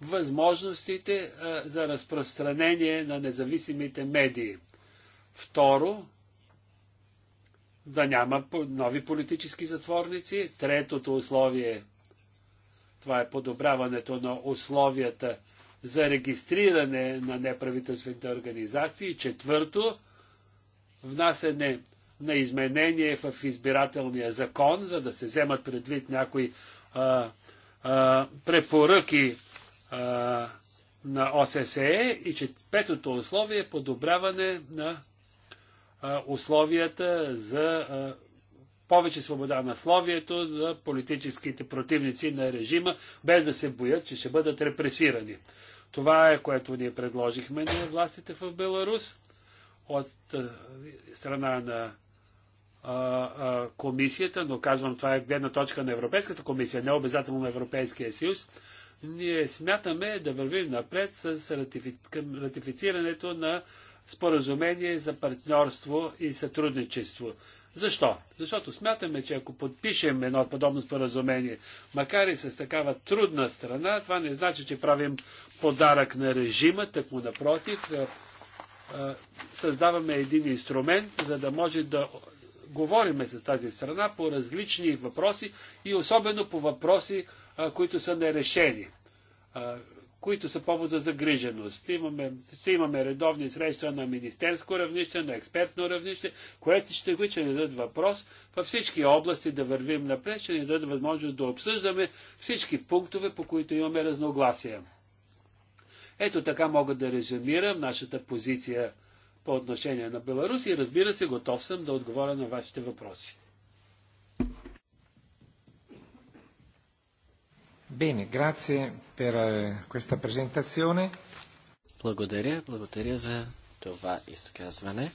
възможностите за разпространение на независимите медии. Второ, да няма нови политически затворници. Третото условие, това е подобряването на условията за регистриране на неправителствените организации. Четвърто, внасене на изменение в избирателния закон, за да се вземат предвид някои а, а, препоръки а, на ОССЕ. И петото условие е подобряване на условията за повече свобода на словието за политическите противници на режима, без да се боят, че ще бъдат репресирани. Това е което ние предложихме на властите в Беларус от страна на комисията, но казвам, това е гледна точка на Европейската комисия, не обязателно на Европейския съюз. Ние смятаме да вървим напред с ратифицирането на споразумение за партньорство и сътрудничество. Защо? Защото смятаме, че ако подпишем едно подобно споразумение, макар и с такава трудна страна, това не значи, че правим подарък на режима, так му напротив, е, е, създаваме един инструмент, за да може да говориме с тази страна по различни въпроси и особено по въпроси, които са нерешени които са повод за загриженост. Имаме, ще имаме редовни среща на министерско равнище, на експертно равнище, което ще, го ще ни дадат въпрос във всички области да вървим напред, ще ни дадат възможност да обсъждаме всички пунктове, по които имаме разногласия. Ето така мога да резюмирам нашата позиция по отношение на Беларус и разбира се, готов съм да отговоря на вашите въпроси. Bene, grazie per eh, questa presentazione. Благодаря, благодаря за това изказване.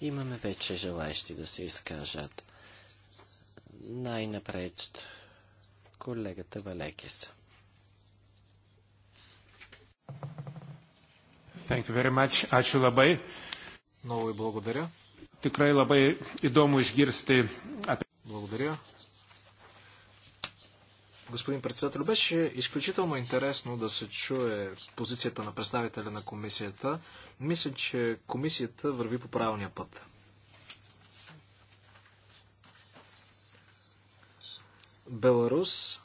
Имаме вече желаящи да се изкажат. Най-напред колегата Валекис. Thank you very much. Ачу лабай. Много ви благодаря. Tikrai лабай įdomu išgirsti apie... Благодаря господин председател. Беше изключително интересно да се чуе позицията на представителя на комисията. Мисля, че комисията върви по правилния път. Беларус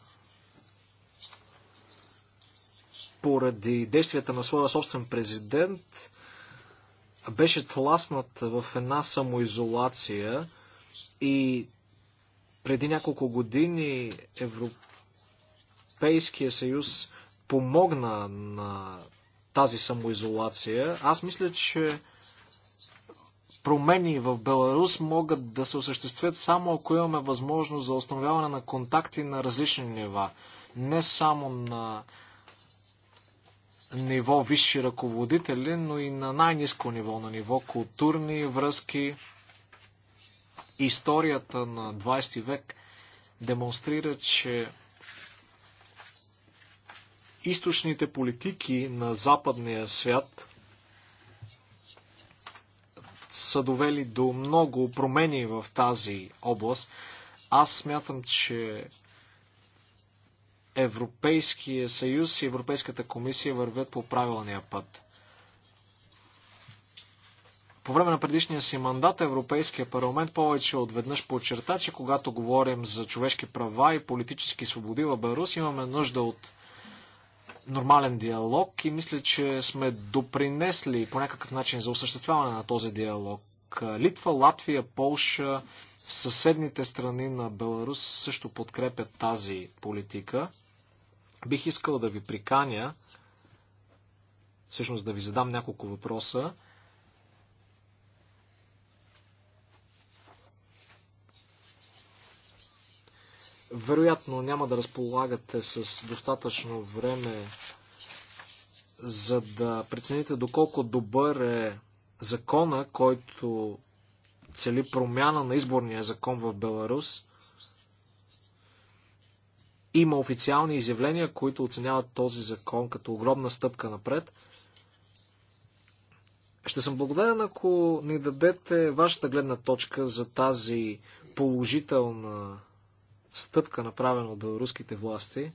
поради действията на своя собствен президент беше тласнат в една самоизолация и преди няколко години Европейския Европейския съюз помогна на тази самоизолация. Аз мисля, че промени в Беларус могат да се осъществят само ако имаме възможност за установяване на контакти на различни нива. Не само на ниво висши ръководители, но и на най-низко ниво, на ниво културни връзки. Историята на 20 век демонстрира, че източните политики на западния свят са довели до много промени в тази област. Аз смятам, че Европейския съюз и Европейската комисия вървят по правилния път. По време на предишния си мандат Европейския парламент повече от веднъж подчерта, че когато говорим за човешки права и политически свободи в Беларус, имаме нужда от нормален диалог и мисля, че сме допринесли по някакъв начин за осъществяване на този диалог. Литва, Латвия, Полша, съседните страни на Беларус също подкрепят тази политика. Бих искал да ви приканя, всъщност да ви задам няколко въпроса. вероятно няма да разполагате с достатъчно време, за да прецените доколко добър е закона, който цели промяна на изборния закон в Беларус. Има официални изявления, които оценяват този закон като огромна стъпка напред. Ще съм благодарен, ако ни дадете вашата гледна точка за тази положителна стъпка, направена от белоруските власти.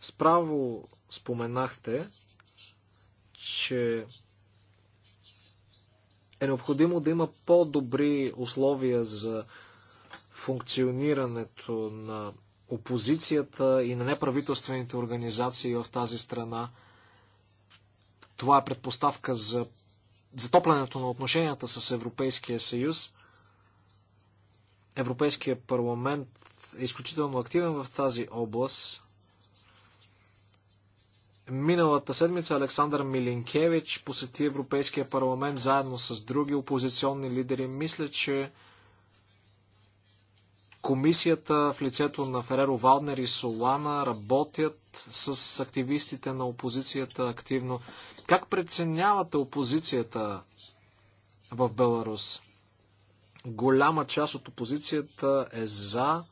Справо споменахте, че е необходимо да има по-добри условия за функционирането на опозицията и на неправителствените организации в тази страна. Това е предпоставка за затоплянето на отношенията с Европейския съюз. Европейския парламент е изключително активен в тази област. Миналата седмица Александър Милинкевич посети Европейския парламент заедно с други опозиционни лидери. Мисля, че комисията в лицето на Фереро Валнер и Солана работят с активистите на опозицията активно. Как преценявате опозицията в Беларус? Голяма част от опозицията е за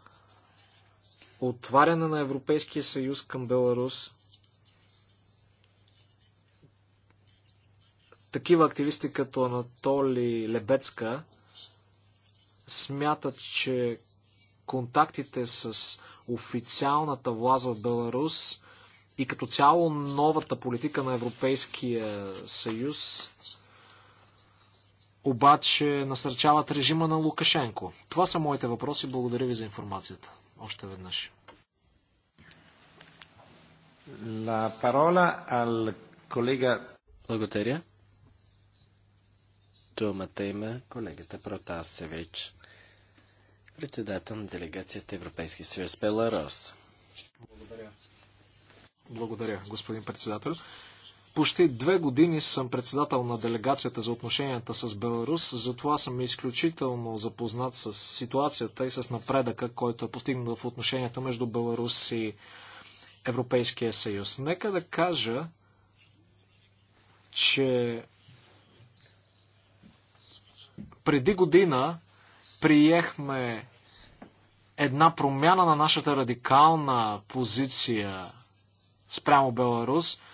отваряне на Европейския съюз към Беларус. Такива активисти като Анатоли Лебецка смятат, че контактите с официалната власт в Беларус и като цяло новата политика на Европейския съюз обаче насърчават режима на Лукашенко? Това са моите въпроси. Благодаря ви за информацията. Още веднъж. La parola al collega... Благодаря. Думата има колегата Протасевич, председател на делегацията Европейски съюз Беларус. Благодаря. Благодаря, господин председател. Почти две години съм председател на делегацията за отношенията с Беларус, затова съм изключително запознат с ситуацията и с напредъка, който е постигнал в отношенията между Беларус и Европейския съюз. Нека да кажа, че преди година приехме една промяна на нашата радикална позиция спрямо Беларус –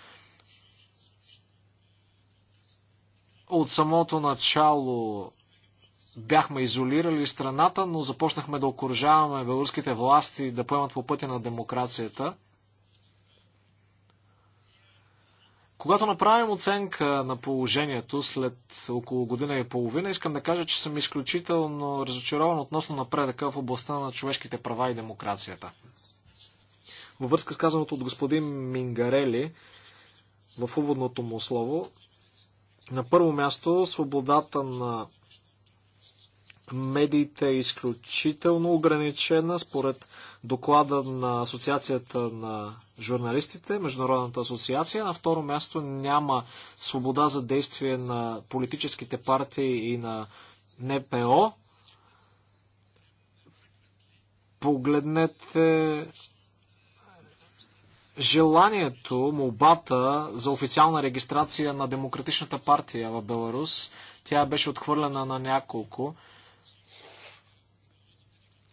От самото начало бяхме изолирали страната, но започнахме да окоръжаваме българските власти да поемат по пътя на демокрацията. Когато направим оценка на положението след около година и половина, искам да кажа, че съм изключително разочарован относно напредъка в областта на човешките права и демокрацията. Във връзка с казаното от господин Мингарели, в уводното му слово, на първо място, свободата на медиите е изключително ограничена според доклада на Асоциацията на журналистите, Международната асоциация. На второ място няма свобода за действие на политическите партии и на НПО. Погледнете желанието, молбата за официална регистрация на Демократичната партия в Беларус. Тя беше отхвърлена на няколко.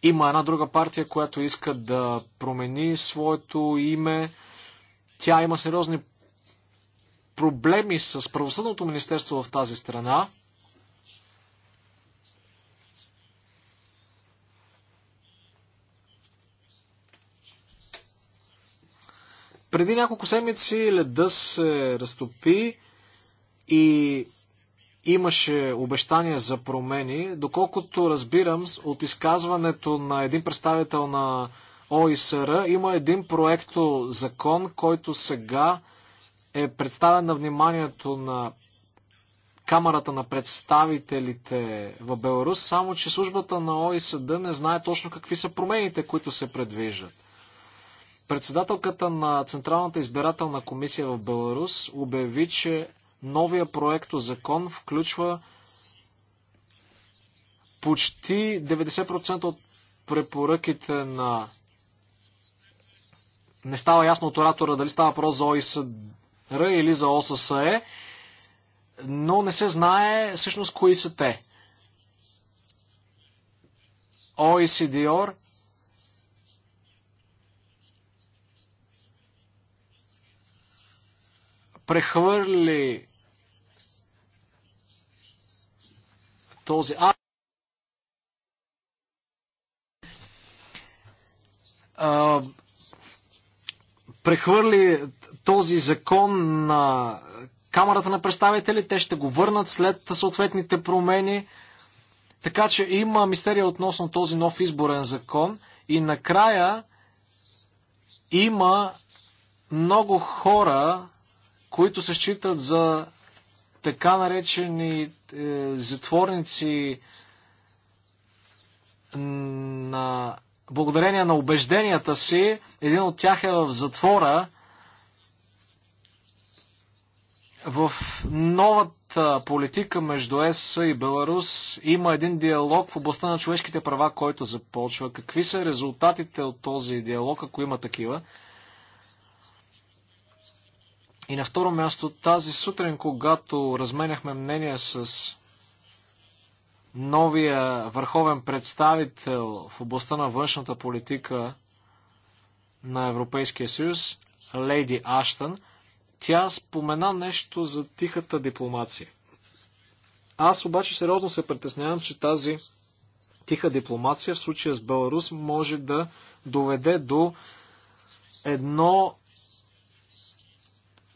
Има една друга партия, която иска да промени своето име. Тя има сериозни проблеми с правосъдното министерство в тази страна. Преди няколко седмици леда се разтопи и имаше обещания за промени. Доколкото разбирам от изказването на един представител на ОИСР, има един проекто закон, който сега е представен на вниманието на Камерата на представителите в Беларус, само че службата на ОИСД не знае точно какви са промените, които се предвиждат. Председателката на Централната избирателна комисия в Беларус обяви, че новия проект закон включва почти 90% от препоръките на... Не става ясно от оратора дали става въпрос за ОИСР или за ОССЕ, но не се знае всъщност кои са те. ОИСДОР прехвърли този... А, прехвърли този закон на Камерата на представители, те ще го върнат след съответните промени. Така че има мистерия относно този нов изборен закон. И накрая има много хора, които се считат за така наречени е, затворници на благодарение на убежденията си. Един от тях е в затвора в новата политика между ЕС и Беларус има един диалог в областта на човешките права, който започва. Какви са резултатите от този диалог, ако има такива? И на второ място, тази сутрин, когато разменяхме мнение с новия върховен представител в областта на външната политика на Европейския съюз, Лейди Аштън, тя спомена нещо за тихата дипломация. Аз обаче сериозно се притеснявам, че тази тиха дипломация в случая с Беларус може да доведе до едно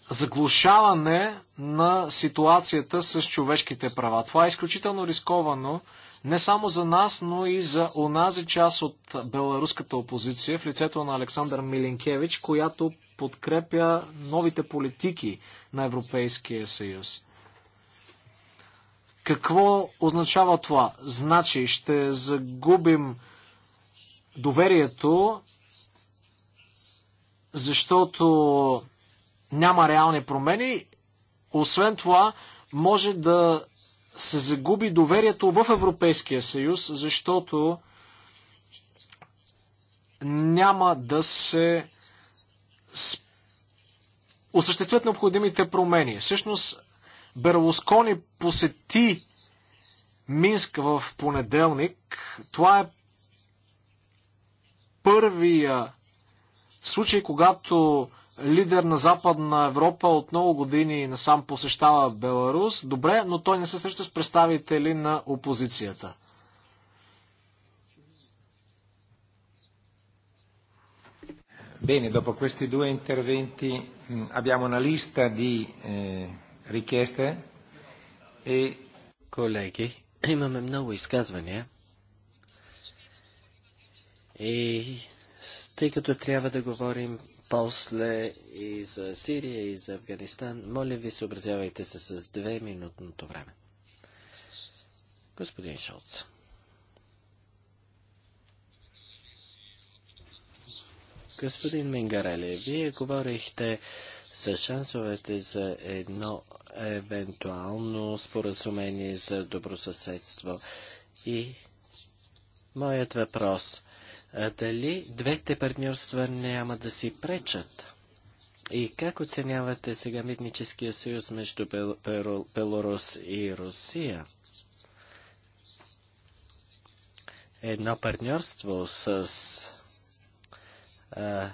заглушаване на ситуацията с човешките права. Това е изключително рисковано не само за нас, но и за онази част от беларуската опозиция в лицето на Александър Милинкевич, която подкрепя новите политики на Европейския съюз. Какво означава това? Значи ще загубим доверието, защото няма реални промени. Освен това, може да се загуби доверието в Европейския съюз, защото няма да се осъществят необходимите промени. Всъщност, Берлускони посети Минск в понеделник. Това е първия случай, когато лидер на Западна Европа от много години насам посещава Беларус. Добре, но той не се среща с представители на опозицията. Bene, dopo questi due interventi mm, abbiamo una lista di eh, richieste e... Colleghi, [CLEARS THROAT] abbiamo имаме много e и тъй като трябва да говорим после и за Сирия, и за Афганистан. Моля ви, съобразявайте се с две минутното време. Господин Шолц. Господин Мингарели, вие говорихте за шансовете за едно евентуално споразумение за добросъседство. И моят въпрос дали двете партньорства няма да си пречат? И как оценявате сега митническия съюз между Бел, Бел, Белорус и Русия? Едно партньорство с а,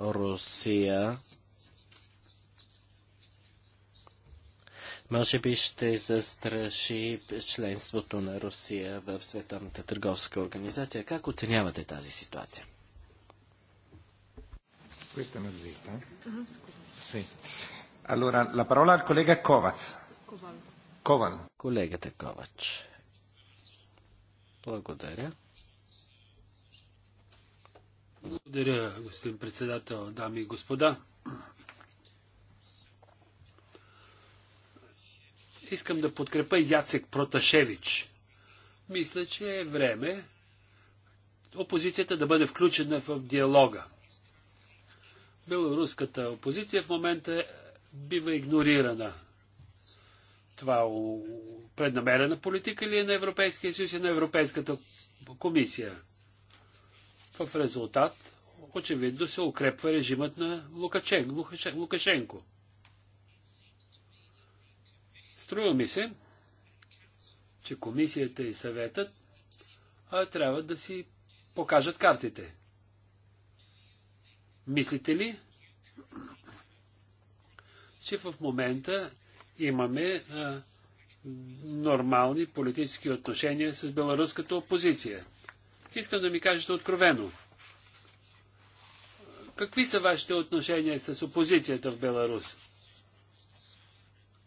Русия може би ще застраши членството на Русия в Световната търговска организация. Как оценявате тази ситуация? Questa mi zitta. Eh? Sì. Allora, la parola al collega Kovac. Ковал. Колегата Ковач. Благодаря. Благодаря, господин председател, дами и господа. искам да подкрепа Яцек Проташевич. Мисля, че е време опозицията да бъде включена в диалога. Белоруската опозиция в момента бива игнорирана. Това е преднамерена политика ли е на Европейския съюз и на Европейската комисия? В резултат, очевидно, се укрепва режимът на Лукашенко. Струва ми се, че комисията и съветът а, трябва да си покажат картите. Мислите ли, че в момента имаме а, нормални политически отношения с беларуската опозиция? Искам да ми кажете откровено. Какви са вашите отношения с опозицията в Беларус?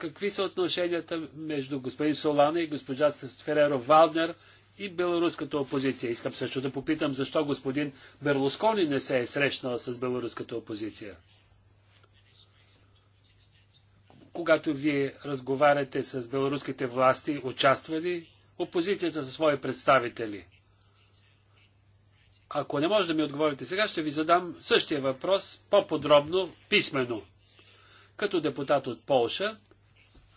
какви са отношенията между господин Солана и госпожа Фереро Валнер и беларуската опозиция. Искам също да попитам защо господин Берлускони не се е срещнал с беларуската опозиция. Когато вие разговаряте с беларуските власти, участва ли опозицията със свои представители? Ако не може да ми отговорите сега, ще ви задам същия въпрос по-подробно, писменно. Като депутат от Полша,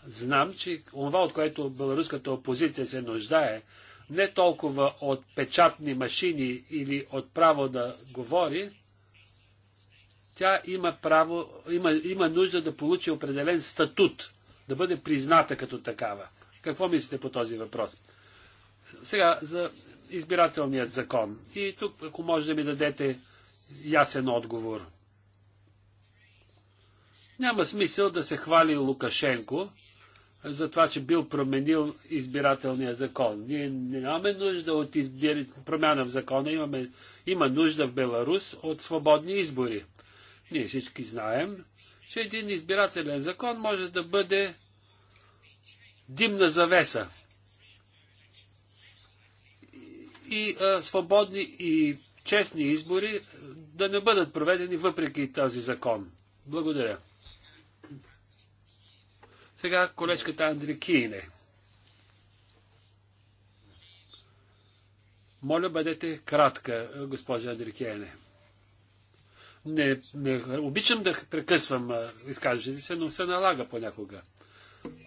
знам, че това, от което беларуската опозиция се нуждае, не толкова от печатни машини или от право да говори, тя има право, има, има нужда да получи определен статут, да бъде призната като такава. Какво мислите по този въпрос? Сега за избирателният закон. И тук, ако може да ми дадете ясен отговор. Няма смисъл да се хвали Лукашенко, за това, че бил променил избирателния закон. Ние нямаме нужда от избир... промяна в закона, имаме... има нужда в Беларус от свободни избори. Ние всички знаем, че един избирателен закон може да бъде димна завеса. И а, свободни и честни избори да не бъдат проведени въпреки този закон. Благодаря. Сега колежката Андрикине. Моля, бъдете кратка, госпожа Андрикине. Не, не обичам да прекъсвам изказващите се, но се налага понякога.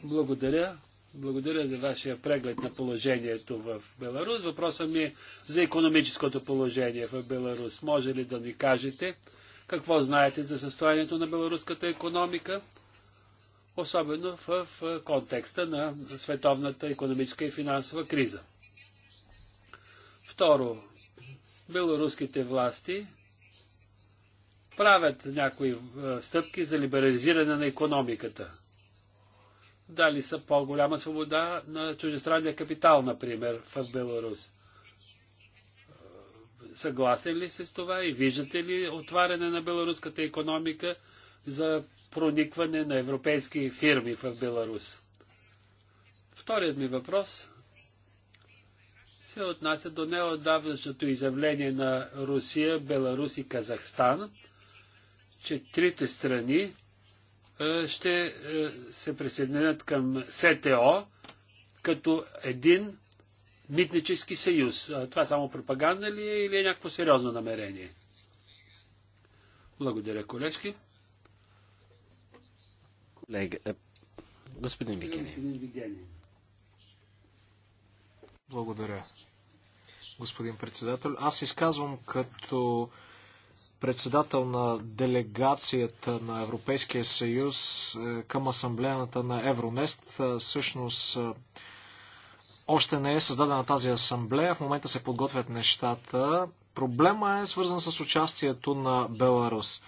Благодаря. Благодаря за вашия преглед на положението в Беларус. Въпросът ми е за економическото положение в Беларус. Може ли да ни кажете какво знаете за състоянието на беларуската економика? особено в контекста на световната економическа и финансова криза. Второ, белоруските власти правят някои стъпки за либерализиране на економиката. Дали са по-голяма свобода на чужестранния капитал, например, в Беларус. Съгласен ли се с това и виждате ли отваряне на беларуската економика за проникване на европейски фирми в Беларус. Вторият ми въпрос се отнася до неодавнащото изявление на Русия, Беларус и Казахстан, че трите страни е, ще е, се присъединят към СТО като един митнически съюз. Това само пропаганда ли е или е някакво сериозно намерение? Благодаря, колежки. Колега, е, господин Вигени. Благодаря, господин председател. Аз изказвам като председател на делегацията на Европейския съюз е, към асамблеяната на Евронест. Е, всъщност, още не е създадена тази асамблея, в момента се подготвят нещата. Проблема е свързан с участието на Беларус.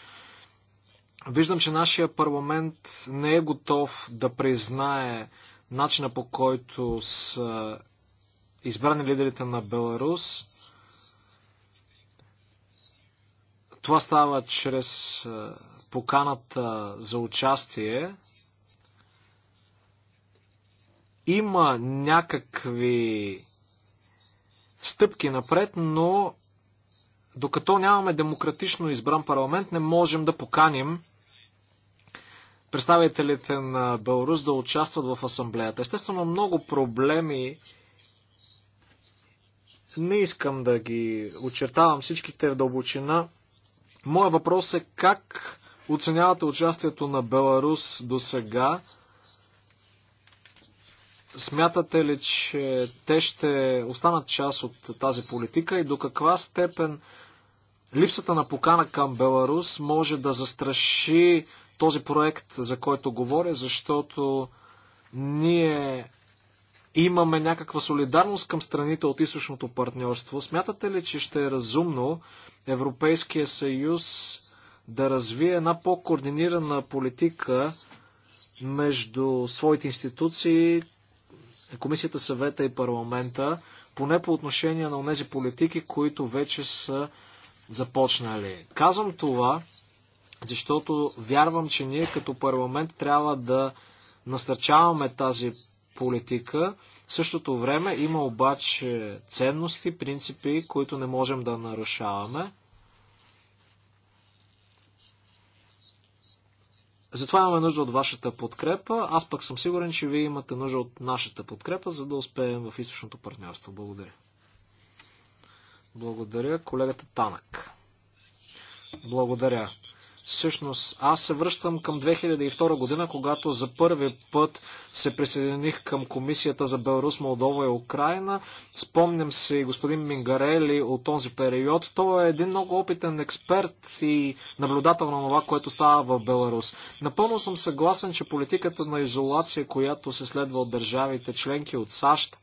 Виждам, че нашия парламент не е готов да признае начина по който са избрани лидерите на Беларус. Това става чрез поканата за участие. Има някакви стъпки напред, но докато нямаме демократично избран парламент, не можем да поканим представителите на Беларус да участват в асамблеята. Естествено, много проблеми не искам да ги очертавам всичките в дълбочина. Моя въпрос е как оценявате участието на Беларус до сега? Смятате ли, че те ще останат част от тази политика и до каква степен липсата на покана към Беларус може да застраши този проект, за който говоря, защото ние имаме някаква солидарност към страните от източното партньорство. Смятате ли, че ще е разумно Европейския съюз да развие една по-координирана политика между своите институции, Комисията, съвета и парламента, поне по отношение на тези политики, които вече са започнали. Казвам това, защото вярвам, че ние като парламент трябва да насърчаваме тази политика. В същото време има обаче ценности, принципи, които не можем да нарушаваме. Затова имаме нужда от вашата подкрепа. Аз пък съм сигурен, че вие имате нужда от нашата подкрепа, за да успеем в източното партньорство. Благодаря. Благодаря, колегата Танък. Благодаря. Всъщност, аз се връщам към 2002 година, когато за първи път се присъединих към Комисията за Беларус, Молдова и Украина. Спомням си господин Мингарели от този период. Той е един много опитен експерт и наблюдател на това, което става в Беларус. Напълно съм съгласен, че политиката на изолация, която се следва от държавите членки от САЩ,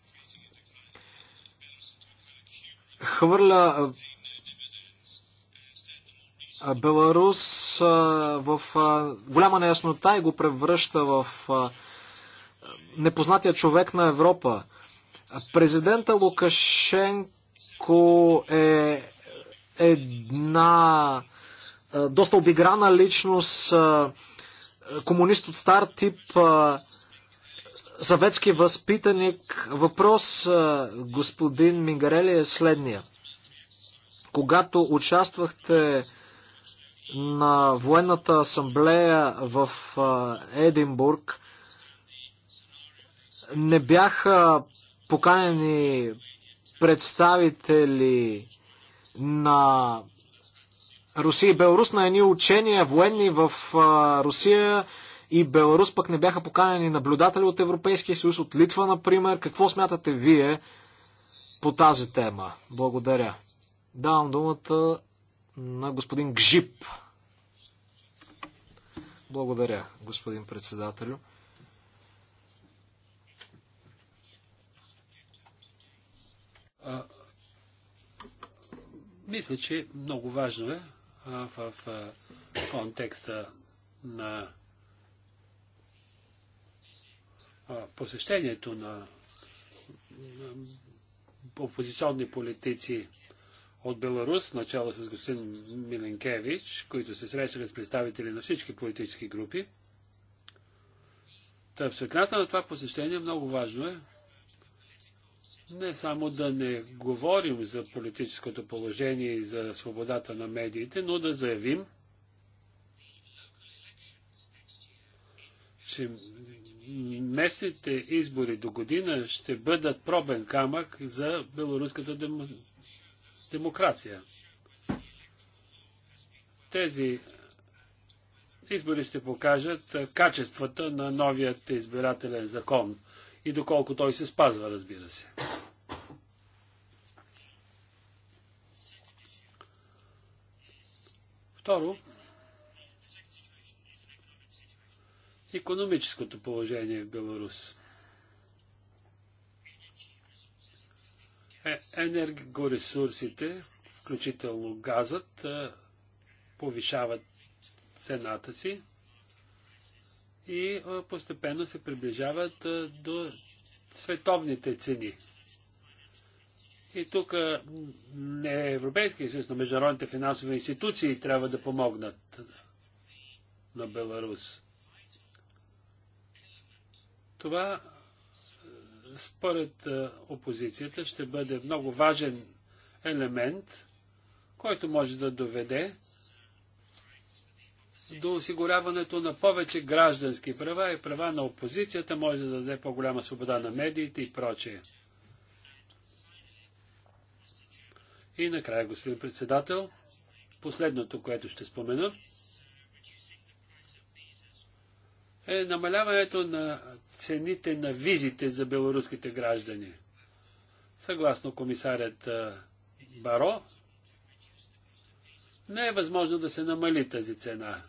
хвърля Беларус в голяма неяснота и го превръща в непознатия човек на Европа. Президента Лукашенко е една доста обиграна личност, комунист от стар тип, съветски възпитаник. Въпрос, господин Мингарели, е следния. Когато участвахте на военната асамблея в Единбург не бяха поканени представители на Русия и Беларус на едни учения военни в Русия и Беларус пък не бяха поканени наблюдатели от Европейския съюз, от Литва, например. Какво смятате вие по тази тема? Благодаря. Давам думата на господин Гжип. Благодаря, господин председателю. А, мисля, че много важно е а, в контекста на посещението на опозиционни политици от Беларус, начало с господин Миленкевич, които се срещали с представители на всички политически групи. Та в светлината на това посещение много важно е не само да не говорим за политическото положение и за свободата на медиите, но да заявим, че местните избори до година ще бъдат пробен камък за беларуската демо демокрация. Тези избори ще покажат качествата на новият избирателен закон и доколко той се спазва, разбира се. Второ, економическото положение в Беларус. Е, енергоресурсите, включително газът, е, повишават цената си и е, постепенно се приближават до световните цени. И тук не Европейския съюз, но международните финансови институции трябва да помогнат на Беларус. Това според е, опозицията ще бъде много важен елемент, който може да доведе до осигуряването на повече граждански права и права на опозицията, може да даде по-голяма свобода на медиите и прочее. И накрая, господин председател, последното, което ще спомена, е намаляването на цените на визите за белоруските граждани. Съгласно комисарят е, Баро, не е възможно да се намали тази цена.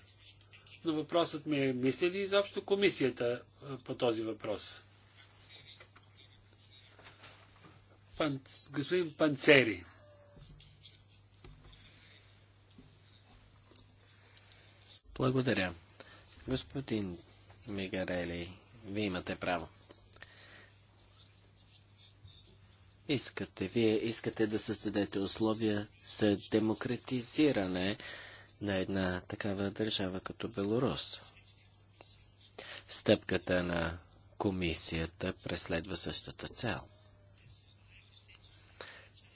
Но въпросът ми е, мисли ли изобщо комисията е, по този въпрос? Пан, господин Панцери. Благодаря. Господин Мигарели, вие имате право. Искате, вие искате да създадете условия за демократизиране на една такава държава като Белорус. Стъпката на комисията преследва същата цел.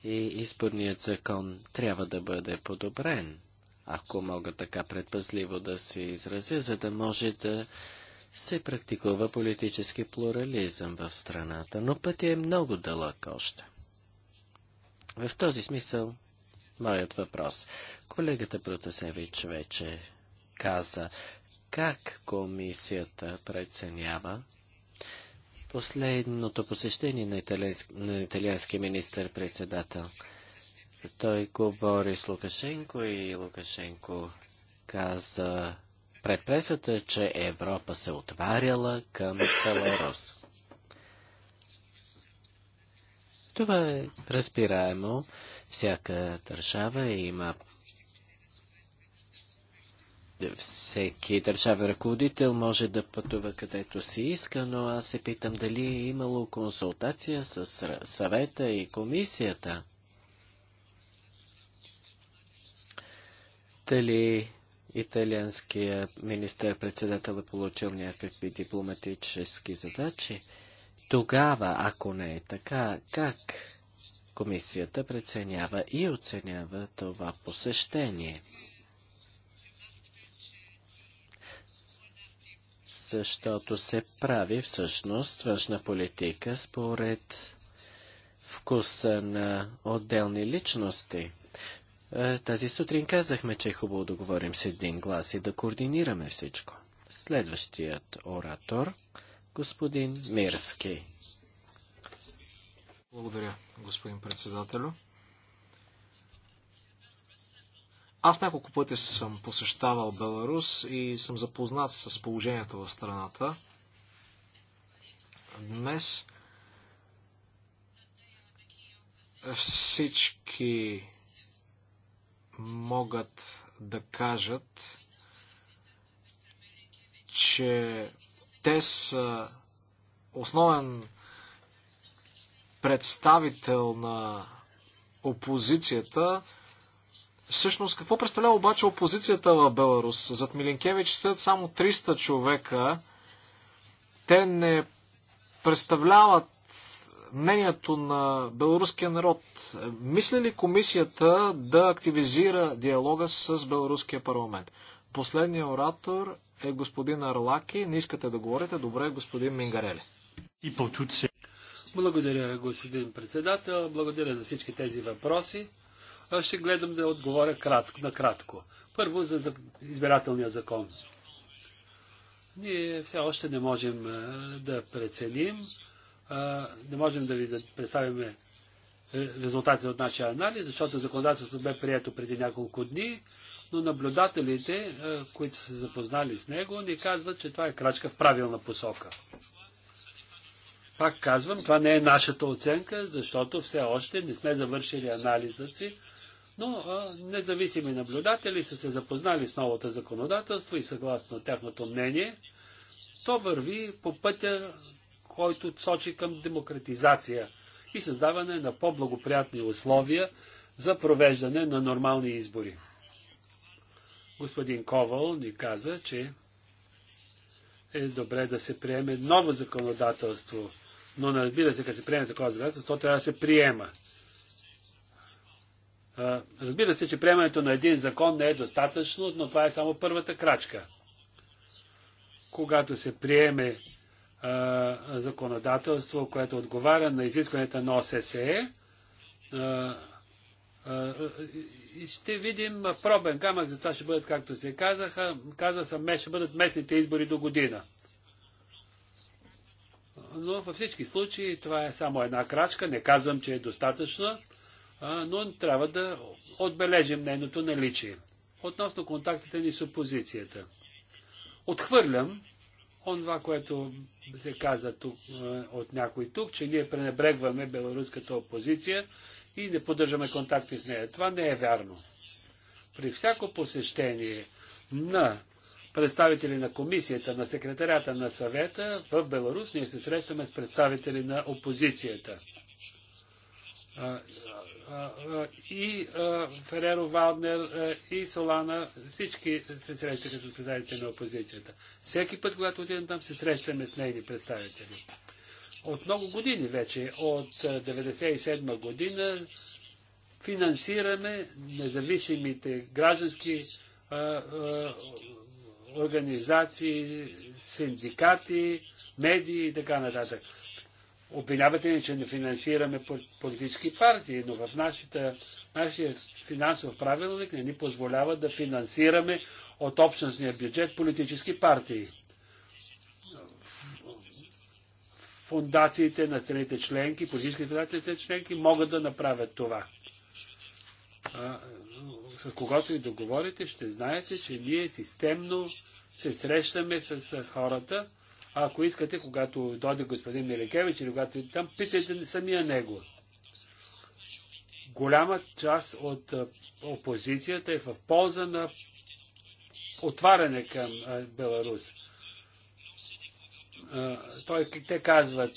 И изборният закон трябва да бъде подобрен, ако мога така предпазливо да се изразя, за да може да се практикува политически плурализъм в страната, но пътя е много дълъг още. В този смисъл, моят въпрос. Колегата Протасевич вече каза, как комисията преценява последното посещение на, италианск... на италиански министър-председател. Той говори с Лукашенко и Лукашенко каза Предпресата, е, че Европа се отваряла към Беларус. Това е разбираемо. Всяка държава има всеки държавен ръководител може да пътува където си иска, но аз се питам дали е имало консултация с съвета и комисията. Дали италианският министър-председател е получил някакви дипломатически задачи, тогава, ако не е така, как комисията преценява и оценява това посещение? Защото се прави всъщност външна политика според вкуса на отделни личности – е, тази сутрин казахме, че е хубаво да говорим с един глас и да координираме всичко. Следващият оратор, господин Мирски. Благодаря, господин председателю. Аз няколко пъти съм посещавал Беларус и съм запознат с положението в страната. Днес всички могат да кажат, че те са основен представител на опозицията. Всъщност, какво представлява обаче опозицията в Беларус? Зад Милинкевич стоят само 300 човека. Те не представляват мнението на белоруския народ. Мисли ли комисията да активизира диалога с белоруския парламент? Последният оратор е господин Арлаки. Не искате да говорите? Добре, господин Мингарели. Благодаря, господин председател. Благодаря за всички тези въпроси. Аз ще гледам да отговоря кратко, накратко. Първо за избирателния закон. Ние все още не можем да преценим не можем да ви представим е, резултатите от нашия анализ, защото законодателството бе прието преди няколко дни, но наблюдателите, е, които са се запознали с него, ни казват, че това е крачка в правилна посока. Пак казвам, това не е нашата оценка, защото все още не сме завършили анализът си, но е, независими наблюдатели са се запознали с новото законодателство и съгласно тяхното мнение, то върви по пътя който сочи към демократизация и създаване на по-благоприятни условия за провеждане на нормални избори. Господин Ковал ни каза, че е добре да се приеме ново законодателство, но не разбира се, като се приеме такова законодателство, то трябва да се приема. Разбира се, че приемането на един закон не е достатъчно, но това е само първата крачка. Когато се приеме законодателство, което отговаря на изискването на ОССЕ. и ще видим пробен камък, за това ще бъдат, както се казаха, каза съм, ще бъдат местните избори до година. Но във всички случаи това е само една крачка, не казвам, че е достатъчно, но трябва да отбележим нейното наличие. Относно контактите ни с опозицията. Отхвърлям онова, което се каза тук, е, от някой тук, че ние пренебрегваме беларуската опозиция и не поддържаме контакти с нея. Това не е вярно. При всяко посещение на представители на комисията, на секретарята на съвета в Беларус, ние се срещаме с представители на опозицията и Фереро Валднер и Солана, всички се срещаха с представителите на опозицията. Всеки път, когато отидем там, се срещаме с нейни представители. От много години вече, от 1997 година, финансираме независимите граждански организации, синдикати, медии и така нататък. Обвинявате ни, че не финансираме политически партии, но в нашата, нашия финансов правилник не ни позволява да финансираме от общностния бюджет политически партии. Фундациите на страните членки, политически фундациите членки могат да направят това. А, с когото и договорите, ще знаете, че ние системно се срещаме с хората, ако искате, когато дойде господин Милекевич или когато там, питайте самия него. Голяма част от опозицията е в полза на отваряне към Беларус. Той, те казват,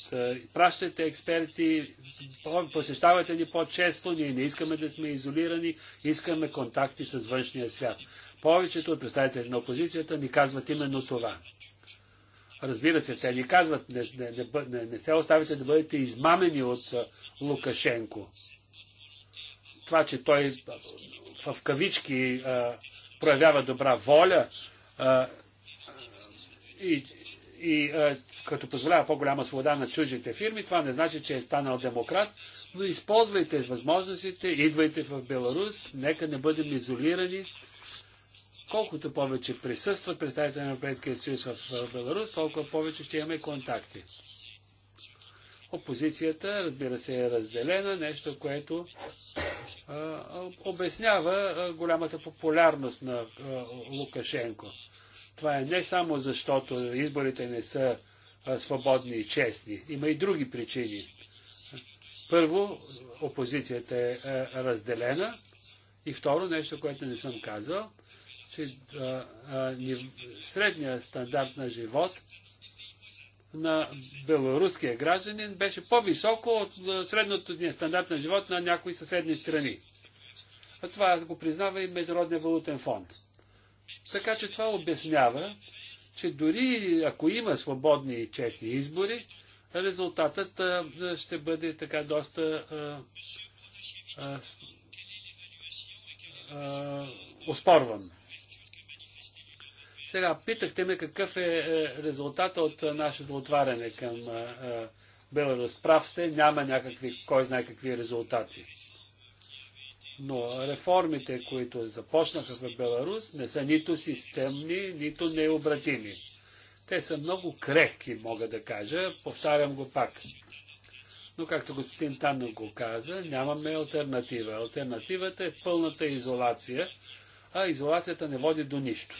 пращайте експерти, посещавате ни по-често, ние не искаме да сме изолирани, искаме контакти с външния свят. Повечето от представителите на опозицията ни казват именно това. Разбира се, те ни казват, не, не, не, не се оставите да бъдете измамени от Лукашенко. Това, че той в кавички проявява добра воля и, и като позволява по-голяма свобода на чуждите фирми, това не значи, че е станал демократ, но използвайте възможностите, идвайте в Беларус, нека не бъдем изолирани колкото повече присъстват представители на Европейския съюз в Беларус, толкова повече ще имаме контакти. Опозицията, разбира се, е разделена, нещо, което а, обяснява а, голямата популярност на а, Лукашенко. Това е не само защото изборите не са а, свободни и честни. Има и други причини. Първо, опозицията е а, е разделена. И второ, нещо, което не съм казал – че а, а, ни, средния стандарт на живот на белоруския гражданин беше по-високо от средното ни стандарт на живот на някои съседни страни. А това го признава и Международния валутен фонд. Така че това обяснява, че дори ако има свободни и честни избори, резултатът а, ще бъде така доста а, а, а, оспорван. Сега, питахте ме какъв е, е резултата от е, нашето отваряне към е, Беларус. Прав сте, няма някакви, кой знае какви резултати. Но реформите, които започнаха в Беларус, не са нито системни, нито необратими. Те са много крехки, мога да кажа. Повтарям го пак. Но както господин Танно го каза, нямаме альтернатива. Альтернативата е пълната изолация, а изолацията не води до нищо.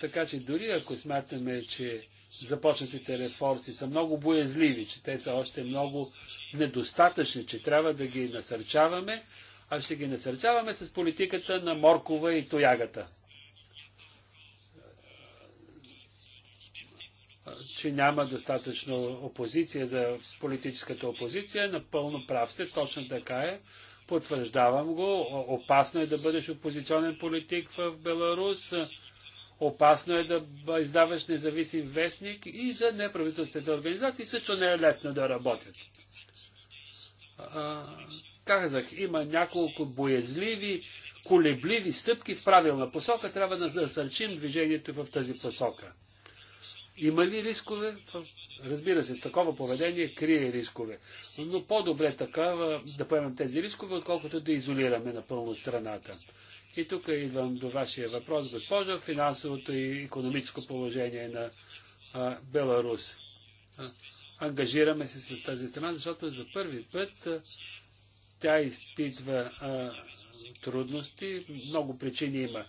Така че дори ако смятаме, че започнатите реформи са много боязливи, че те са още много недостатъчни, че трябва да ги насърчаваме, а ще ги насърчаваме с политиката на моркова и тоягата. че няма достатъчно опозиция за политическата опозиция. Напълно прав сте, точно така е. Потвърждавам го. Опасно е да бъдеш опозиционен политик в Беларус. Опасно е да издаваш независим вестник и за неправителствените организации също не е лесно да работят. А, казах, има няколко боязливи, колебливи стъпки в правилна посока. Трябва да насърчим движението в тази посока. Има ли рискове? Разбира се, такова поведение крие рискове. Но по-добре такава да поемем тези рискове, отколкото да изолираме напълно страната. И тук идвам до вашия въпрос, госпожо, финансовото и економическо положение на а, Беларус. А, ангажираме се с тази страна, защото за първи път а, тя изпитва а, трудности. Много причини има.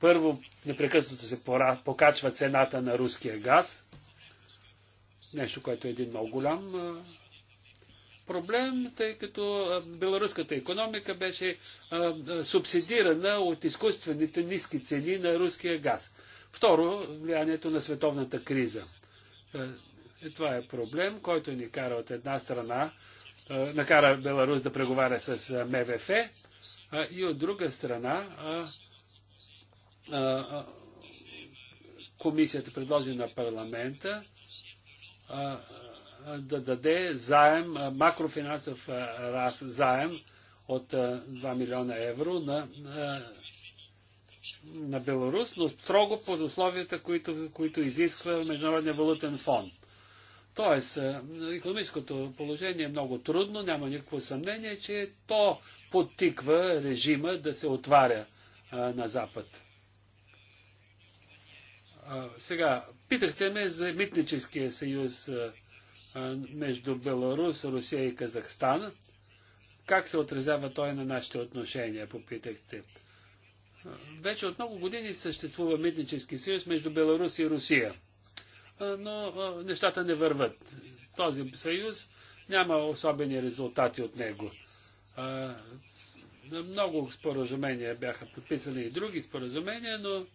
Първо, непрекъснато се пора, покачва цената на руския газ. Нещо, което е един много голям а, проблем, тъй като беларуската економика беше субсидирана от изкуствените ниски цени на руския газ. Второ, влиянието на световната криза. Е, това е проблем, който ни кара от една страна, накара Беларус да преговаря с МВФ и от друга страна комисията предложи на парламента да даде заем, макрофинансов заем от 2 милиона евро на, на, на Беларус, но строго под условията, които, които изисква Международния валутен фонд. Тоест, економическото положение е много трудно, няма никакво съмнение, че то подтиква режима да се отваря на Запад. сега, питахте ме за митническия съюз между Беларус, Русия и Казахстан. Как се отразява той на нашите отношения, попитахте. Вече от много години съществува митнически съюз между Беларус и Русия. Но нещата не върват. Този съюз няма особени резултати от него. Много споразумения бяха подписани и други споразумения, но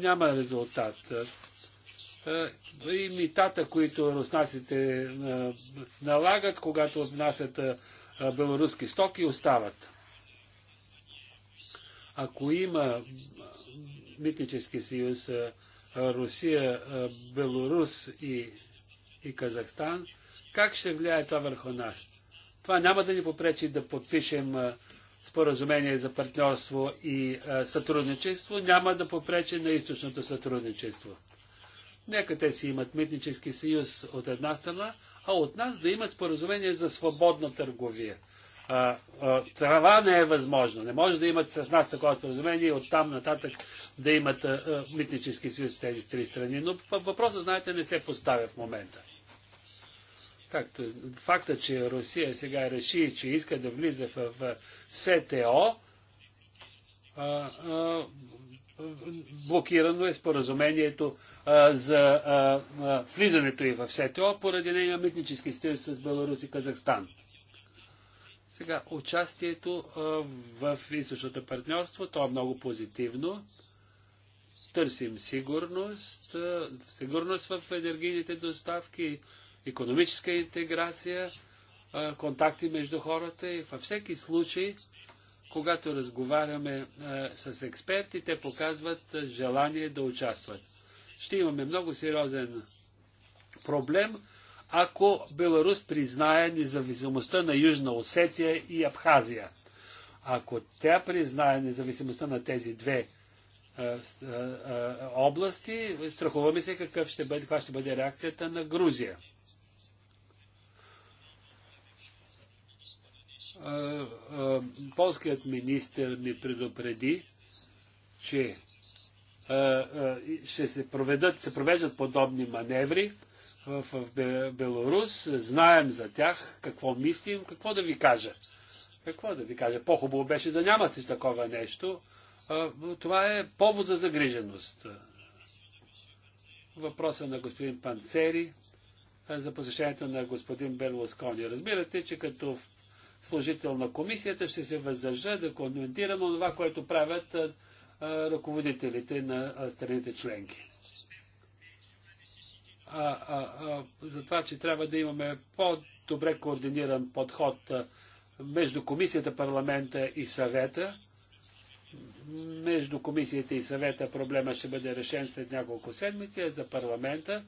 няма резултат и митата, които руснаците налагат, когато внасят белоруски стоки, остават. Ако има митнически съюз Русия, Белорус и, и Казахстан, как ще влияе това върху нас? Това няма да ни попречи да подпишем споразумение за партньорство и сътрудничество няма да попречи на източното сътрудничество. Нека те си имат митнически съюз от една страна, а от нас да имат споразумение за свободна търговия. А, а, трава не е възможно. Не може да имат с нас такова споразумение и оттам нататък да имат а, митнически съюз с тези три страни. Но въпросът, знаете, не се поставя в момента. Както факта, че Русия сега реши, че иска да влиза в, в СТО, а, а, блокирано е споразумението а, за а, а, влизането и в СТО поради нейния митнически стил с Беларус и Казахстан. Сега, участието а, в източното партньорство, то е много позитивно. Търсим сигурност, а, сигурност в енергийните доставки, економическа интеграция, а, контакти между хората и във всеки случай когато разговаряме а, е, с експерти, те показват е, желание да участват. Ще имаме много сериозен проблем, ако Беларус признае независимостта на Южна Осетия и Абхазия. Ако тя признае независимостта на тези две а, е, области, страхуваме се какъв ще бъде, каква ще бъде реакцията на Грузия. полският министр ми предупреди, че ще се, проведат, се провеждат подобни маневри в, Беларус. Знаем за тях, какво мислим, какво да ви кажа. Какво да ви кажа? По-хубаво беше да нямате такова нещо. Това е повод за загриженост. Въпроса на господин Панцери за посещението на господин Берлоскони. Разбирате, че като служител на комисията, ще се въздържа да коментирам това, което правят ръководителите на страните членки. А, а, а, за това, че трябва да имаме по-добре координиран подход между комисията, парламента и съвета. Между комисията и съвета проблема ще бъде решен след няколко седмици, а за парламента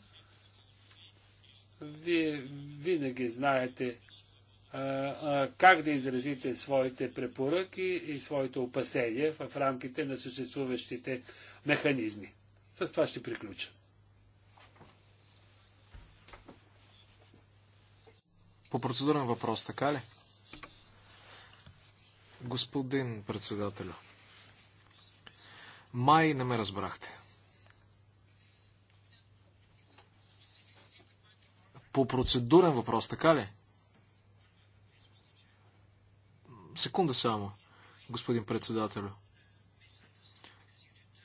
вие винаги знаете как да изразите своите препоръки и своите опасения в рамките на съществуващите механизми. С това ще приключа. По процедурен въпрос, така ли? Господин председателю, май не ме разбрахте. По процедурен въпрос, така ли? Секунда само, господин председател.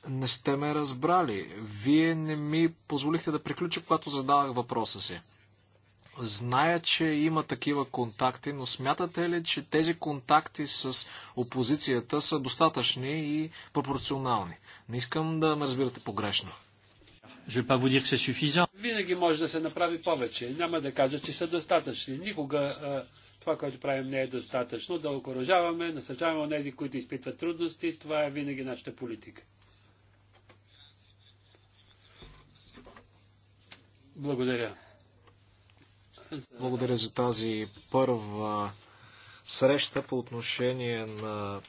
Не сте ме разбрали. Вие не ми позволихте да приключа, когато задавах въпроса си. Зная, че има такива контакти, но смятате ли, че тези контакти с опозицията са достатъчни и пропорционални? Не искам да ме разбирате погрешно. Je vais pas vous dire que c'est suffisant. Винаги може да се направи повече. Няма да кажа, че са достатъчни. Никога а, това, което правим, не е достатъчно. Да окоръжаваме, насъчаваме тези, които изпитват трудности. Това е винаги нашата политика. Благодаря. Благодаря за тази първа среща по отношение на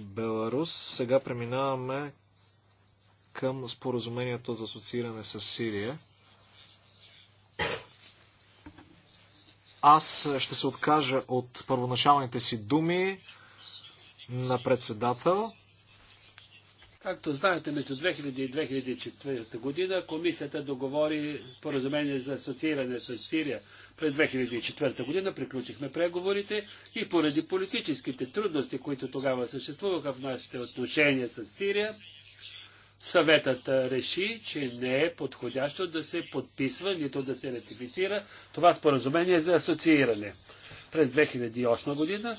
Беларус. Сега преминаваме към споразумението за асоцииране с Сирия. Аз ще се откажа от първоначалните си думи на председател. Както знаете, между 2000 и 2004 година комисията договори поразумение за асоцииране с Сирия. През 2004 година приключихме преговорите и поради политическите трудности, които тогава съществуваха в нашите отношения с Сирия, Съветът реши, че не е подходящо да се подписва, нито да се ратифицира това споразумение за асоцииране. През 2008 година,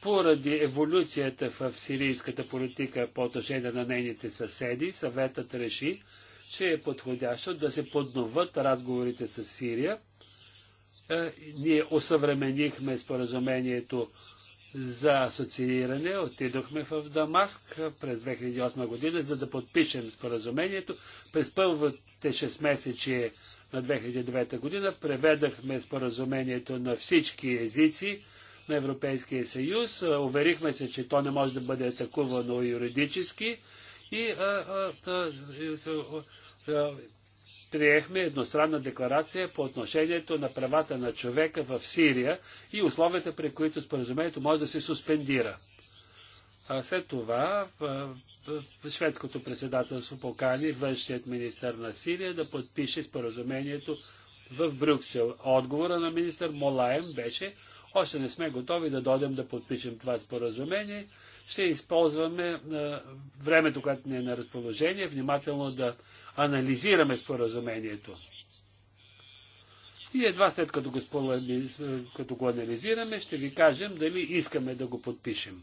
поради еволюцията в сирийската политика по отношение на нейните съседи, съветът реши, че е подходящо да се подноват разговорите с Сирия. Е, ние осъвременихме споразумението за асоцииране. Отидохме в Дамаск през 2008 година, за да подпишем споразумението. През първите 6 месечи на 2009 година преведахме споразумението на всички езици на Европейския съюз. Уверихме се, че то не може да бъде атакувано юридически и а, а, а, приехме едностранна декларация по отношението на правата на човека в Сирия и условията, при които споразумението може да се суспендира. А след това в, в шведското председателство покани външният министр на Сирия да подпише споразумението в Брюксел. Отговора на министър Молаем беше, още не сме готови да дойдем да подпишем това споразумение, ще използваме е, времето, което ни е на разположение, внимателно да анализираме споразумението. И едва след като го, е, като го анализираме, ще ви кажем дали искаме да го подпишем.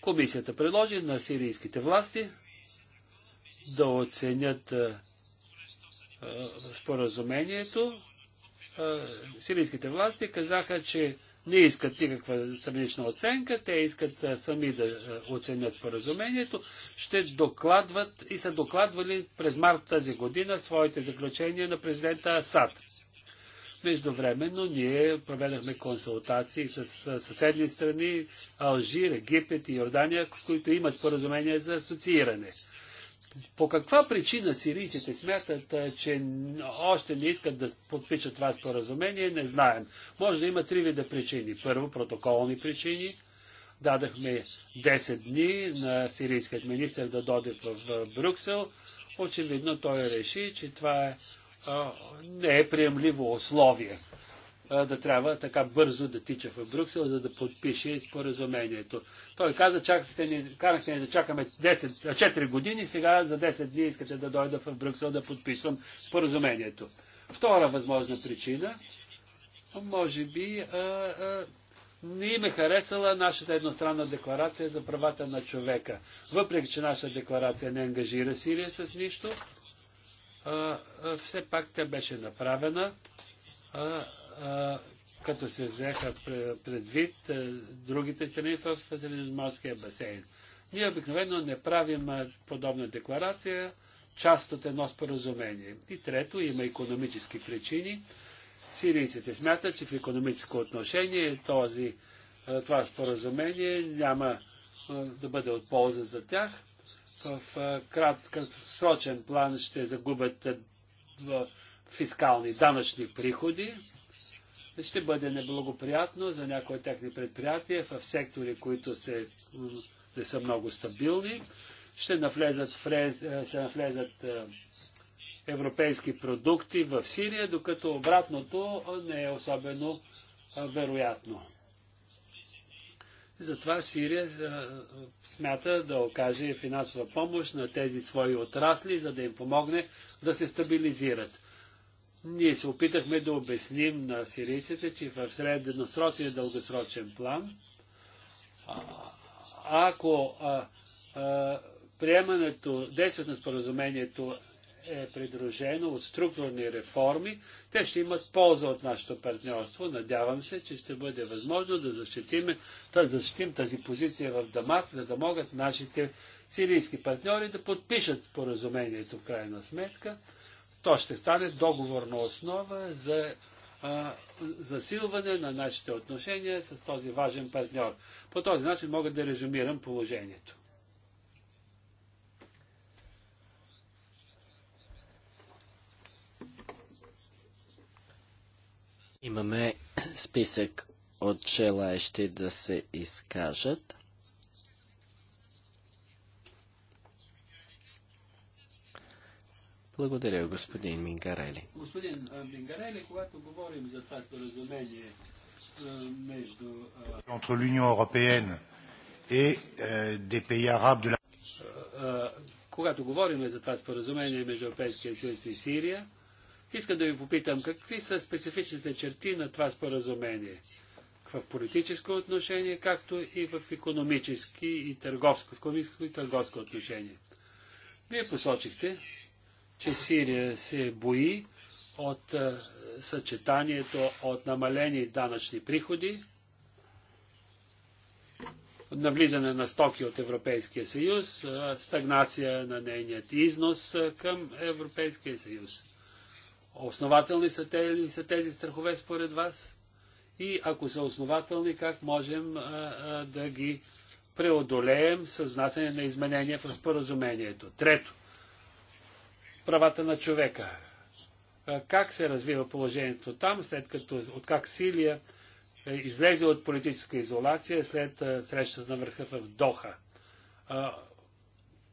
Комисията предложи на сирийските власти да оценят а, е, а, споразумението. А, сирийските власти казаха, че не искат никаква странична оценка, те искат сами да оценят споразумението, ще докладват и са докладвали през март тази година своите заключения на президента Асад. Междувременно ние проведахме консултации с съседни страни Алжир, Египет и Йордания, които имат споразумение за асоцииране. По каква причина сирийците смятат, че още не искат да подпишат това споразумение, не знаем. Може да има три вида причини. Първо, протоколни причини. Дадахме 10 дни на сирийският министр да дойде в Брюксел. Очевидно той реши, че това е, не е приемливо условие да трябва така бързо да тича в Брюксел, за да подпише споразумението. Той каза, чакахте ни, карахте ни да чакаме 10, 4 години, сега за 10 дни искате да дойда в Брюксел да подписвам споразумението. Втора възможна причина, може би, а, а, не им е харесала нашата едностранна декларация за правата на човека. Въпреки, че нашата декларация не ангажира Сирия с нищо, а, а, все пак тя беше направена. А, като се взеха предвид другите страни в Средиземноморския басейн. Ние обикновено не правим подобна декларация, част от едно споразумение. И трето, има економически причини. Сирийците смятат, че в економическо отношение този, това споразумение няма да бъде от полза за тях. В краткосрочен план ще загубят фискални данъчни приходи, ще бъде неблагоприятно за някои от техни предприятия в сектори, които се, не са много стабилни. Ще навлезат, фрез, е, ще навлезат е, европейски продукти в Сирия, докато обратното е, не е особено вероятно. Затова Сирия смята да окаже финансова помощ на тези свои отрасли, за да им помогне да се стабилизират. Ние се опитахме да обясним на сирийците, че в средносрочен и дългосрочен план, а, ако а, а, приемането, действието на споразумението е придружено от структурни реформи, те ще имат полза от нашето партньорство. Надявам се, че ще бъде възможно да защитим, да защитим тази позиция в Дамас, за да могат нашите сирийски партньори да подпишат споразумението в крайна сметка. То ще стане договорна основа за засилване на нашите отношения с този важен партньор. По този начин мога да резюмирам положението. Имаме списък от желаящи да се изкажат. Благодаря, господин Мингарели. Господин Мингарели, когато говорим за това споразумение между... Entre l'Union européenne et euh, des pays arabes de la... Когато говорим за това споразумение между Европейския съюз и Сирия, искам да ви попитам какви са специфичните черти на това споразумение в политическо отношение, както и в економически и търговско, в економическо и търговско отношение. Вие посочихте, че Сирия се бои от е, съчетанието от намалени данъчни приходи, от навлизане на стоки от Европейския съюз, е, стагнация на нейният износ е, към Европейския съюз. Основателни са, тези, са тези страхове според вас? И ако са основателни, как можем а, а, да ги преодолеем с внасяне на изменения в споразумението? Трето, правата на човека. Как се развива положението там, след като, от как Силия е, излезе от политическа изолация след срещата на върха в Доха.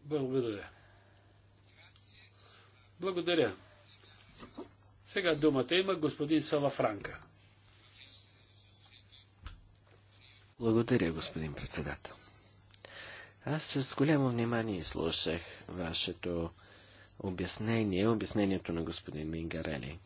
Благодаря. Благодаря. Сега думата има господин Салафранка. Благодаря, господин председател. Аз с голямо внимание слушах вашето обяснение, обяснението на господин Мингарели.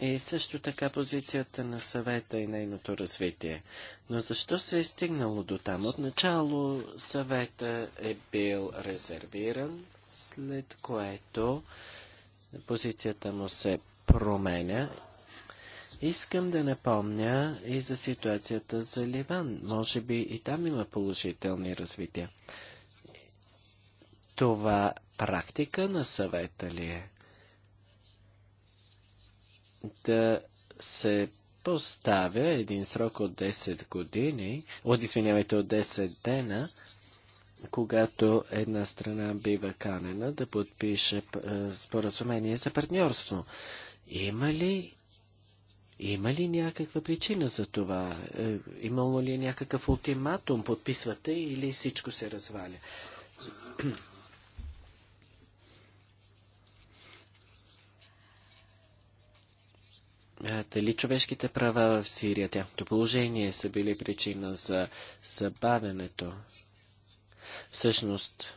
И също така позицията на съвета и нейното развитие. Но защо се е стигнало до там? Отначало съвета е бил резервиран, след което позицията му се променя. Искам да напомня и за ситуацията за Ливан. Може би и там има положителни развития. Това практика на съвета ли е? Да се поставя един срок от 10 години, от извинявайте, от 10 дена, когато една страна бива канена да подпише е, споразумение за партньорство. Има ли, има ли някаква причина за това? Е, имало ли е някакъв ултиматум? Подписвате или всичко се разваля? дали човешките права в Сирия, тяхното положение са били причина за забавянето. Всъщност,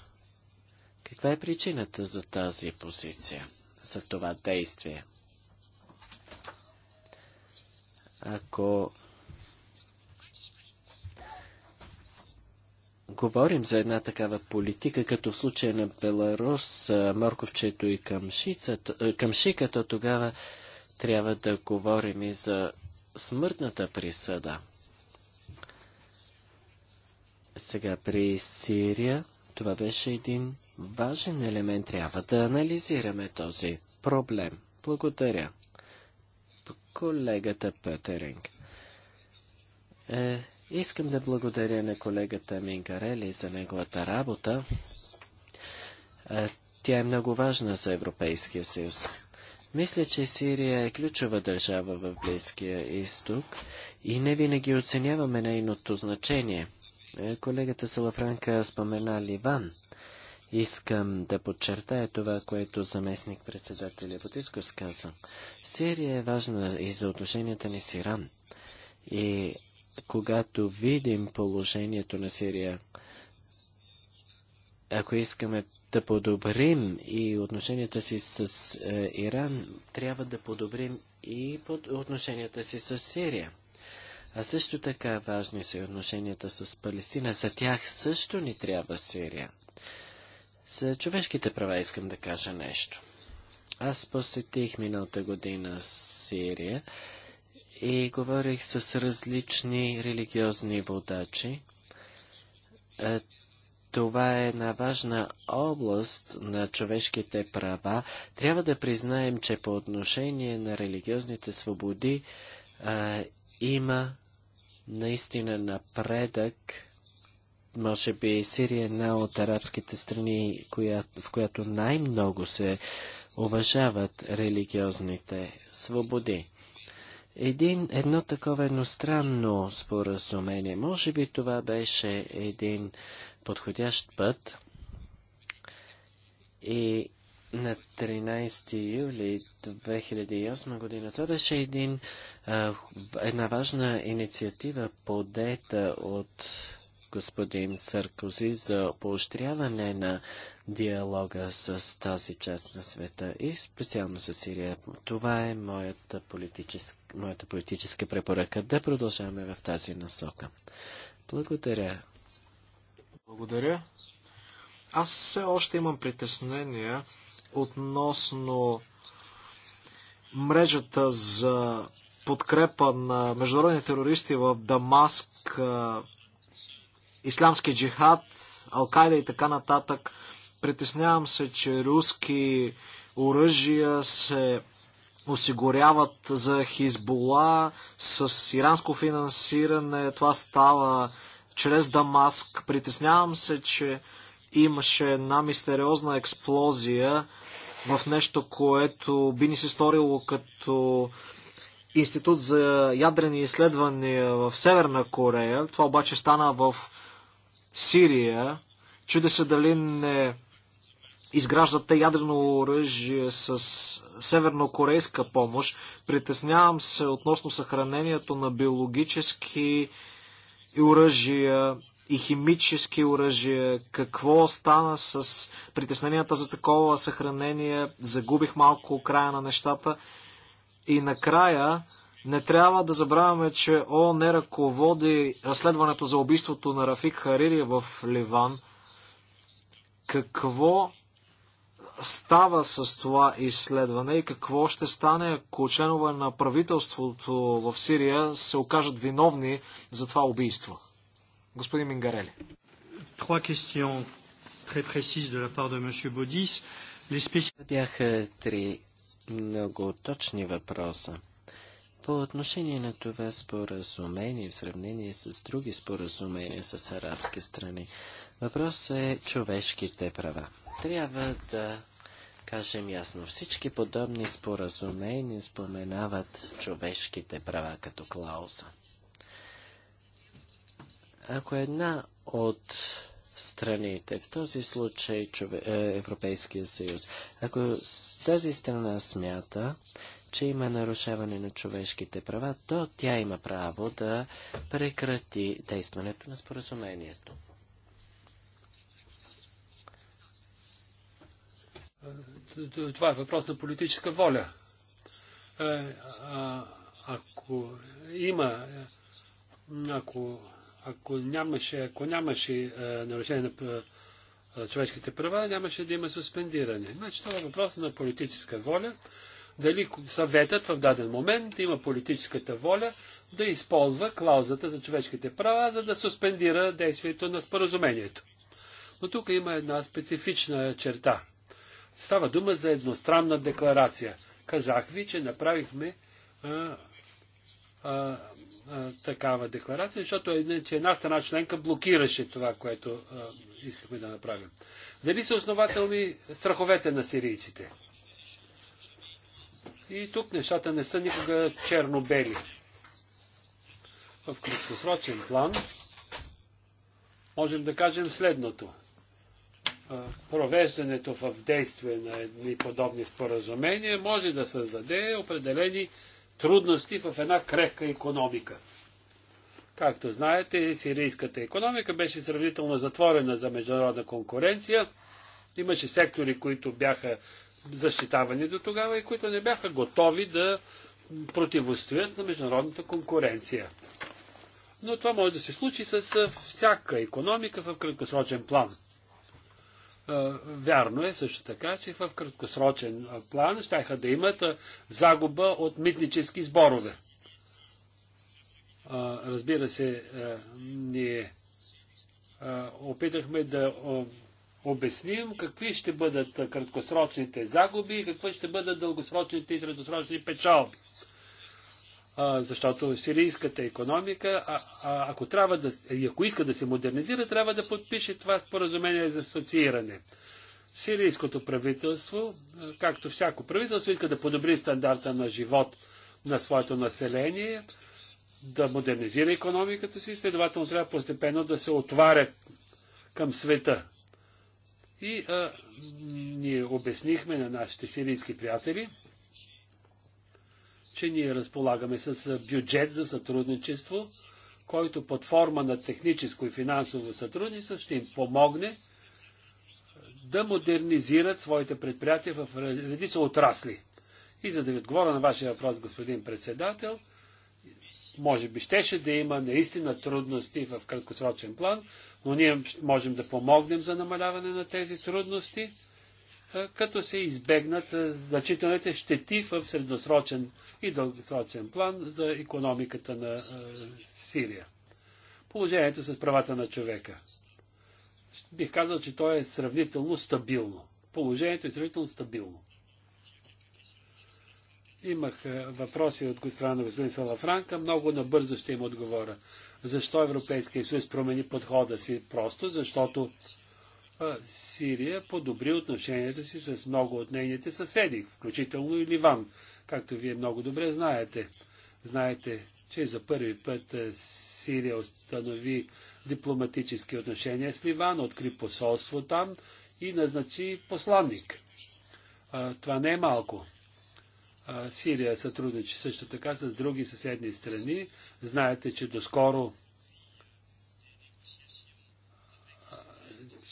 каква е причината за тази позиция, за това действие? Ако говорим за една такава политика, като в случая на Беларус, Морковчето и Камшика, то тогава трябва да говорим и за смъртната присъда. Сега при Сирия това беше един важен елемент. Трябва да анализираме този проблем. Благодаря. Колегата Петеринг. Е, искам да благодаря на колегата Мингарели за неговата работа. Е, тя е много важна за Европейския съюз. Мисля, че Сирия е ключова държава в Близкия изток и не винаги оценяваме нейното значение. Е, колегата Салафранка спомена Ливан. Искам да подчертая това, което заместник председателя Бодискос каза. Сирия е важна и за отношенията ни с Иран. И когато видим положението на Сирия, ако искаме да подобрим и отношенията си с е, Иран, трябва да подобрим и под отношенията си с Сирия. А също така важни са и отношенията с Палестина. За тях също ни трябва Сирия. За човешките права искам да кажа нещо. Аз посетих миналата година Сирия и говорих с различни религиозни водачи. Е, това е една важна област на човешките права. Трябва да признаем, че по отношение на религиозните свободи а, има наистина напредък. Може би Сирия е една от арабските страни, коя, в която най-много се уважават религиозните свободи. Един, едно такова едностранно споразумение, може би това беше един подходящ път и на 13 юли 2008 година. Това беше един, една важна инициатива, подета от господин Саркози за поощряване на диалога с тази част на света и специално с Сирия. Това е моята политическа моята политическа препоръка да продължаваме в тази насока. Благодаря. Благодаря. Аз все още имам притеснения относно мрежата за подкрепа на международни терористи в Дамаск, Исламски джихад, Алкайда и така нататък. Притеснявам се, че руски оръжия се осигуряват за Хизбола с иранско финансиране. Това става чрез Дамаск. Притеснявам се, че имаше една мистериозна експлозия в нещо, което би ни се сторило като институт за ядрени изследвания в Северна Корея. Това обаче стана в Сирия. Чуде се дали не изграждате ядрено оръжие с севернокорейска помощ. Притеснявам се относно съхранението на биологически оръжия и химически оръжия. Какво стана с притесненията за такова съхранение? Загубих малко края на нещата. И накрая не трябва да забравяме, че не ръководи разследването за убийството на Рафик Харири в Ливан. Какво става с това изследване и какво ще стане, ако членове на правителството в Сирия се окажат виновни за това убийство? Господин Мингарели. Три question très précises de la part de M. Бодис. Бяха три много точни въпроса. По отношение на това споразумение в сравнение с други споразумения с арабски страни, въпрос е човешките права. Трябва да кажем ясно, всички подобни споразумения споменават човешките права като клауза. Ако една от страните, в този случай чове, е, Европейския съюз, ако тази страна смята, че има нарушаване на човешките права, то тя има право да прекрати действането на споразумението. Е, това е въпрос на политическа воля. Е, ако има, ако, ако нямаше, ако нямаше е, нарушение на човешките права, нямаше да има суспендиране. Значи това е въпрос на политическа воля. Дали съветът в даден момент има политическата воля да използва клаузата за човешките права, за да суспендира действието на споразумението. Но тук има една специфична черта – Става дума за едностранна декларация. Казах ви, че направихме а, а, а, такава декларация, защото е, че една страна членка блокираше това, което а, искахме да направим. Дали са основателни страховете на сирийците? И тук нещата не са никога черно-бели. В краткосрочен план можем да кажем следното – провеждането в действие на едни подобни споразумения може да създаде определени трудности в една крехка економика. Както знаете, сирийската економика беше сравнително затворена за международна конкуренция. Имаше сектори, които бяха защитавани до тогава и които не бяха готови да противостоят на международната конкуренция. Но това може да се случи с всяка економика в краткосрочен план. Вярно е също така, че в краткосрочен план ще да имат загуба от митнически сборове. Разбира се, ние опитахме да обясним какви ще бъдат краткосрочните загуби и какви ще бъдат дългосрочните и средосрочни печалби защото сирийската економика, а, а, ако, трябва да, ако иска да се модернизира, трябва да подпише това споразумение за асоцииране. Сирийското правителство, както всяко правителство, иска да подобри стандарта на живот на своето население, да модернизира економиката си, следователно трябва постепенно да се отваря към света. И а, ние обяснихме на нашите сирийски приятели, че ние разполагаме с бюджет за сътрудничество, който под форма на техническо и финансово сътрудничество ще им помогне да модернизират своите предприятия в редица отрасли. И за да ви отговоря на вашия въпрос, господин председател, може би щеше да има наистина трудности в краткосрочен план, но ние можем да помогнем за намаляване на тези трудности като се избегнат значителните щети в средносрочен и дългосрочен план за економиката на Сирия. Положението с правата на човека. Бих казал, че то е сравнително стабилно. Положението е сравнително стабилно. Имах въпроси от страна на господин Салафранка. Много набързо ще им отговоря. Защо Европейския съюз промени подхода си? Просто защото Сирия подобри отношенията си с много от нейните съседи, включително и Ливан, както вие много добре знаете. Знаете, че за първи път Сирия установи дипломатически отношения с Ливан, откри посолство там и назначи посланник. това не е малко. Сирия сътрудничи също така с други съседни страни. Знаете, че доскоро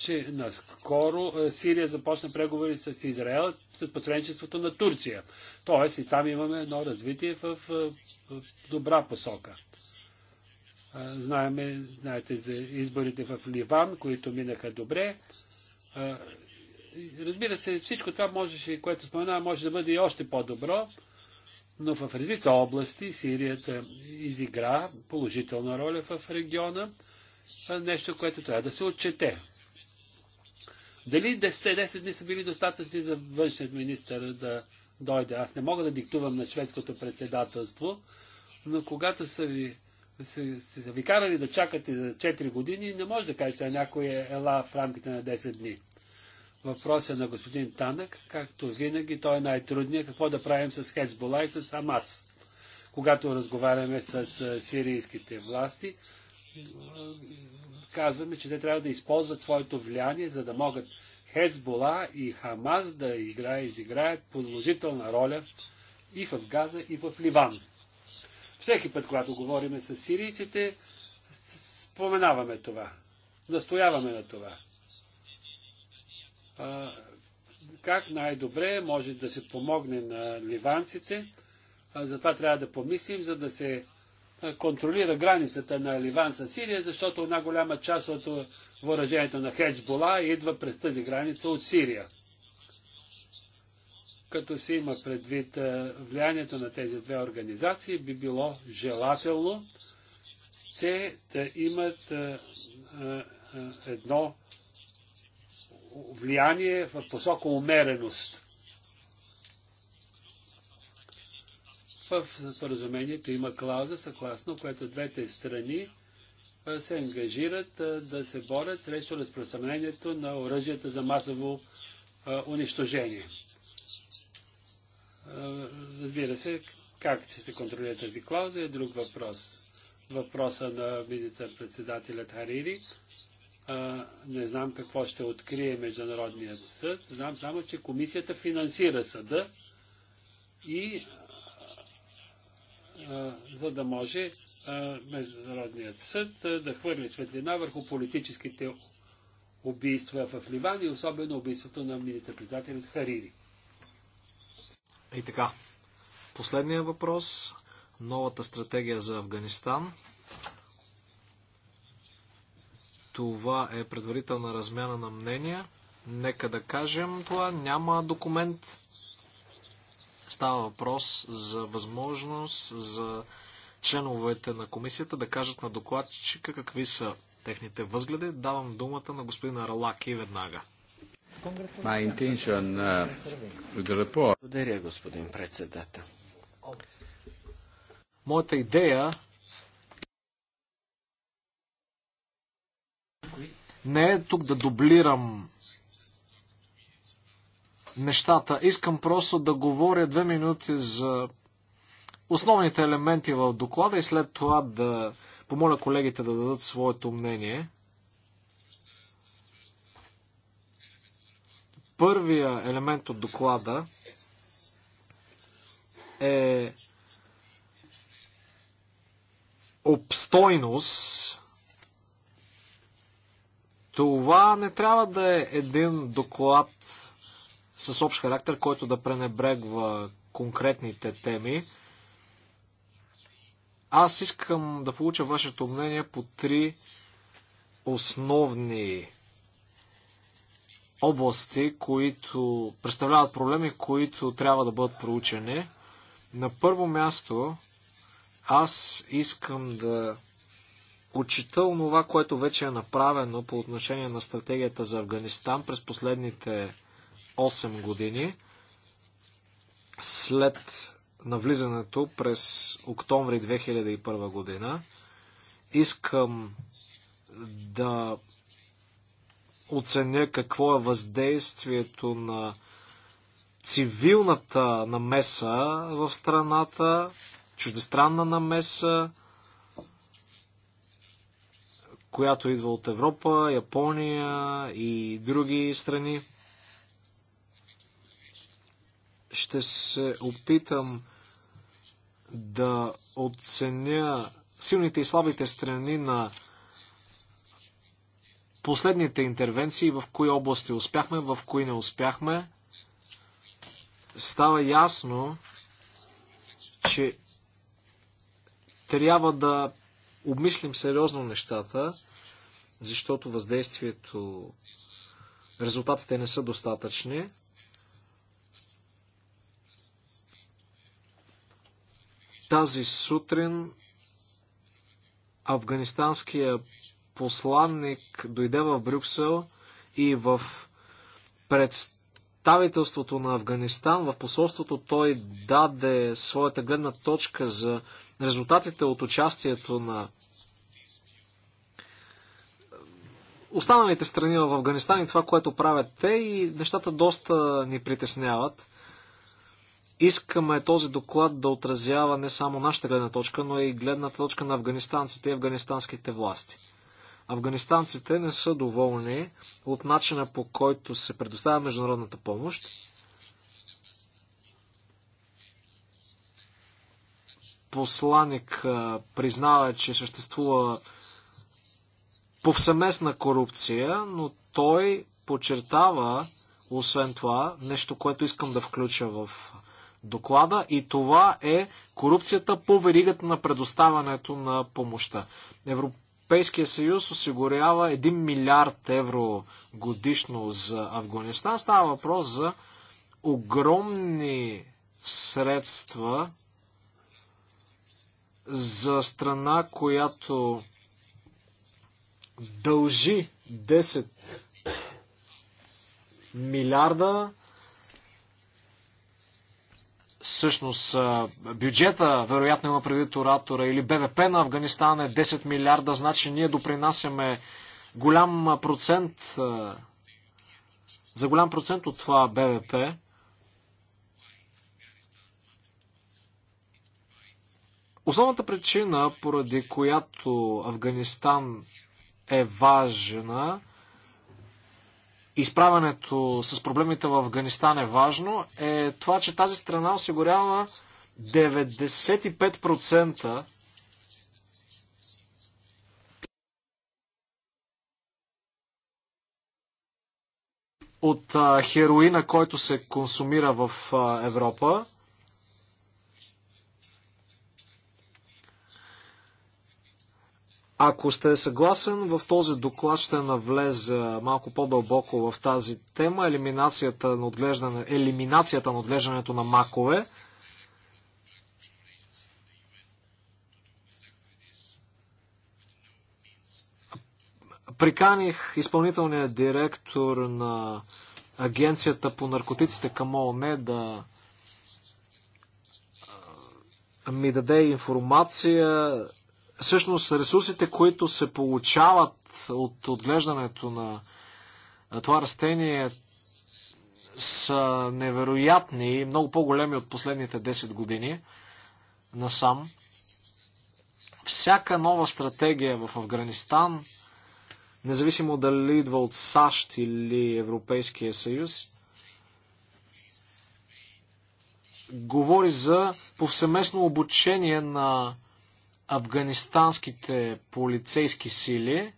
че наскоро е, Сирия започна преговори с Израел с посредничеството на Турция. Тоест и там имаме едно развитие в, в добра посока. Е, знаеме, знаете за изборите в Ливан, които минаха добре. Е, разбира се, всичко това можеше, което споменавам, може да бъде и още по-добро, но в редица области Сирията изигра положителна роля в региона нещо, което трябва да се отчете. Дали 10, 10 дни са били достатъчни за външният министр да дойде? Аз не мога да диктувам на шведското председателство, но когато са ви, са, са ви карали да чакате за 4 години, не може да кажете, че някой е ела в рамките на 10 дни. Въпросът е на господин Танък, както винаги, той е най-трудният. Какво да правим с Хезбола и с Амас? Когато разговаряме с сирийските власти, казваме, че те трябва да използват своето влияние, за да могат Хезбола и Хамаз да играят, изиграят положителна роля и в Газа, и в Ливан. Всеки път, когато говорим с сирийците, споменаваме това. Настояваме на това. А, как най-добре може да се помогне на ливанците, а, затова трябва да помислим, за да се е, контролира границата на Ливан с Сирия, защото една голяма част от е, въоръжението на Хеджбола идва през тази граница от Сирия. Като се има предвид е, влиянието на тези две организации, би било желателно те да имат едно влияние в посока умереност. В споразумението има клауза, съгласно което двете страни се ангажират да се борят срещу разпространението на оръжията за масово унищожение. Разбира се, как ще се контролира тази клауза е друг въпрос. Въпроса на министър-председателят Харири. не знам какво ще открие Международният съд. Знам само, че комисията финансира съда и за да може Международният съд да хвърли светлина върху политическите убийства в Ливан и особено убийството на министър-председателят Харири. И така, последния въпрос. Новата стратегия за Афганистан. Това е предварителна размяна на мнения. Нека да кажем това. Няма документ Става въпрос за възможност за членовете на комисията да кажат на докладчика какви са техните възгледи. Давам думата на господин Аралаки веднага. Uh, Благодаря, господин председател. Моята идея не е тук да дублирам нещата. Искам просто да говоря две минути за основните елементи в доклада и след това да помоля колегите да дадат своето мнение. Първия елемент от доклада е обстойност. Това не трябва да е един доклад с общ характер, който да пренебрегва конкретните теми. Аз искам да получа вашето мнение по три основни области, които представляват проблеми, които трябва да бъдат проучени. На първо място, аз искам да отчита онова, което вече е направено по отношение на стратегията за Афганистан през последните 8 години след навлизането през октомври 2001 година. Искам да оценя какво е въздействието на цивилната намеса в страната, чуждестранна намеса, която идва от Европа, Япония и други страни. Ще се опитам да оценя силните и слабите страни на последните интервенции, в кои области успяхме, в кои не успяхме. Става ясно, че трябва да обмислим сериозно нещата, защото въздействието, резултатите не са достатъчни. Тази сутрин афганистанския посланник дойде в Брюксел и в представителството на Афганистан, в посолството той даде своята гледна точка за резултатите от участието на останалите страни в Афганистан и това, което правят те и нещата доста ни притесняват. Искаме този доклад да отразява не само нашата гледна точка, но и гледната точка на афганистанците и афганистанските власти. Афганистанците не са доволни от начина по който се предоставя международната помощ. Посланник признава, че съществува повсеместна корупция, но той подчертава, освен това, нещо, което искам да включа в доклада и това е корупцията по веригата на предоставянето на помощта. Европейския съюз осигурява 1 милиард евро годишно за Афганистан. Става въпрос за огромни средства за страна, която дължи 10 милиарда Всъщност бюджета, вероятно има предвид оратора, или БВП на Афганистан е 10 милиарда, значи ние допринасяме голям процент, за голям процент от това БВП. Основната причина, поради която Афганистан е важна, изправянето с проблемите в Афганистан е важно, е това, че тази страна осигурява 95% от а, хероина, който се консумира в а, Европа. Ако сте съгласен, в този доклад ще навлезе малко по-дълбоко в тази тема елиминацията на, отглеждане, елиминацията на отглеждането на макове. Приканих изпълнителния директор на Агенцията по наркотиците към ООН да ми даде информация всъщност ресурсите, които се получават от отглеждането на това растение са невероятни, много по-големи от последните 10 години насам. Всяка нова стратегия в Афганистан, независимо дали идва от САЩ или Европейския съюз, говори за повсеместно обучение на афганистанските полицейски сили.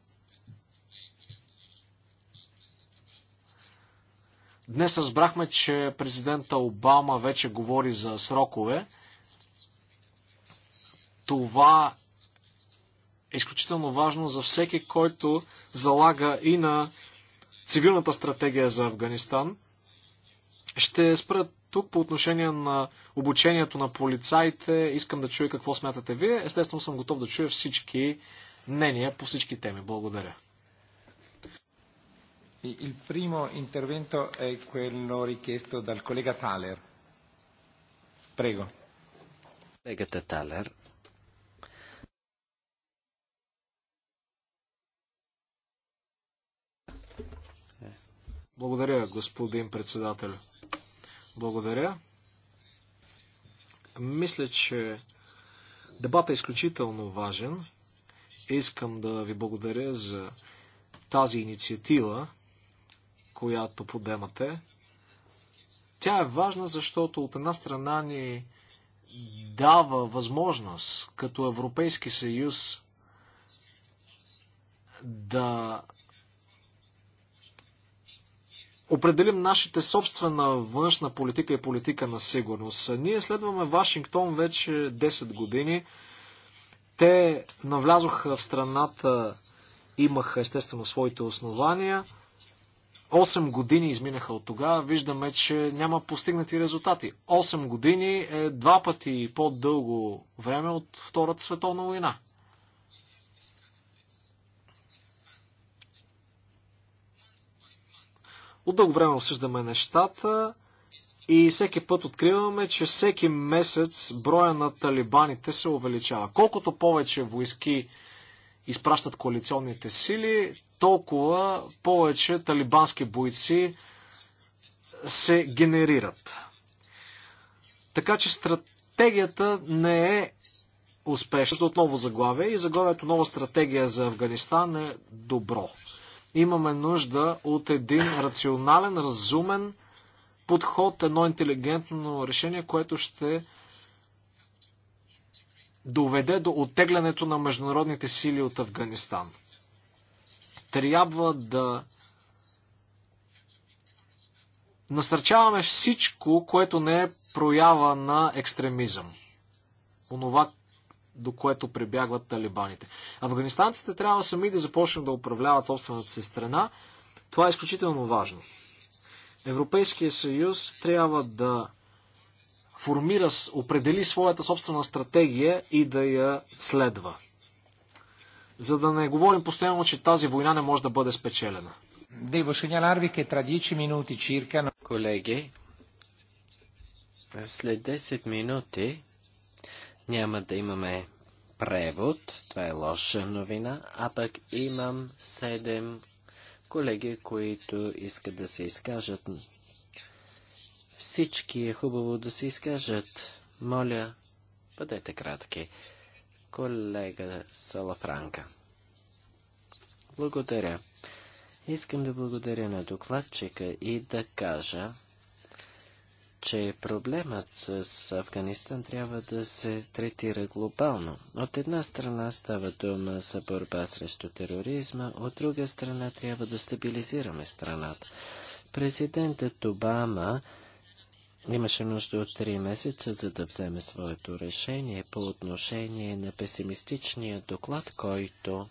Днес разбрахме, че президента Обама вече говори за срокове. Това е изключително важно за всеки, който залага и на цивилната стратегия за Афганистан. Ще спра тук. По отношение на обучението на полицаите, искам да чуя какво смятате вие. Естествено съм готов да чуя всички мнения по всички теми. Благодаря. Il primo intervento è quello richiesto dal collega Thaler. Prego. Колегата Thaler. Благодаря, господин председател. Благодаря. Мисля, че дебата е изключително важен. Искам да ви благодаря за тази инициатива, която подемате. Тя е важна, защото от една страна ни дава възможност като Европейски съюз да определим нашите собствена външна политика и политика на сигурност. Ние следваме Вашингтон вече 10 години. Те навлязоха в страната, имаха естествено своите основания. 8 години изминаха от тогава, виждаме, че няма постигнати резултати. 8 години е два пъти по-дълго време от Втората световна война. От дълго време обсъждаме нещата и всеки път откриваме, че всеки месец броя на талибаните се увеличава. Колкото повече войски изпращат коалиционните сили, толкова повече талибански бойци се генерират. Така че стратегията не е успешна. Отново заглавие и заглавието нова стратегия за Афганистан е добро. Имаме нужда от един рационален, разумен подход, едно интелигентно решение, което ще доведе до оттеглянето на международните сили от Афганистан. Трябва да насърчаваме всичко, което не е проява на екстремизъм. Онова, до което прибягват талибаните. Афганистанците трябва сами да започнат да управляват собствената си страна. Това е изключително важно. Европейския съюз трябва да формира, определи своята собствена стратегия и да я следва. За да не говорим постоянно, че тази война не може да бъде спечелена. Devo segnalarvi che tra 10 minuti circa... Колеги, след 10 минути няма да имаме превод. Това е лоша новина. А пък имам седем колеги, които искат да се изкажат. Всички е хубаво да се изкажат. Моля, бъдете кратки. Колега Салафранка. Благодаря. Искам да благодаря на докладчика и да кажа, че проблемът с Афганистан трябва да се третира глобално. От една страна става дума за борба срещу тероризма, от друга страна трябва да стабилизираме страната. Президентът Обама имаше нужда от три месеца, за да вземе своето решение по отношение на песимистичния доклад, който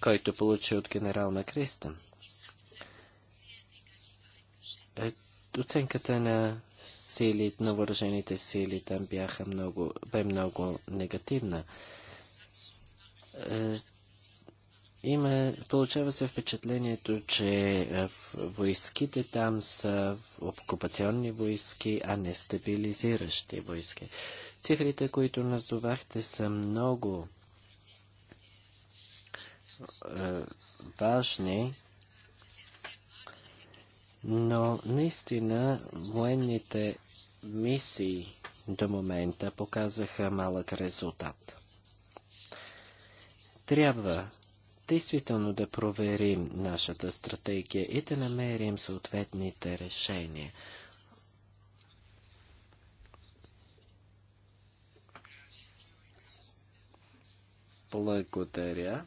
който получи от генерал Макристън. оценката на сили, на въоръжените сили там бяха много, бе много негативна. Е, има, получава се впечатлението, че е, войските там са окупационни войски, а не стабилизиращи войски. Цифрите, които назовахте, са много е, важни но наистина военните мисии до момента показаха малък резултат. Трябва действително да проверим нашата стратегия и да намерим съответните решения. Благодаря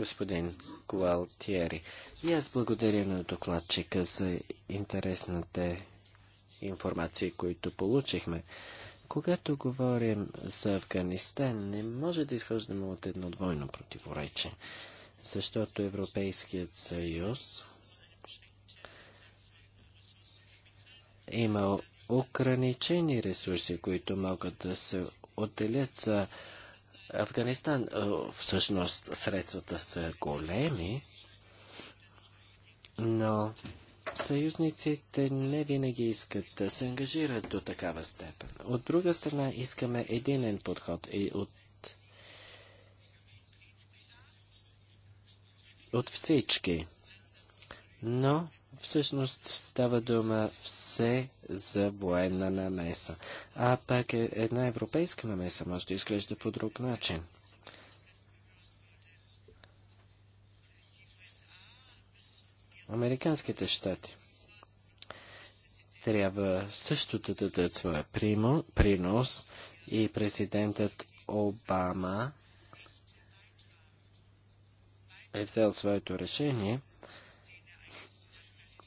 господин Гуалтиери. И аз благодаря на докладчика за интересните информации, които получихме. Когато говорим за Афганистан, не може да изхождаме от едно двойно противоречие, защото Европейският съюз има ограничени ресурси, които могат да се отделят за Афганистан. Е, всъщност средствата са големи, но съюзниците не винаги искат да се ангажират до такава степен. От друга страна искаме единен подход и от от всички. Но Всъщност става дума все за военна намеса. А пак е една европейска намеса може да изглежда по друг начин. Американските щати трябва също да дадат своя принос и президентът Обама е взел своето решение –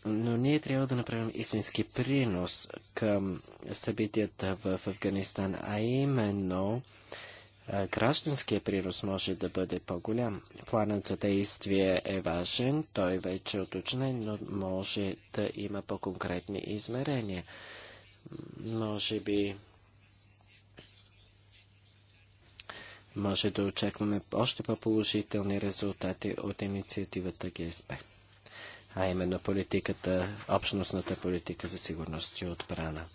но ние трябва да направим истински принос към събитията в Афганистан, а именно гражданския принос може да бъде по-голям. Планът за действие е важен, той вече е уточнен, но може да има по-конкретни измерения. Може би може да очакваме още по-положителни резултати от инициативата ГСП а именно политиката, общностната политика за сигурност и отбрана.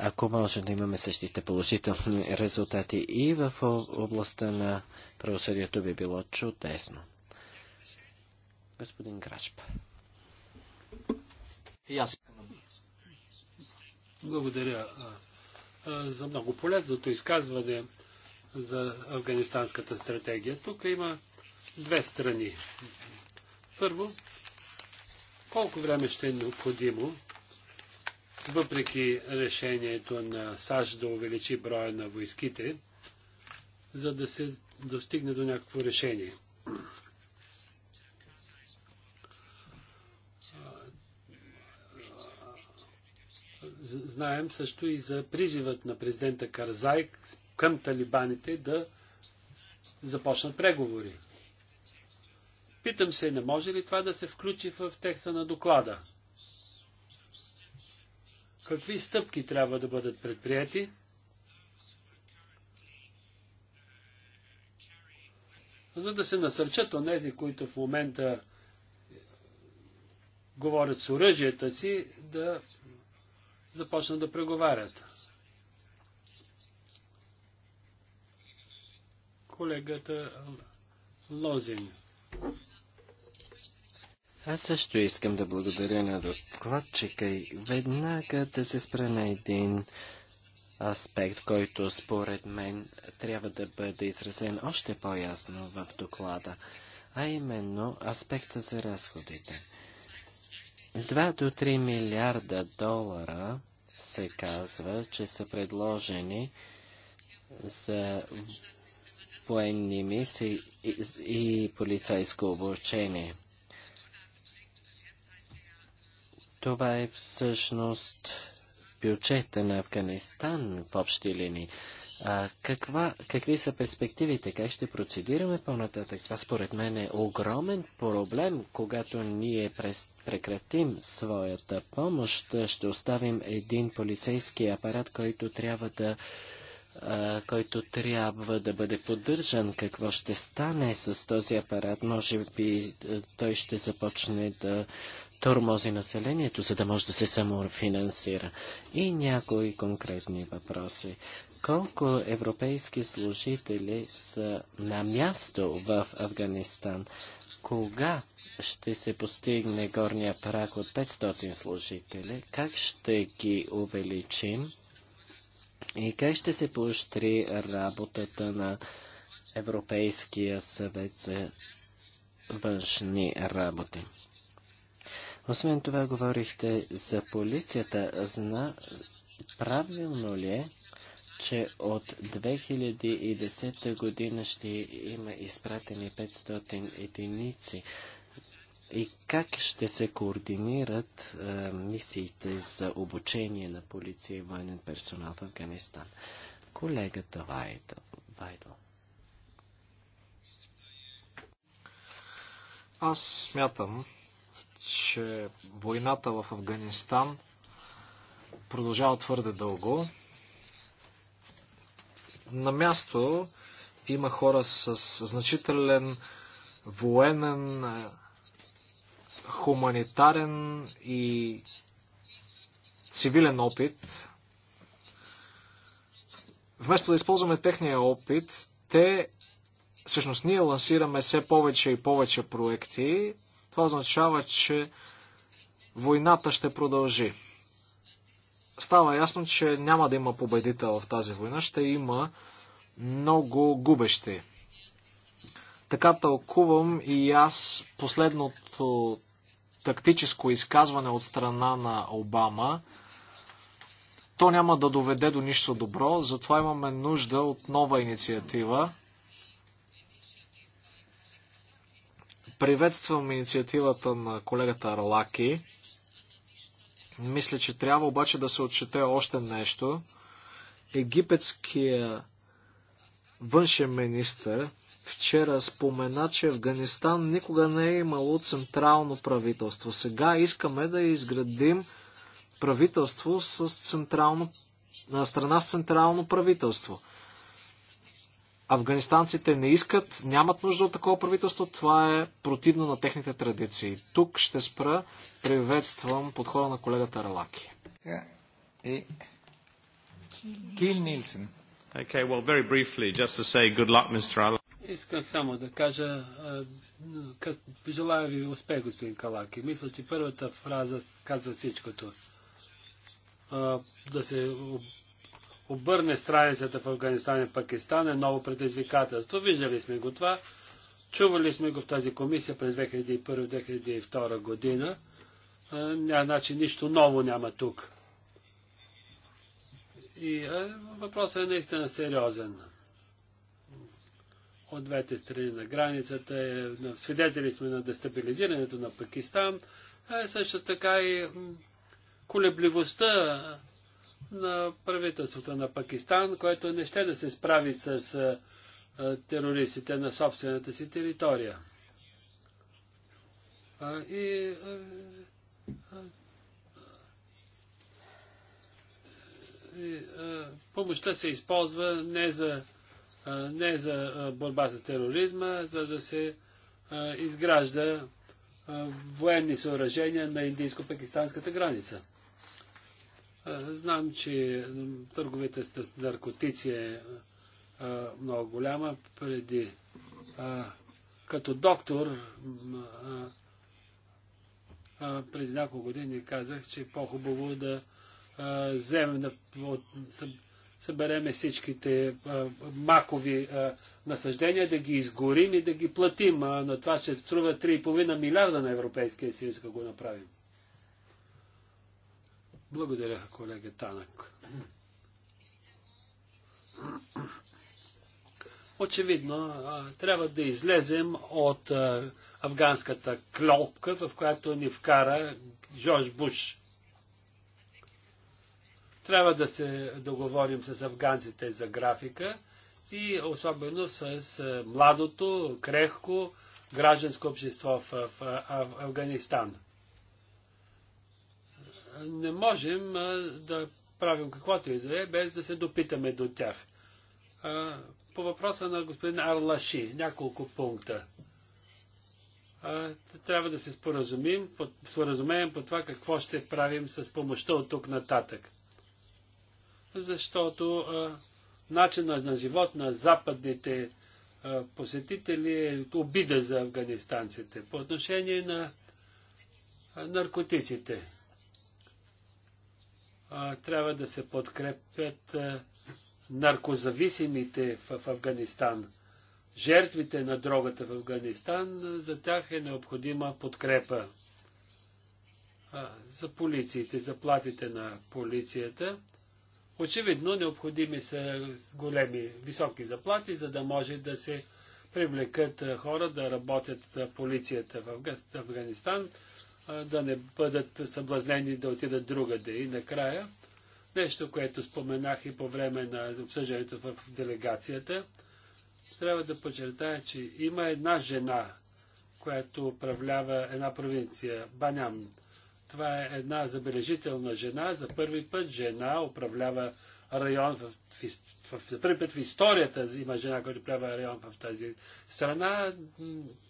Ако може да имаме същите положителни [LAUGHS] резултати и в областта на правосъдието би било чудесно. Господин Грашп. Благодаря за много полезното изказване за афганистанската стратегия. Тук има две страни първо, колко време ще е необходимо, въпреки решението на САЩ да увеличи броя на войските, за да се достигне до някакво решение? Знаем също и за призивът на президента Карзай към талибаните да започнат преговори. Питам се, не може ли това да се включи в текста на доклада? Какви стъпки трябва да бъдат предприяти? За да се насърчат онези, които в момента говорят с оръжията си, да започнат да преговарят. Колегата Лозин. Аз също искам да благодаря на докладчика и веднага да се спра на един аспект, който според мен трябва да бъде изразен още по-ясно в доклада, а именно аспекта за разходите. 2 до 3 милиарда долара се казва, че са предложени за военни мисии и, полицейско обучение – Това е всъщност бюджета на Афганистан в общи линии. А, каква, какви са перспективите? Как ще процедираме по-нататък? Това според мен е огромен проблем, когато ние през, прекратим своята помощ. Ще оставим един полицейски апарат, който трябва да който трябва да бъде поддържан. Какво ще стане с този апарат? Може би той ще започне да тормози населението, за да може да се самофинансира. И някои конкретни въпроси. Колко европейски служители са на място в Афганистан? Кога ще се постигне горния прак от 500 служители? Как ще ги увеличим? И как ще се поощри работата на Европейския съвет за външни работи? Освен това, говорихте за полицията. Зна правилно ли е, че от 2010 година ще има изпратени 500 единици и как ще се координират а, е, мисиите за обучение на полиция и военен персонал в Афганистан? Колегата Вайдъл. Вайдъл. Аз смятам, че войната в Афганистан продължава твърде дълго. На място има хора с значителен военен е, хуманитарен и цивилен опит, вместо да използваме техния опит, те, всъщност ние лансираме все повече и повече проекти. Това означава, че войната ще продължи. Става ясно, че няма да има победител в тази война, ще има много губещи. Така тълкувам и аз последното тактическо изказване от страна на Обама, то няма да доведе до нищо добро, затова имаме нужда от нова инициатива. Приветствам инициативата на колегата Арлаки. Мисля, че трябва обаче да се отчете още нещо. Египетския външен министр вчера спомена, че Афганистан никога не е имало централно правителство. Сега искаме да изградим правителство с централно, страна с централно правителство. Афганистанците не искат, нямат нужда от такова правителство. Това е противно на техните традиции. Тук ще спра. Приветствам подхода на колегата Ралаки. И... Кил Нилсен. Okay, well, very briefly, just to say good luck, Mr. Al- Исках само да кажа, желая ви успех, господин Калаки. Мисля, че първата фраза казва всичкото. Да се обърне страницата в Афганистан и Пакистан е ново предизвикателство. Виждали сме го това. Чували сме го в тази комисия през 2001-2002 година. Ня, значи нищо ново няма тук. И въпросът е наистина сериозен от двете страни на границата. Е, свидетели сме на дестабилизирането на Пакистан, а е също така и колебливостта на правителството на Пакистан, което не ще да се справи с терористите на собствената си територия. И помощта се използва не за не за борба с тероризма, за да се изгражда военни съоръжения на индийско-пакистанската граница. Знам, че търговете с наркотици е много голяма. Преди като доктор преди няколко години казах, че е по-хубаво да вземем да събереме всичките а, макови а, насъждения, да ги изгорим и да ги платим. А, но това ще струва 3,5 милиарда на Европейския съюз, ако го направим. Благодаря, колега Танък. Очевидно, трябва да излезем от афганската клопка, в която ни вкара Жорж Буш. Трябва да се договорим с афганците за графика и особено с е, младото, крехко гражданско общество в, Афганистан. Не можем е, да правим каквото и да е, без да се допитаме до тях. Е, по въпроса на господин Арлаши, няколко пункта. Трябва да се споразумим, споразумеем по това какво ще правим с помощта от тук нататък защото а, начинът на живот на западните а, посетители е обида за афганистанците по отношение на а, наркотиците. А, трябва да се подкрепят а, наркозависимите в, в Афганистан. Жертвите на дрогата в Афганистан, за тях е необходима подкрепа. А, за полициите, заплатите на полицията Очевидно необходими са големи, високи заплати, за да може да се привлекат хора да работят за полицията в Афганистан, да не бъдат съблазнени да отидат другаде. И накрая, нещо, което споменах и по време на обсъждането в делегацията, трябва да подчертая, че има една жена, която управлява една провинция, Банян. Това е една забележителна жена. За първи път жена управлява район в, в, в, за първи път в историята има жена, която управлява район в тази страна.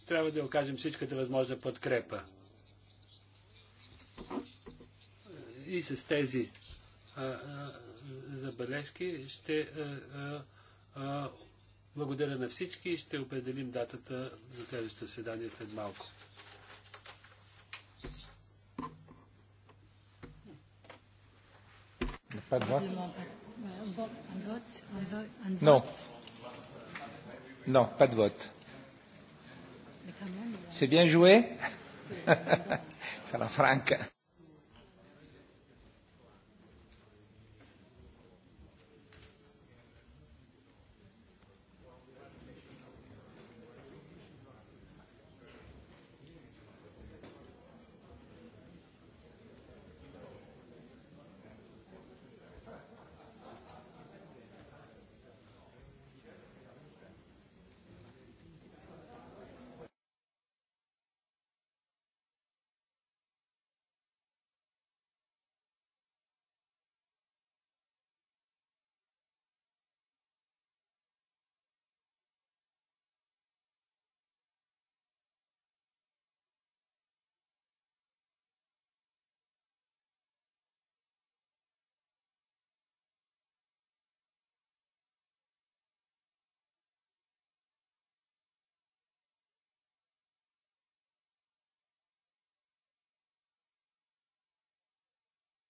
Трябва да окажем всичката възможна подкрепа. И с тези а, а, забележки ще а, а, благодаря на всички и ще определим датата за следващото седание след малко. Pas de vote Non. Non, pas de vote. C'est bien joué Ça la franca.